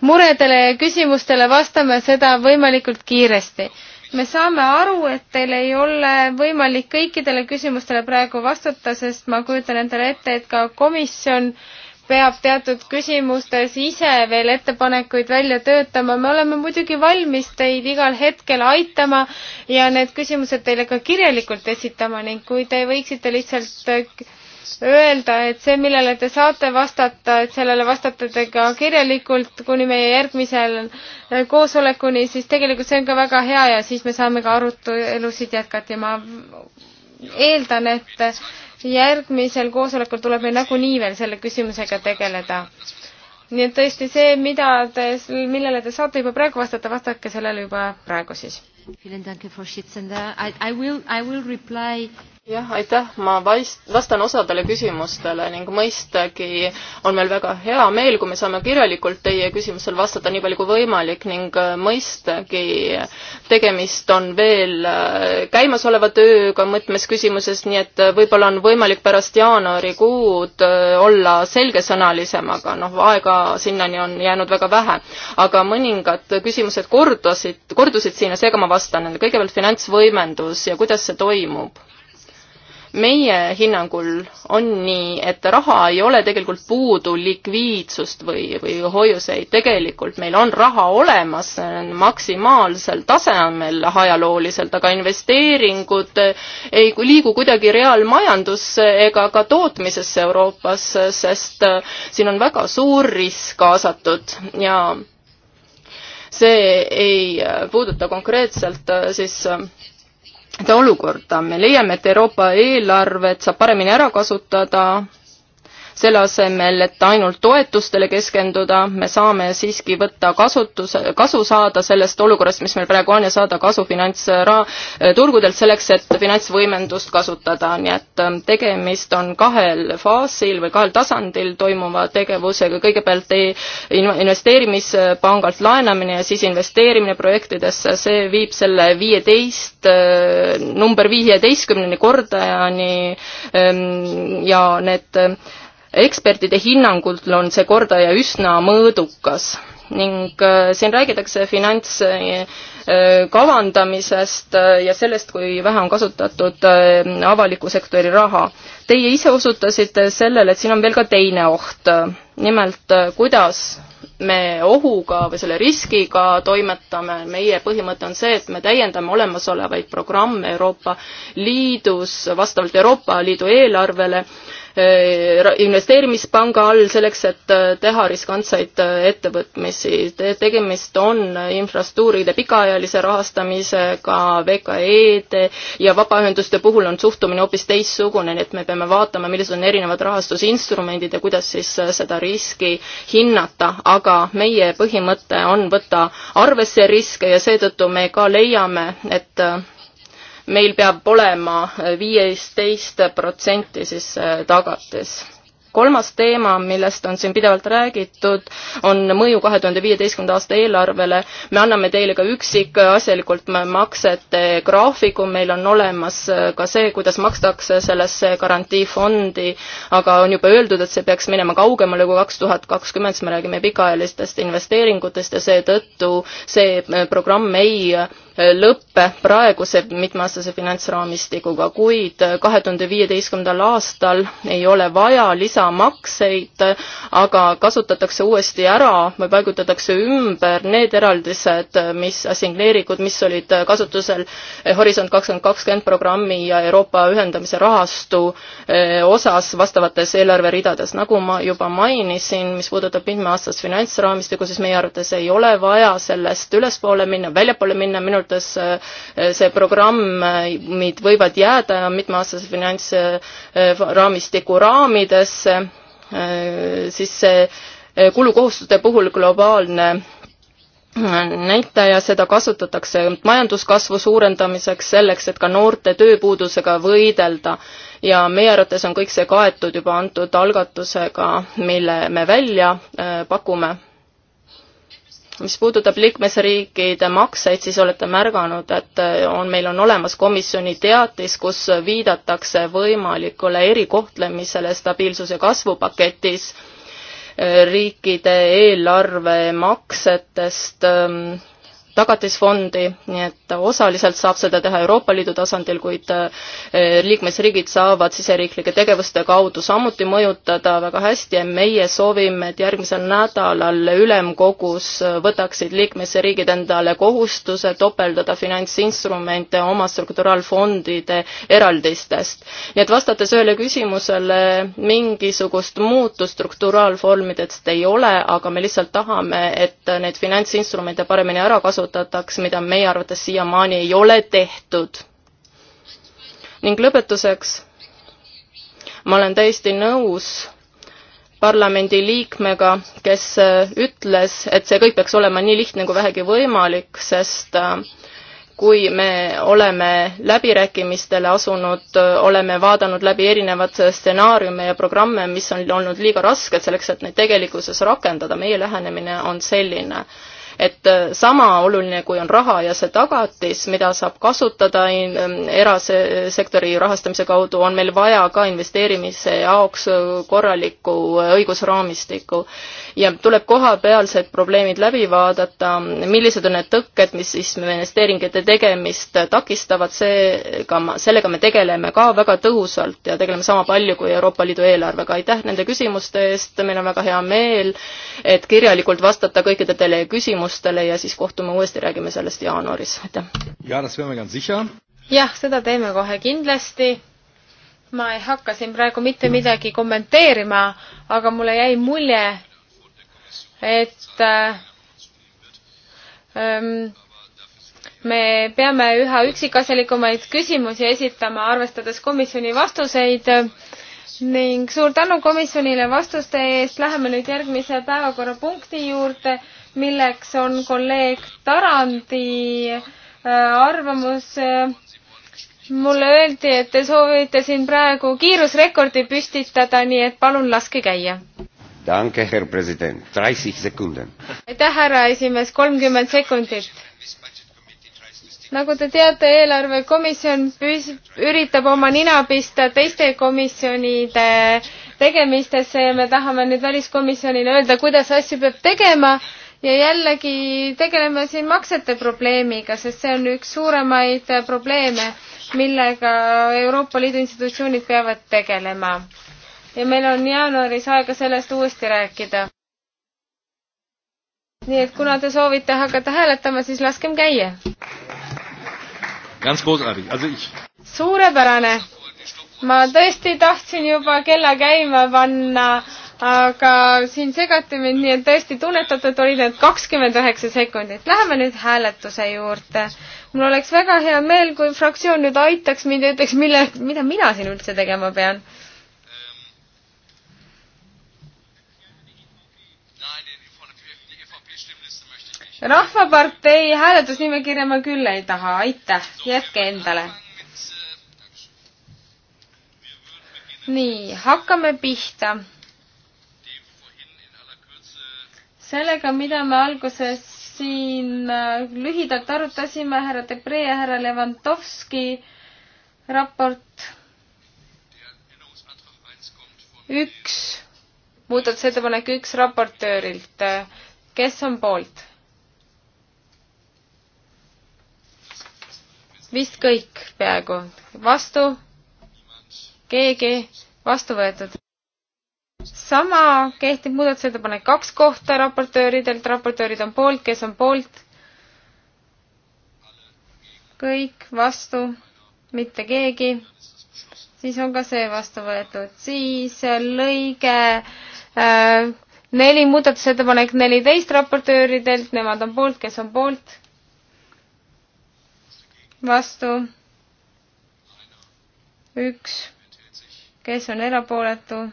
muredele ja küsimustele vastama seda võimalikult kiiresti. me saame aru, et teil ei ole võimalik kõikidele küsimustele praegu vastata, sest ma kujutan endale ette, et ka komisjon äh, peab teatud küsimustes ise veel ettepanekuid välja töötama. me oleme muidugi valmis teid igal hetkel aitama ja need küsimused teile ka kirjalikult esitama ning kui te võiksite lihtsalt äh, öelda, et see, millele te saate vastata, et sellele vastate te ka kirjalikult kuni meie järgmisel äh, koosolekuni, siis tegelikult see on ka väga hea ja siis me saame ka arutelusid jätkata ja ma eeldan, et järgmisel koosolekul tuleb meil nagunii veel selle küsimusega tegeleda. nii et tõesti see, mida te, millele te saate juba praegu vastata, vastake sellele juba praegu siis jah, aitäh, ma vaist-, vastan osadele küsimustele ning mõistagi on meil väga hea meel, kui me saame kirjalikult teie küsimusele vastata nii palju kui võimalik ning äh, mõistagi tegemist on veel äh, käimasoleva tööga mõtmes küsimuses, nii et äh, võib-olla on võimalik pärast jaanuarikuud olla selgesõnalisem, aga noh, aega sinnani on jäänud väga vähe. aga mõningad küsimused kordusid, kordusid siin ja seega ma vastan nendele. kõigepealt finantsvõimendus ja kuidas see toimub? meie hinnangul on nii, et raha ei ole tegelikult puudu likviidsust või, või hoiuseid, tegelikult meil on raha olemas, maksimaalsel tasemel ajalooliselt, aga investeeringud ei liigu kuidagi reaalmajandusse ega ka tootmisesse Euroopas, sest siin on väga suur risk kaasatud ja see ei puuduta konkreetselt siis olukorda. me leiame, et Euroopa eelarvet saab paremini ära kasutada selle asemel, et ainult toetustele keskenduda, me saame siiski võtta kasutuse, kasu saada sellest olukorrast, mis meil praegu on ja saada kasu finantsra-, turgudelt selleks, et finantsvõimendust kasutada, nii et ähm, tegemist on kahel faasil või kahel tasandil toimuva tegevusega, kõigepealt investeerimispangalt laenamine ja siis investeerimine projektidesse, see viib selle viieteist, äh, number viieteistkümneni kordajani ähm, ja need äh, ekspertide hinnangul on see kordaja üsna mõõdukas ning äh, siin räägitakse finants äh, kavandamisest äh, ja sellest, kui vähe on kasutatud avaliku sektori raha. Teie ise osutasite sellele, et siin on veel ka teine oht, nimelt kuidas me ohuga või selle riskiga toimetame, meie põhimõte on see, et me täiendame olemasolevaid programme Euroopa Liidus vastavalt Euroopa Liidu eelarvele Äh, investeerimispanga all selleks, et äh, teha riskantseid äh, ettevõtmisi. tegemist on infrastruktuuride pikaajalise rahastamisega, VKE-de ja vabaühenduste puhul on suhtumine hoopis teistsugune, nii et me peame vaatama, millised on erinevad rahastusinstrumendid ja kuidas siis seda riski hinnata, aga meie põhimõte on võtta arvesse riske ja seetõttu me ka leiame, et meil peab olema viieteist protsenti siis äh, tagatis kolmas teema, millest on siin pidevalt räägitud, on mõju kahe tuhande viieteistkümnenda aasta eelarvele. me anname teile ka üksikasjalikult maksete graafiku, meil on olemas äh, ka see, kuidas makstakse sellesse garantiifondi, aga on juba öeldud, et see peaks minema kaugemale kui kaks tuhat kakskümmend, siis me räägime pikaajalistest investeeringutest ja seetõttu see äh, programm ei äh, lõppe praeguse mitmeaastase finantsraamistikuga, kuid kahe tuhande viieteistkümnendal aastal ei ole vaja lisa osa makseid aga kasutatakse uuesti ära või paigutatakse ümber need eraldised, mis, assingleeringud, mis olid kasutusel eh, Horisont kakskümmend kakskümmend programmi ja Euroopa ühendamise rahastu eh, osas vastavates eelarveridades. nagu ma juba mainisin, mis puudutab mitmeaastast finantsraamistikku, siis meie arvates ei ole vaja sellest ülespoole minna, väljapoole minna, minu arvates eh, see programmid võivad jääda mitmeaastase finantsraamistiku raamidesse, Äh, siis see äh, kulukohustuste puhul globaalne äh, näitaja, seda kasutatakse majanduskasvu suurendamiseks, selleks, et ka noorte tööpuudusega võidelda. ja meie arvates on kõik see kaetud juba antud algatusega, mille me välja pakume mis puudutab liikmesriikide makseid, siis olete märganud, et äh, on, meil on olemas komisjoni teatis, kus viidatakse võimalikule erikohtlemisele stabiilsuse kasvupaketis äh, riikide eelarvemaksetest ähm, tagatisfondi, nii et osaliselt saab seda teha Euroopa Liidu tasandil, kuid eh, liikmesriigid saavad siseriiklike tegevuste kaudu samuti mõjutada väga hästi ja meie soovime, et järgmisel nädalal ülemkogus võtaksid liikmesriigid endale kohustuse topeldada finantsinstrumente oma strukturaalfondide eraldistest. nii et vastates ühele küsimusele, mingisugust muutust strukturaalfondidest ei ole, aga me lihtsalt tahame, et neid finantsinstrumente paremini ära kasutada, saavutataks, mida meie arvates siiamaani ei ole tehtud. ning lõpetuseks, ma olen täiesti nõus parlamendi liikmega, kes äh, ütles, et see kõik peaks olema nii lihtne kui vähegi võimalik, sest äh, kui me oleme läbirääkimistele asunud, äh, oleme vaadanud läbi erinevad stsenaariume ja programme, mis on olnud liiga rasked selleks, et neid tegelikkuses rakendada. meie lähenemine on selline, et äh, sama oluline, kui on raha ja see tagatis, mida saab kasutada ähm, erasektori rahastamise kaudu, on meil vaja ka investeerimise jaoks äh, korralikku äh, õigusraamistikku. ja tuleb kohapealsed probleemid läbi vaadata, millised on need tõkked, mis siis investeeringute tegemist takistavad, seega ma, sellega me tegeleme ka väga tõhusalt ja tegeleme sama palju kui Euroopa Liidu eelarvega. aitäh nende küsimuste eest, meil on väga hea meel, et kirjalikult vastata kõikidele küsimustele, küsimustele ja siis kohtume uuesti, räägime sellest jaanuaris, aitäh! jah, seda teeme kohe kindlasti ma ei hakka siin praegu mitte midagi kommenteerima, aga mulle jäi mulje, et äh, ähm, me peame üha üksikasjalikumaid küsimusi esitama, arvestades komisjoni vastuseid ning suur tänu komisjonile vastuste eest, läheme nüüd järgmise päevakorrapunkti juurde milleks on kolleeg Tarandi äh, arvamus. mulle öeldi, et te soovite siin praegu kiirusrekordi püstitada, nii et palun laske käia. Danke, Herr Präsident. 30 Sekunden. aitäh, härra esimees, kolmkümmend sekundit. nagu te teate, eelarvekomisjon üritab oma nina pista teiste komisjonide tegemistesse ja me tahame nüüd väliskomisjonile öelda, kuidas asju peab tegema ja jällegi tegeleme siin maksete probleemiga, sest see on üks suuremaid probleeme, millega Euroopa Liidu institutsioonid peavad tegelema. ja meil on jaanuaris aega sellest uuesti rääkida. nii et kuna te soovite hakata hääletama, siis laskem käia. suurepärane ma tõesti tahtsin juba kella käima panna, aga siin segati mind, nii et tõesti tunnetatud oli need kakskümmend üheksa sekundit. Läheme nüüd hääletuse juurde. mul oleks väga hea meel, kui fraktsioon nüüd aitaks mind ja ütleks, mille, mida mina siin üldse tegema pean. rahvapartei hääletusnimekirja ma küll ei taha, aitäh, jätke endale. nii, hakkame pihta sellega, mida me alguses siin äh, lühidalt arutasime, härra Debre ja härra Levanovski raport. üks muudatusettepanek üks raportöörilt. kes on poolt? vist kõik peaaegu. vastu? keegi? vastu võetud? sama kehtib muudatusettepanek kaks kohta raportööridelt, raportöörid on poolt, kes on poolt? kõik vastu, mitte keegi. siis on ka see vastu võetud, siis lõige äh, neli muudatusettepanek neliteist raportööridelt, nemad on poolt, kes on poolt? vastu üks, kes on erapooletu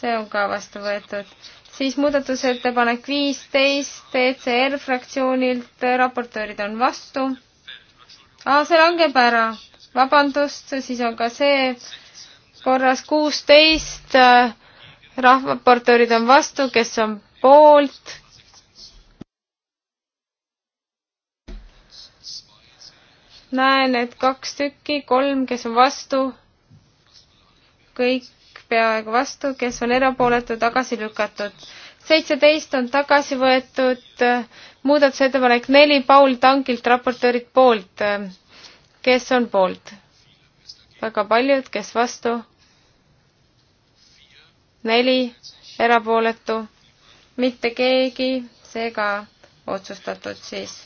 see on ka vastu võetud. siis muudatusettepanek viisteist ECR fraktsioonilt, raportöörid on vastu. aa, see langeb ära, vabandust, siis on ka see korras kuusteist, äh, raportöörid on vastu, kes on poolt. näen, et kaks tükki, kolm, kes on vastu, kõik peaaegu vastu, kes on erapooletu, tagasi lükatud. seitseteist on tagasi võetud muudatusettepanek neli Paul Tankilt, raportöörid poolt. kes on poolt? väga paljud, kes vastu? neli, erapooletu, mitte keegi, seega otsustatud siis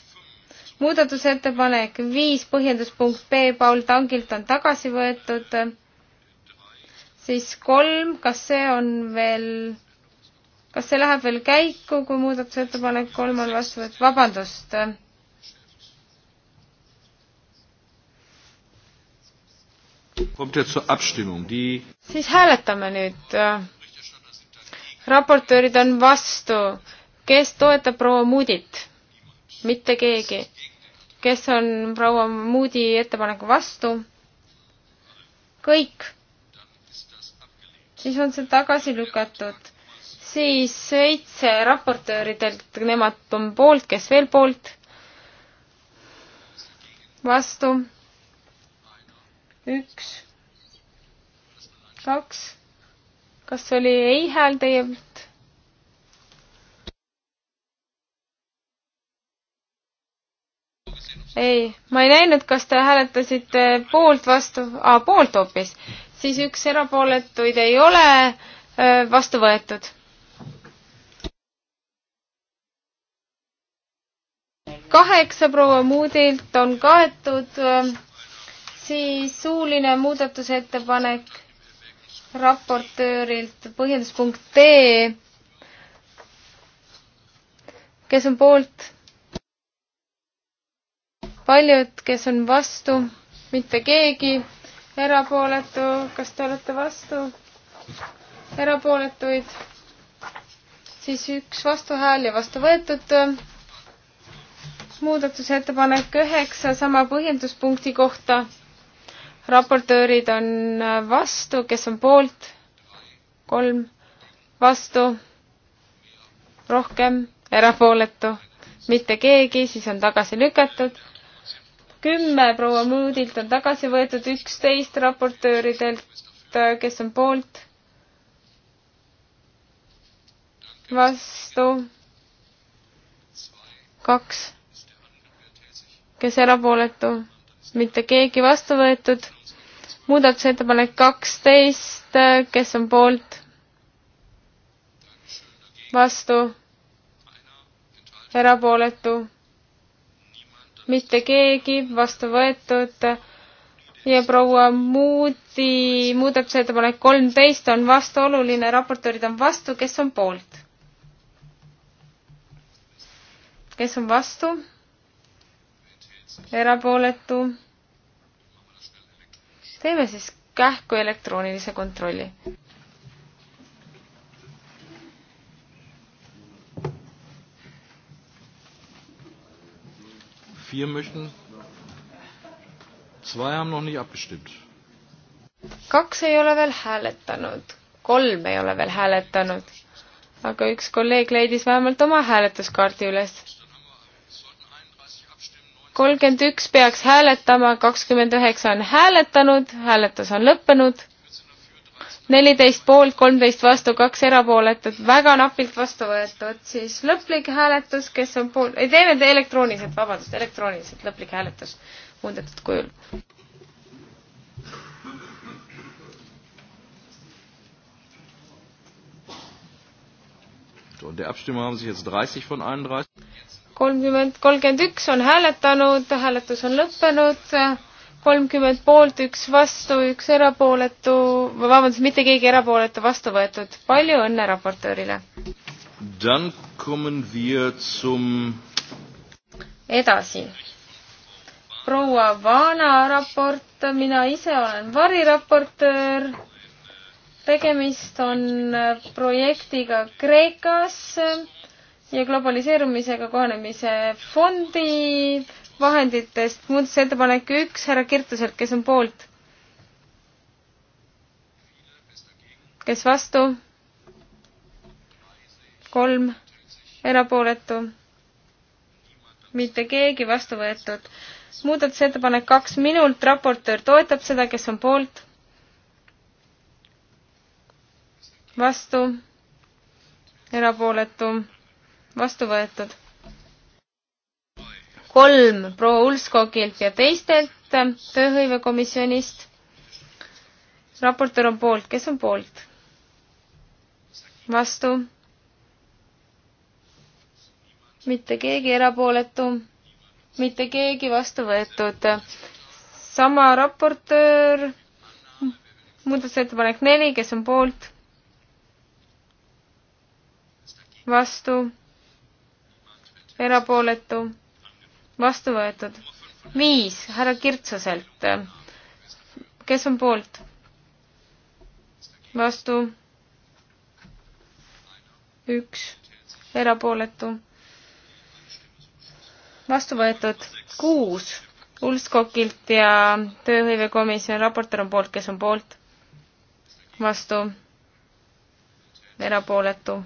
muudatusettepanek viis põhjenduspunkt B Paul Tangilt on tagasi võetud siis kolm, kas see on veel, kas see läheb veel käiku, kui muudatusettepanek kolm on vastu võetud, vabandust. siis hääletame nüüd. raportöörid on vastu, kes toetab proua Moodit? mitte keegi. kes on proua Moodi ettepaneku vastu? kõik siis on see tagasi lükatud. siis seitse raportööridelt, nemad on poolt, kes veel poolt? vastu. üks, kaks. kas oli ei hääl teie poolt? ei, ma ei näinud, kas te hääletasite poolt vastu ah,, poolt hoopis siis üks erapooletuid ei ole vastu võetud. kaheksa proua Moodilt on kaetud, siis suuline muudatusettepanek raportöörilt põhjenduspunkt D. kes on poolt? paljud, kes on vastu, mitte keegi erapooletu, kas te olete vastu? erapooletuid, siis üks vastuhääl ja vastu võetud. muudatusettepanek üheksa sama põhjenduspunkti kohta. raportöörid on vastu, kes on poolt? kolm, vastu, rohkem, erapooletu, mitte keegi, siis on tagasi lükatud kümme proua Moodilt on tagasi võetud, üksteist raportööridelt, äh, kes on poolt, vastu, kaks, kes erapooletu, mitte keegi vastu võetud muudatusettepanek kaksteist, äh, kes on poolt? vastu? erapooletu? mitte keegi, vastu võetud ja proua Moodi muudatusettepanek kolmteist on vastuoluline, raportöörid on vastu, kes on poolt? kes on vastu? erapooletu? teeme siis kähku elektroonilise kontrolli. vier möchten. Zwei haben noch nicht abgestimmt. kaks ei ole veel hääletanud, kolm ei ole veel hääletanud, aga üks kolleeg leidis vähemalt oma hääletuskaardi üles. kolmkümmend üks peaks hääletama, kakskümmend üheksa on hääletanud, hääletus on lõppenud neliteist poolt, kolmteist vastu, kaks erapooletut, väga napilt vastu võetud, siis lõplik hääletus, kes on poolt, ei teeme te elektrooniliselt, vabandust, elektrooniliselt lõplik hääletus muudetud kujul. kolmkümmend, kolmkümmend üks on hääletanud, hääletus on lõppenud kolmkümmend poolt, üks vastu, üks erapooletu, vabandust, mitte keegi erapooletu vastu võetud. palju õnne raportöörile! Zum... edasi. proua Vana raport, mina ise olen variraportöör. tegemist on projektiga Kreekas ja globaliseerumisega kohanemise fondi vahenditest muudatusettepanek üks härra Kirtuselt, kes on poolt? kes vastu? kolm, erapooletu. mitte keegi vastu võetud. muudatusettepanek kaks minult, raportöör toetab seda, kes on poolt? vastu, erapooletu, vastu võetud kolm proua Ulskogilt ja teistelt tööhõivekomisjonist. raportöör on poolt, kes on poolt? vastu? mitte keegi erapooletu, mitte keegi vastu võetud. sama raportöör, muudatusettepanek neli, kes on poolt? vastu? erapooletu vastu võetud. viis härra Kirtsuselt. kes on poolt? vastu. üks erapooletu. vastu võetud kuus Ulskokilt ja tööhõivekomisjoni raportöör on poolt, kes on poolt? vastu. erapooletu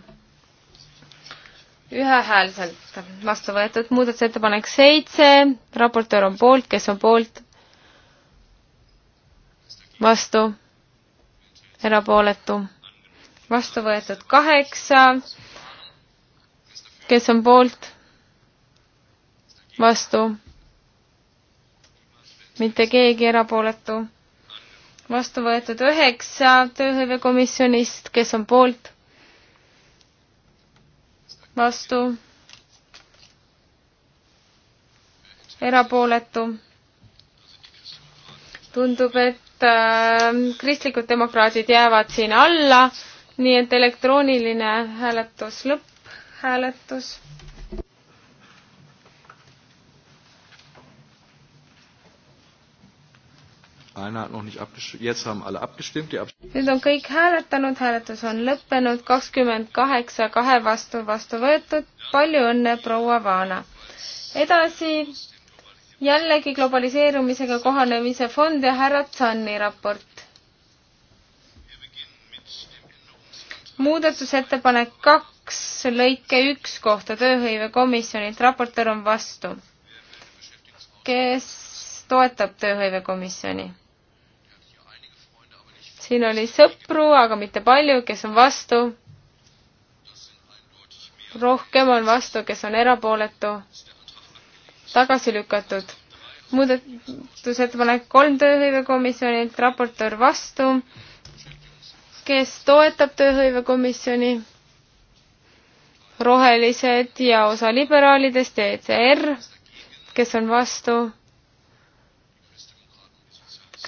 ühehäälselt vastu võetud. muudatusettepanek seitse, raportöör on poolt, kes on poolt? vastu? erapooletu? vastu võetud kaheksa, kes on poolt? vastu? mitte keegi erapooletu? vastu võetud üheksa tööhõivekomisjonist, kes on poolt? vastu, erapooletu. tundub, et äh, kristlikud demokraadid jäävad siin alla, nii et elektrooniline hääletus, lõpphääletus nüüd on kõik hääletanud, hääletus on lõppenud, kakskümmend kaheksa kahe vastu vastu võetud, palju õnne, proua Vana. edasi jällegi globaliseerumisega kohanemise fond ja härra Tsanni raport. muudatusettepanek kaks lõike üks kohta tööhõivekomisjonilt, raportöör on vastu. kes toetab tööhõivekomisjoni? siin oli sõpru, aga mitte palju, kes on vastu. rohkem on vastu, kes on erapooletu. tagasi lükatud. muudatusettepanek kolm tööhõivekomisjonilt, raportöör vastu. kes toetab tööhõivekomisjoni? rohelised ja osa liberaalidest ja ECR, kes on vastu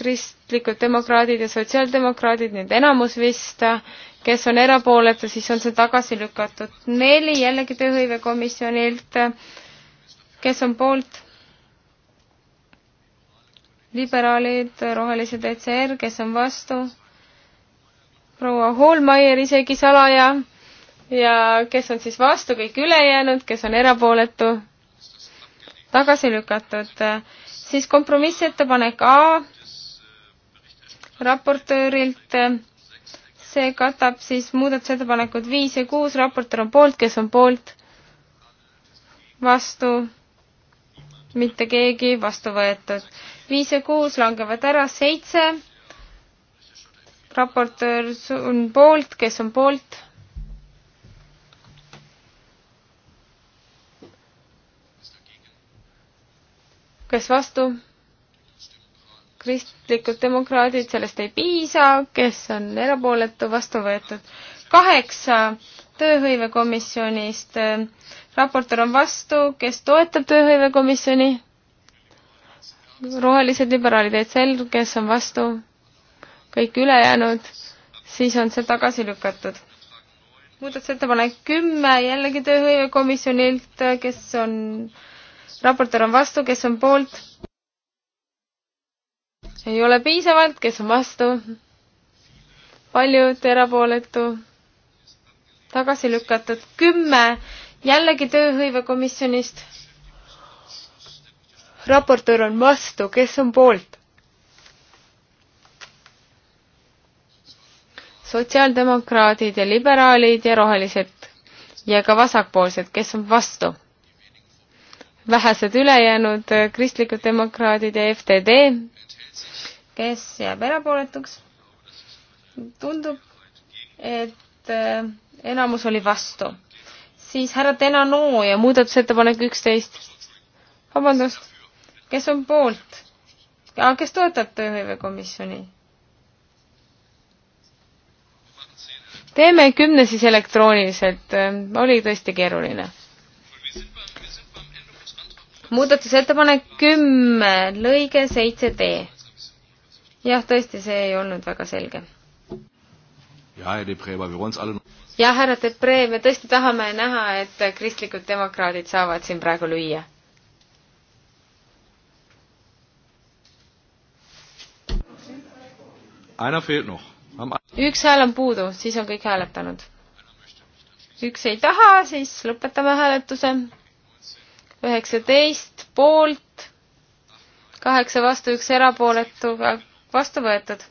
kristlikud demokraadid ja sotsiaaldemokraadid, nüüd enamus vist, kes on erapooletu, siis on see tagasi lükatud. neli jällegi tööhõivekomisjonilt, kes on poolt? liberaalid, rohelised ECR, kes on vastu? proua Hoolmeier isegi salaja ja kes on siis vastu, kõik ülejäänud, kes on erapooletu, tagasi lükatud. siis kompromissettepanek A raportöörilt. see katab siis muudatusettepanekud viis ja kuus, raportöör on poolt, kes on poolt? vastu? mitte keegi, vastu võetud. viis ja kuus langevad ära, seitse. raportöör on poolt, kes on poolt? kes vastu? kristlikud demokraadid, sellest ei piisa, kes on erapooletu, vastu võetud kaheksa tööhõivekomisjonist. Äh, raportöör on vastu, kes toetab tööhõivekomisjoni? rohelised liberaalid jäid sel-, kes on vastu, kõik ülejäänud, siis on see tagasi lükatud. muudatusettepanek kümme jällegi tööhõivekomisjonilt, äh, kes on, raportöör on vastu, kes on poolt, ei ole piisavalt, kes on vastu? paljud erapooletu, tagasi lükatud, kümme jällegi tööhõivekomisjonist. raportöör on vastu, kes on poolt? sotsiaaldemokraadid ja liberaalid ja rohelised ja ka vasakpoolsed, kes on vastu? vähesed ülejäänud äh, kristlikud demokraadid ja FTD, kes jääb erapooletuks. tundub, et äh, enamus oli vastu. siis härra Denano ja muudatusettepanek üksteist. vabandust, kes on poolt? kes toetab tööhõivekomisjoni? teeme kümne siis elektrooniliselt, äh, oli tõesti keeruline muudatusettepanek kümme, lõige seitse D. jah, tõesti, see ei olnud väga selge. jah, härra Depree, me tõesti tahame näha, et kristlikud demokraadid saavad siin praegu lüüa üks hääl on puudu, siis on kõik hääletanud. üks ei taha, siis lõpetame hääletuse üheksateist poolt, kaheksa vastu, üks erapooletu, vastu võetud.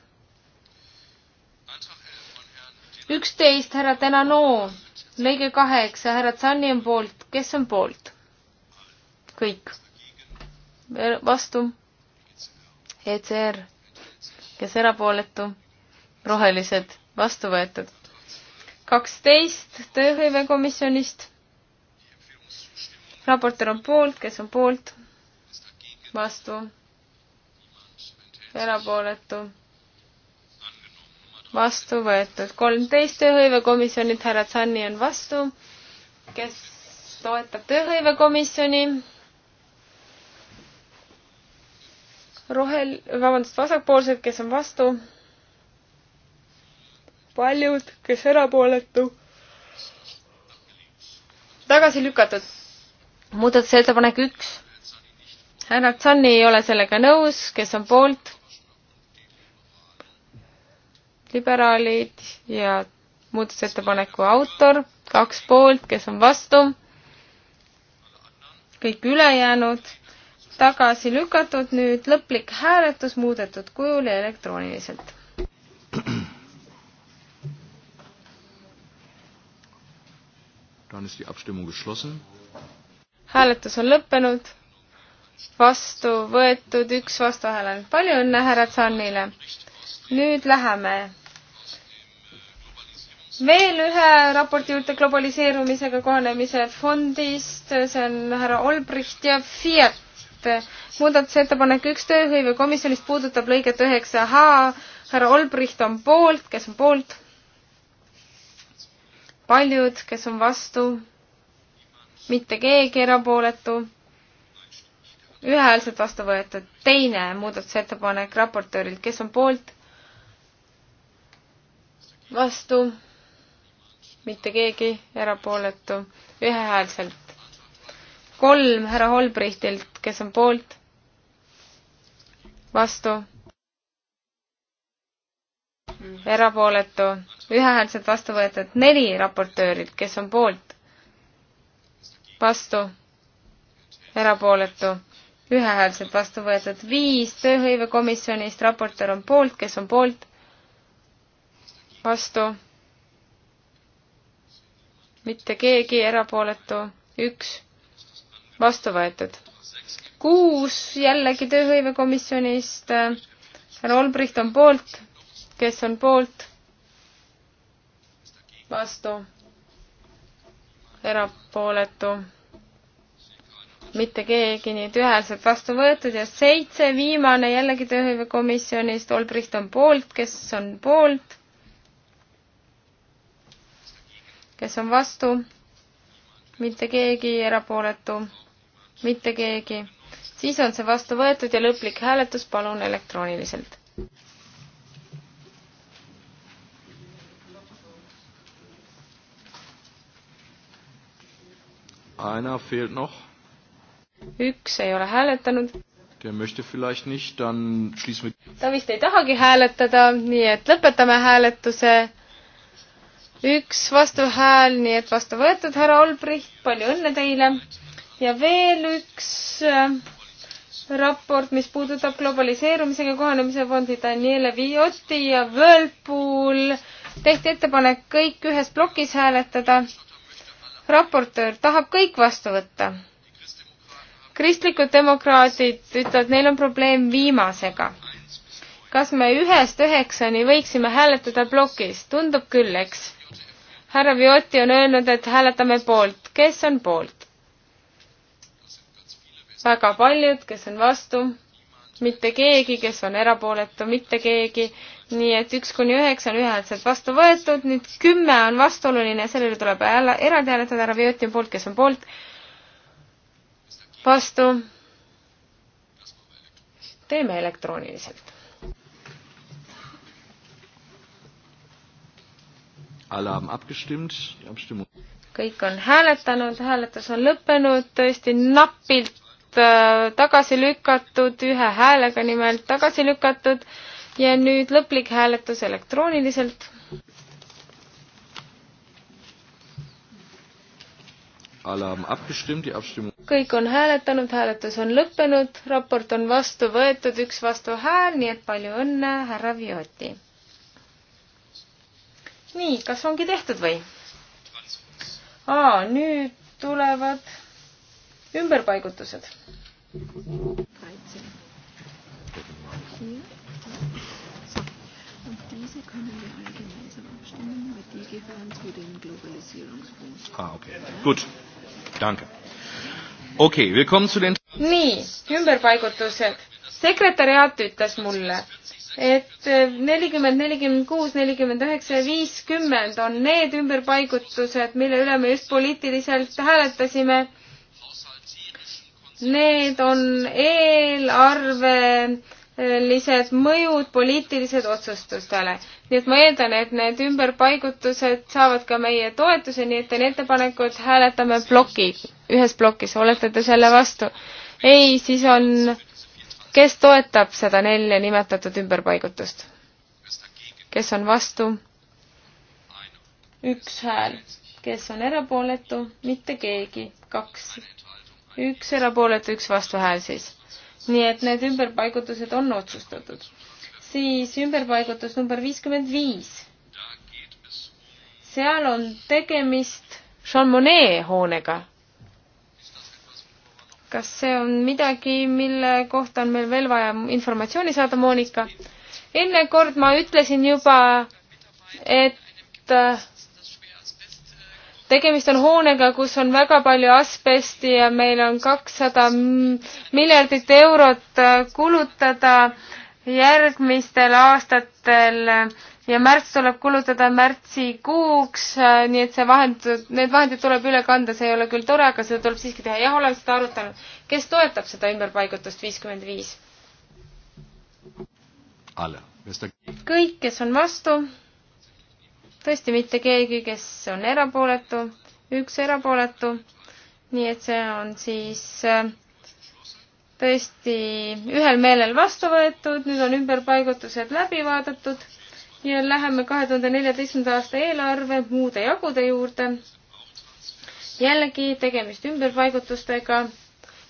üksteist härra Tenano, lõige kaheksa härra Tsanni on poolt, kes on poolt? kõik. vastu? ECR, kes erapooletu? rohelised, vastu võetud. kaksteist tööhõivekomisjonist raportöör on poolt, kes on poolt, vastu, erapooletu, vastu võetud. kolmteist tööhõivekomisjonit, härra Tsanni on vastu, kes toetab tööhõivekomisjoni. rohel-, vabandust, vasakpoolsed, kes on vastu, paljud, kes erapooletu, tagasi lükatud muudatusettepanek üks. härra Tsonni ei ole sellega nõus, kes on poolt? liberaalid ja muudatusettepaneku autor, kaks poolt, kes on vastu? kõik ülejäänud tagasi lükatud, nüüd lõplik hääletus muudetud kujul ja elektrooniliselt. Dann ist die Abstimmung geschlossen hääletus on lõppenud, vastu võetud üks vastuhääl on. palju õnne härra Tsannile. nüüd läheme veel ühe raporti juurde globaliseerumisega kohanemise fondist, see on härra Olbricht ja Fiat. muudatusettepanek üks tööhõive komisjonist puudutab lõiget üheksa H. härra Olbricht on poolt, kes on poolt? paljud, kes on vastu? mitte keegi erapooletu, ühehäälselt vastu võetud. teine muudatusettepanek raportöörilt, kes on poolt? vastu, mitte keegi erapooletu, ühehäälselt. kolm härra Holbrichtilt, kes on poolt? vastu erapooletu, ühehäälselt vastu võetud neli raportöörilt, kes on poolt, vastu, erapooletu, ühehäälselt vastu võetud. viis tööhõivekomisjonist, raportöör on poolt, kes on poolt, vastu, mitte keegi, erapooletu, üks, vastu võetud. kuus jällegi tööhõivekomisjonist, härra Olbricht on poolt, kes on poolt, vastu erapooletu, mitte keegi, nii et üheselt vastu võetud ja seitse, viimane jällegi tööhõivekomisjonist, Olbricht on poolt, kes on poolt? kes on vastu? mitte keegi, erapooletu, mitte keegi. siis on see vastu võetud ja lõplik hääletus palun elektrooniliselt. Einer fehlt noch. Üks ei ole hääletanud. Der möchte vielleicht nicht, dann schließen wir. Ta vist ei tahagi hääletada, nii et lõpetame hääletuse. Üks vastuhääl, nii et vastu võetud, härra Olbricht, palju õnne teile. Ja veel üks äh, raport, mis puudutab globaliseerumisega kohanemise fondi Daniele Viotti ja Whirlpool. Tehti ettepanek kõik ühes blokis hääletada raportöör tahab kõik vastu võtta. kristlikud demokraadid ütlevad, neil on probleem viimasega. kas me ühest üheksani võiksime hääletada plokis? tundub küll, eks? härra Viotti on öelnud, et hääletame poolt. kes on poolt? väga paljud, kes on vastu? mitte keegi, kes on erapooletu, mitte keegi nii et üks kuni üheksa on ühehäälselt vastu võetud, nüüd kümme on vastuoluline, sellele tuleb hääle, eraldi hääletada härra Vioti poolt, kes on poolt, vastu. teeme elektrooniliselt. kõik on hääletanud, hääletus on lõppenud, tõesti napilt äh, tagasi lükatud, ühe häälega nimelt tagasi lükatud ja nüüd lõplik hääletus elektrooniliselt. kõik on hääletanud, hääletus on lõppenud, raport on vastu võetud, üks vastuhääl, nii et palju õnne, härra Vioti. nii, kas ongi tehtud või? aa, nüüd tulevad ümberpaigutused diese können wir alle gemeinsam abstimmen, weil die gehören zu dem Globalisierungsfonds. Ah, okay. Gut. Danke. Okay, wir kommen zu den... nii, ümberpaigutused. sekretäriaat ütles mulle, et äh, nelikümmend, nelikümmend kuus, nelikümmend üheksa ja viiskümmend on need ümberpaigutused, mille üle me just poliitiliselt hääletasime. Need on eelarve äh, lised mõjud poliitilised otsustustele. nii et ma eeldan, et need ümberpaigutused saavad ka meie toetuse, nii et teen ettepaneku, et hääletame ploki, ühes plokis, olete te selle vastu? ei, siis on, kes toetab seda nelja nimetatud ümberpaigutust? kes on vastu? üks hääl. kes on erapooletu? mitte keegi. kaks. üks erapooletu, üks vastuhääl siis nii et need ümberpaigutused on otsustatud. siis ümberpaigutus number viiskümmend viis. seal on tegemist Chalmonet hoonega. kas see on midagi, mille kohta on meil veel vaja informatsiooni saada, Monika? enne kord ma ütlesin juba, et tegemist on hoonega, kus on väga palju asbesti ja meil on kakssada miljardit eurot äh, kulutada järgmistel aastatel ja märts tuleb kulutada märtsikuuks, äh, nii et see vahend, need vahendid tuleb üle kanda, see ei ole küll tore, aga seda tuleb siiski teha. jah, olen seda arutanud. kes toetab seda ümberpaigutust viiskümmend viis? kõik, kes on vastu tõesti mitte keegi, kes on erapooletu, üks erapooletu, nii et see on siis äh, tõesti ühel meelel vastu võetud, nüüd on ümberpaigutused läbi vaadatud ja läheme kahe tuhande neljateistkümnenda aasta eelarve muude jagude juurde. jällegi tegemist ümberpaigutustega.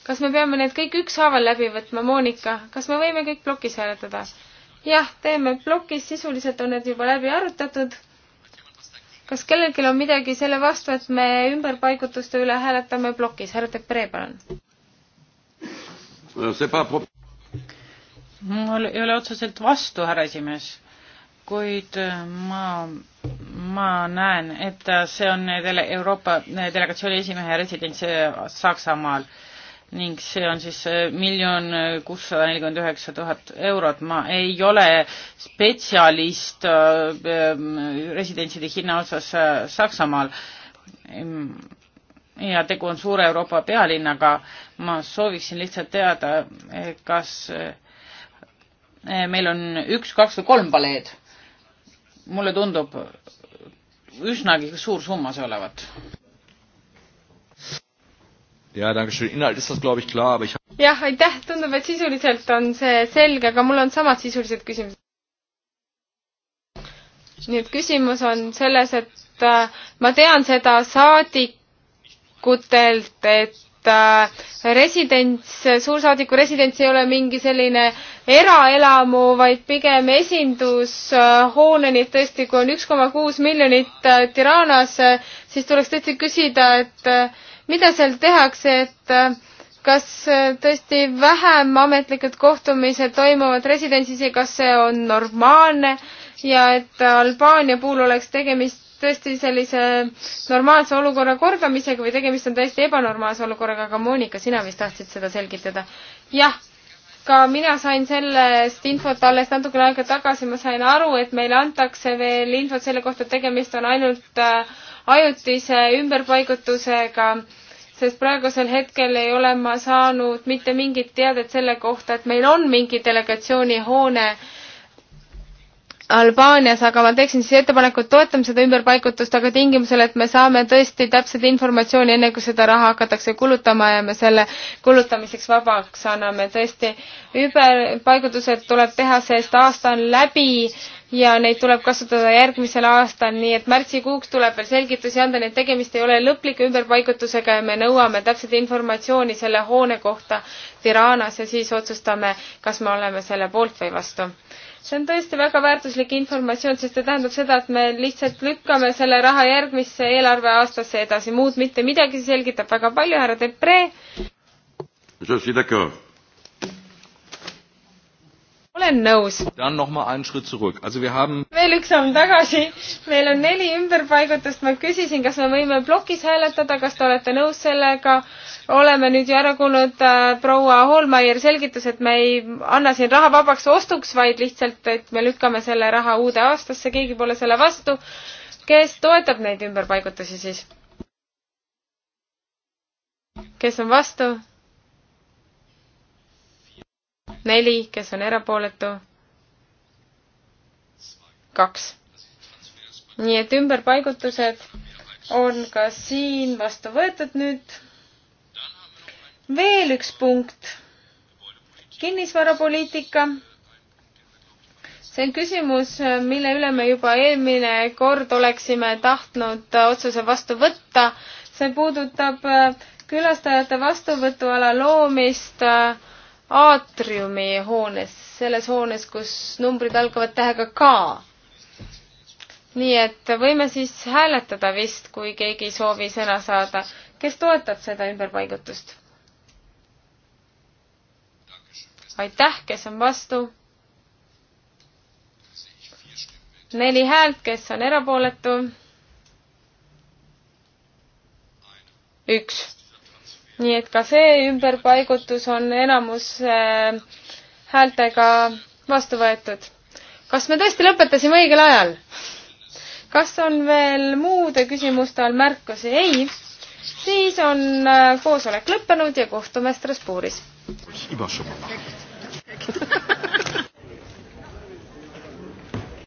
kas me peame need kõik ükshaaval läbi võtma, Monika, kas me võime kõik plokis hääletada? jah, teeme plokis, sisuliselt on need juba läbi arutatud kas kellelgi on midagi selle vastu, et me ümberpaigutuste üle hääletame plokis? härra Depree, palun. mul ei ole otseselt vastu, härra esimees, kuid äh, ma, ma näen, et see on dele-, Euroopa äh, delegatsiooni esimehe residents äh, Saksamaal ning see on siis eh, miljon eh, kuussada nelikümmend üheksa tuhat eurot. ma ei ole spetsialist eh, residentside hinna osas Saksamaal ja tegu on suure Euroopa pealinnaga. ma sooviksin lihtsalt teada, kas meil on üks, kaks või kolm paleed. mulle tundub üsnagi suur summa see olevat ja, danke schön. Inhalt ist das, glaube ich, klar, aber ich jah, aitäh, tundub, et sisuliselt on see selge, aga mul on samad sisulised küsimused. nii et küsimus on selles, et äh, ma tean seda saadikutelt, et äh, residents, suursaadiku residents ei ole mingi selline eraelamu, vaid pigem esindushoone äh,, nii et tõesti, kui on üks koma kuus miljonit äh, Tiranas, äh, siis tuleks tõesti küsida, et äh, mida seal tehakse, et äh, kas äh, tõesti vähem ametlikud kohtumised toimuvad residentsis ja kas see on normaalne ja et Albaania puhul oleks tegemist tõesti sellise normaalse olukorra kordamisega või tegemist on täiesti ebanormaalse olukorraga, aga Monika, sina vist tahtsid seda selgitada? jah, ka mina sain sellest infot alles natukene aega tagasi, ma sain aru, et meile antakse veel infot selle kohta, et tegemist on ainult äh, ajutise ümberpaigutusega äh, sest praegusel hetkel ei ole ma saanud mitte mingit teadet selle kohta, et meil on mingi delegatsiooni hoone Albaanias, aga ma teeksin siis ettepaneku, et toetame seda ümberpaigutust, aga tingimusel, et me saame tõesti täpset informatsiooni, enne kui seda raha hakatakse kulutama ja me selle kulutamiseks vabaks anname. tõesti, ümberpaigutused tuleb teha, sest aasta on läbi ja neid tuleb kasutada järgmisel aastal, nii et märtsikuuks tuleb veel selgitusi anda, nii et tegemist ei ole lõpliku ümberpaigutusega ja me nõuame täpset informatsiooni selle hoone kohta Tiranas ja siis otsustame, kas me oleme selle poolt või vastu. see on tõesti väga väärtuslik informatsioon, sest see tähendab seda, et me lihtsalt lükkame selle raha järgmisse eelarveaastasse edasi, muud mitte midagi, see selgitab väga palju, härra Depree olen nõus. Haben... veel üks samm tagasi, meil on neli ümberpaigutust, ma küsisin, kas me võime plokis hääletada, kas te olete nõus sellega. oleme nüüd ju ära kuulnud äh, proua Holmeier selgitus, et me ei anna siin raha vabaks ostuks, vaid lihtsalt, et me lükkame selle raha uude aastasse, keegi pole selle vastu. kes toetab neid ümberpaigutusi siis? kes on vastu? neli, kes on erapooletu? kaks. nii et ümberpaigutused on ka siin vastu võetud nüüd. veel üks punkt. kinnisvarapoliitika. see on küsimus, mille üle me juba eelmine kord oleksime tahtnud otsuse vastu võtta. see puudutab äh, külastajate vastuvõtuala loomist äh, aatriumi hoones, selles hoones, kus numbrid algavad tähega K. nii et võime siis hääletada vist, kui keegi ei soovi sõna saada. kes toetab seda ümberpaigutust? aitäh, kes on vastu? neli häält, kes on erapooletu? üks nii et ka see ümberpaigutus on enamus äh, häältega vastu võetud. kas me tõesti lõpetasime õigel ajal? kas on veel muude küsimuste all märkusi? ei. siis on äh, koosolek lõppenud ja kohtume Strasbourgis.